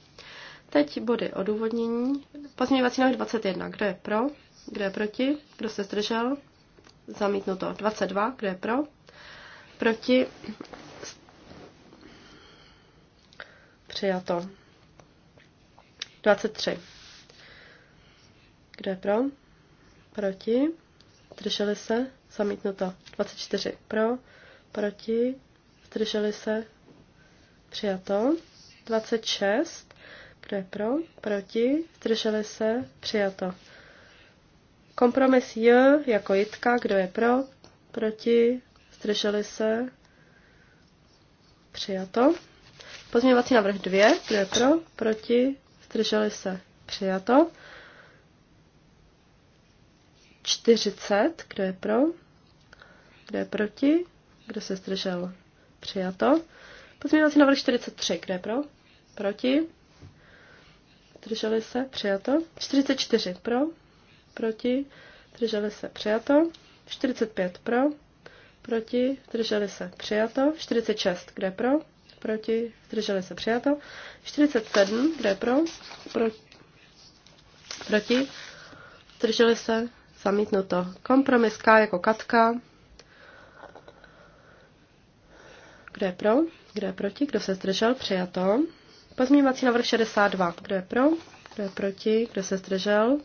Teď body odůvodnění. Pozměňovací návrh 21. Kdo je pro? Kdo je proti? Kdo se zdržel? zamítnuto 22, kdo je pro, proti, přijato 23. Kdo je pro? Proti. Zdrželi se. Zamítnuto. 24. Pro. Proti. Zdrželi se. Přijato. 26. Kdo je pro? Proti. Zdrželi se. Přijato. Kompromis J jako jitka, kdo je pro, proti, zdrželi se, přijato. Pozměňovací návrh 2, kdo je pro, proti, zdrželi se, přijato. 40, kdo je pro, kdo je proti, kdo se zdržel, přijato. Pozměňovací návrh 43, kdo je pro, proti, zdrželi se, přijato. 44 pro, proti, drželi se přijato, 45 pro, proti, drželi se přijato, 46 kde pro, proti, drželi se přijato, 47 kde pro, pro proti, drželi se zamítnuto, kompromis K jako katka, kde je pro? kde je proti? Kdo se zdržel? Přijato. Pozměňovací návrh 62. kde je pro? kde je proti? Kdo se zdržel?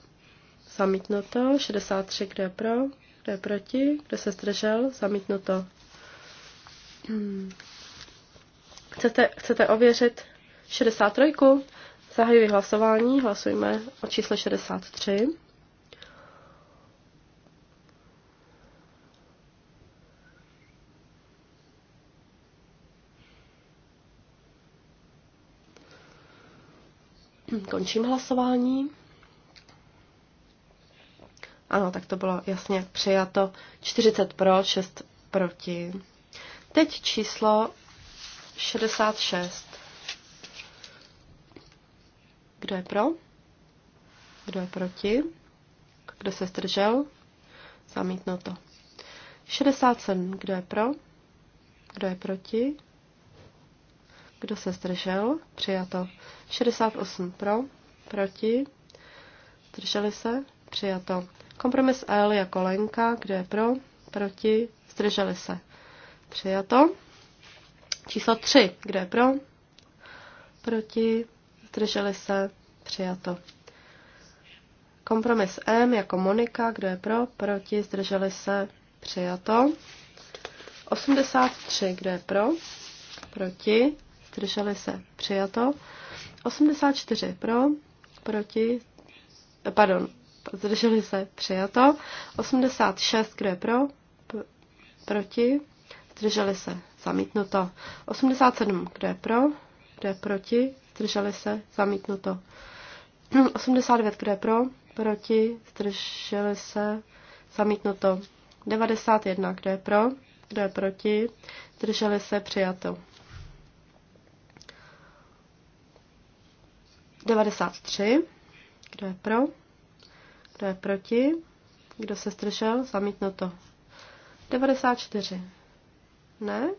Zamítnuto. 63, kdo je pro? Kdo je proti? Kdo se zdržel? Zamítnuto. Hmm. Chcete, chcete ověřit 63? Zahajuji hlasování, hlasujeme o čísle 63. Končím hlasování. Ano, tak to bylo jasně přijato. 40 pro, 6 proti. Teď číslo 66. Kdo je pro? Kdo je proti? Kdo se zdržel? to. 67. Kdo je pro? Kdo je proti? Kdo se zdržel? Přijato. 68 pro, proti, zdrželi se, přijato. Kompromis L jako Lenka, kde je pro, proti, zdrželi se. Přijato. Číslo 3, kde je pro, proti, zdrželi se, přijato. Kompromis M jako Monika, kdo je pro, proti, zdrželi se, přijato. 83, kdo je pro, proti, zdrželi se, přijato. 84 pro, proti, pardon, zdrželi se, přijato. 86, kdo je pro, P- proti, zdrželi se, zamítnuto. 87, kdo je pro, kdo je proti, zdrželi se, zamítnuto. 89, kdo je pro, proti, zdrželi se, zamítnuto. 91, kdo je pro, kdo je proti, zdrželi se, přijato. 93, kdo je pro, kdo je proti? Kdo se zdržel? to. 94. Ne?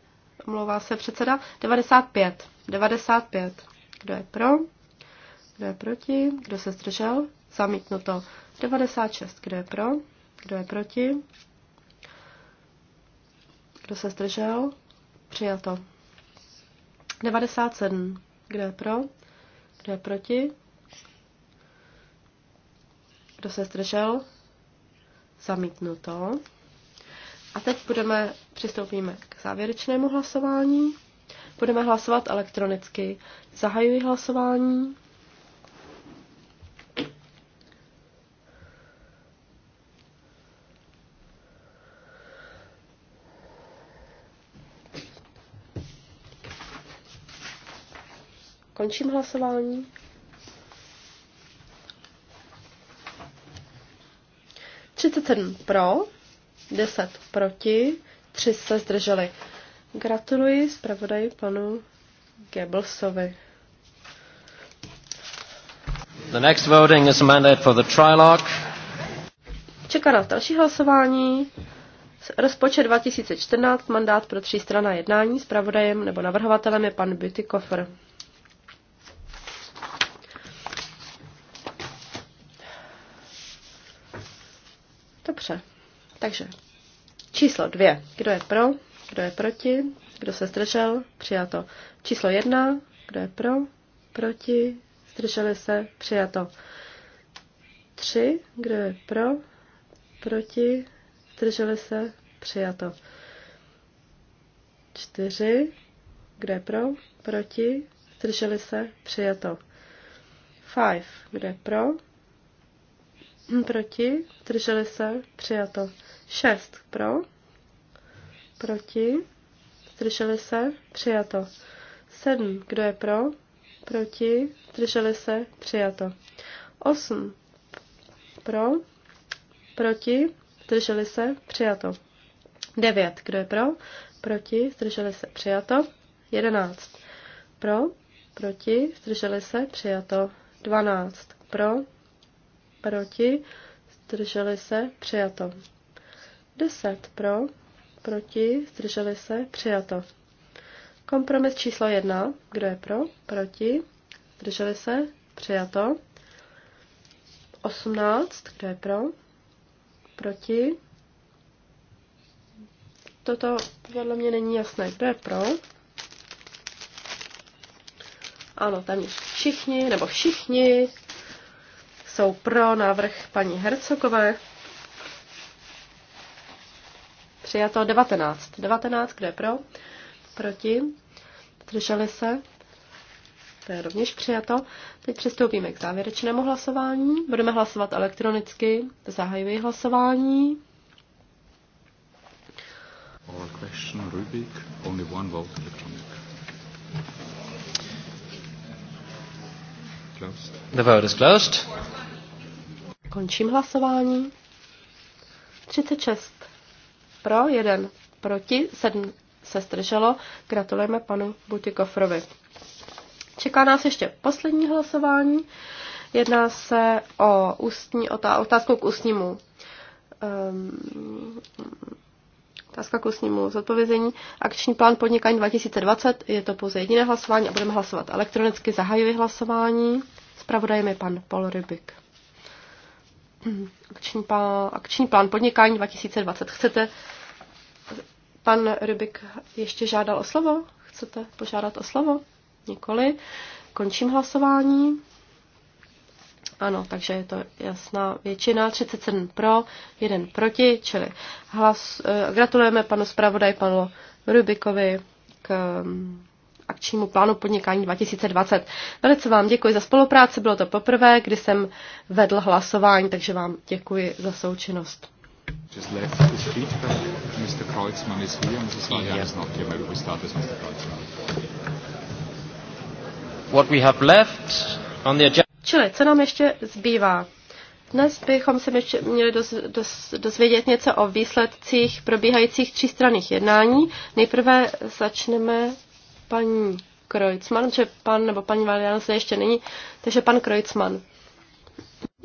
Omlouvá se předseda. 95. 95. Kdo je pro? Kdo je proti? Kdo se zdržel? to. 96. Kdo je pro? Kdo je proti? Kdo se zdržel? Přijato. 97. Kdo je pro? Kdo je proti? Kdo se zdržel? Zamítnuto. A teď budeme, přistoupíme k závěrečnému hlasování. Budeme hlasovat elektronicky. Zahajuji hlasování. Končím hlasování. 37 pro, 10 proti, 3 se zdrželi. Gratuluji zpravodaji panu Goebbelsovi. The next voting is a mandate for the trilogue. Čeká nás další hlasování. Rozpočet 2014, mandát pro strana jednání, zpravodajem nebo navrhovatelem je pan Bytykofer. Dobře. Takže číslo dvě. Kdo je pro? Kdo je proti? Kdo se zdržel? Přijato. Číslo jedna. Kdo je pro? Proti? Zdrželi se? Přijato. Tři. Kdo je pro? Proti? Zdrželi se? Přijato. Čtyři. Kdo je pro? Proti? Zdrželi se? Přijato. Five. Kdo je pro? Hm, proti. Drželi se. Přijato. 6 pro. Proti. Drželi se. Přijato. 7. Kdo je pro? Proti. Drželi se. Přijato. 8. Pro. Proti. Drželi se. Přijato. 9. Kdo je pro? Proti. Drželi se. Přijato. 11. Pro. Proti. Drželi se. Přijato. 12. Pro proti, zdrželi se, přijato. 10 pro, proti, zdrželi se, přijato. Kompromis číslo 1, kdo je pro, proti, zdrželi se, přijato. 18, kdo je pro, proti. Toto podle mě není jasné, kdo je pro. Ano, tam všichni, nebo všichni, jsou pro návrh paní Hercogové. Přijato 19. 19, kde je pro? Proti? Drželi se? To je rovněž přijato. Teď přistoupíme k závěrečnému hlasování. Budeme hlasovat elektronicky. Zahajuji hlasování. question, Rubik, only one vote electronic. Closed. The vote is closed. Končím hlasování. 36 pro, 1 proti, 7 se zdrželo. Gratulujeme panu Butikofrovi. Čeká nás ještě poslední hlasování. Jedná se o ústní otá- otázku k ústnímu um, otázka k ústnímu zodpovězení. Akční plán podnikání 2020 je to pouze jediné hlasování a budeme hlasovat elektronicky. Zahajuji hlasování. Spravodajem je pan Paul Rybik akční plán, akční plán podnikání 2020. Chcete, pan Rybik ještě žádal o slovo? Chcete požádat o slovo? Nikoli. Končím hlasování. Ano, takže je to jasná většina, 37 pro, 1 proti, čili hlas, eh, gratulujeme panu zpravodaj, panu Rubikovi k akčnímu plánu podnikání 2020. Velice vám děkuji za spolupráci, bylo to poprvé, kdy jsem vedl hlasování, takže vám děkuji za součinnost. Čili, co nám ještě zbývá? Dnes bychom se ještě měli doz, doz, dozvědět něco o výsledcích probíhajících třístranných jednání. Nejprve začneme paní Krojcman, že pan nebo paní Valian se ještě není, takže pan Krojcman.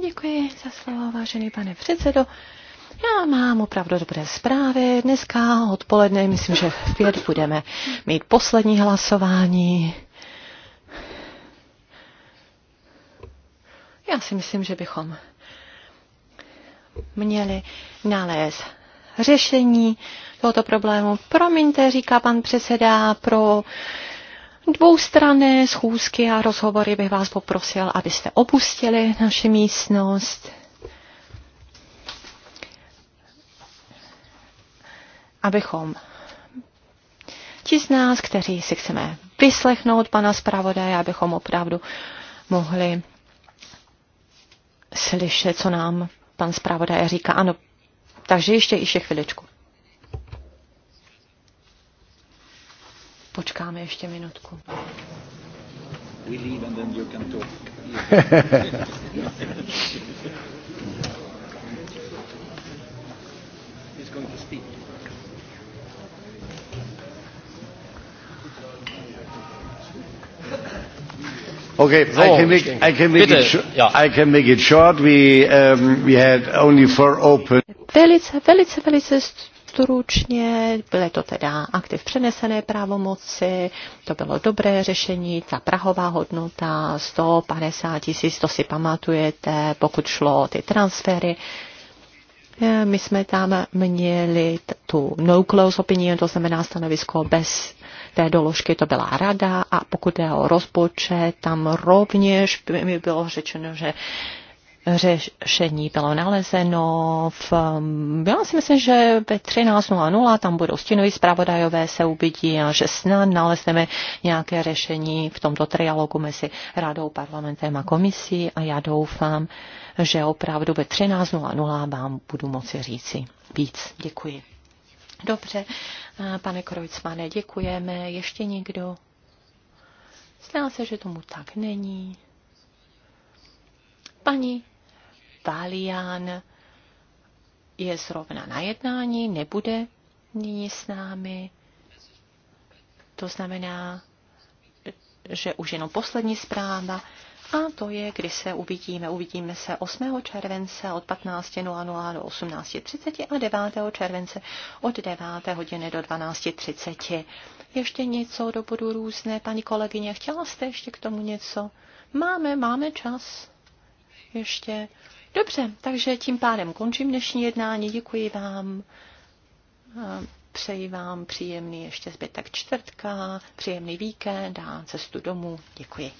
Děkuji za slovo, vážený pane předsedo. Já mám opravdu dobré zprávy. Dneska odpoledne, myslím, že v pět budeme mít poslední hlasování. Já si myslím, že bychom měli nalézt řešení tohoto problému. Promiňte, říká pan předseda, pro dvoustrané schůzky a rozhovory bych vás poprosil, abyste opustili naši místnost. Abychom ti z nás, kteří si chceme vyslechnout pana zpravodaje, abychom opravdu mohli slyšet, co nám pan zpravodaj říká. Ano, takže ještě, ještě chviličku. Počkáme ještě minutku. Okay, so, I can make, I can make, it, sh- ja. I can make it short. We, um, we had only four open Velice, velice, velice stručně, byly to teda aktiv přenesené právomoci, to bylo dobré řešení, ta prahová hodnota 150 tisíc, to si pamatujete, pokud šlo o ty transfery. Eh, my jsme tam měli tu no-close opinion, to znamená stanovisko bez té doložky, to byla rada a pokud je o rozpočet, tam rovněž mi bylo řečeno, že řešení bylo nalezeno. V, um, já si myslím, že ve 13.00 tam budou stínoví zpravodajové, se uvidí a že snad nalezneme nějaké řešení v tomto trialogu mezi radou, parlamentem a komisí a já doufám, že opravdu ve 13.00 vám budu moci říci víc. Děkuji. Dobře, pane Krojcmane, děkujeme. Ještě někdo? Zdá se, že tomu tak není. Paní Valian je zrovna na jednání, nebude nyní s námi. To znamená, že už jenom poslední zpráva a to je, kdy se uvidíme. Uvidíme se 8. července od 15.00 do 18.30 a 9. července od 9. hodiny do 12.30. Ještě něco do bodu různé, paní kolegyně, chtěla jste ještě k tomu něco? Máme, máme čas. Ještě Dobře, takže tím pádem končím dnešní jednání. Děkuji vám. Přeji vám příjemný ještě zbytek čtvrtka, příjemný víkend a cestu domů. Děkuji.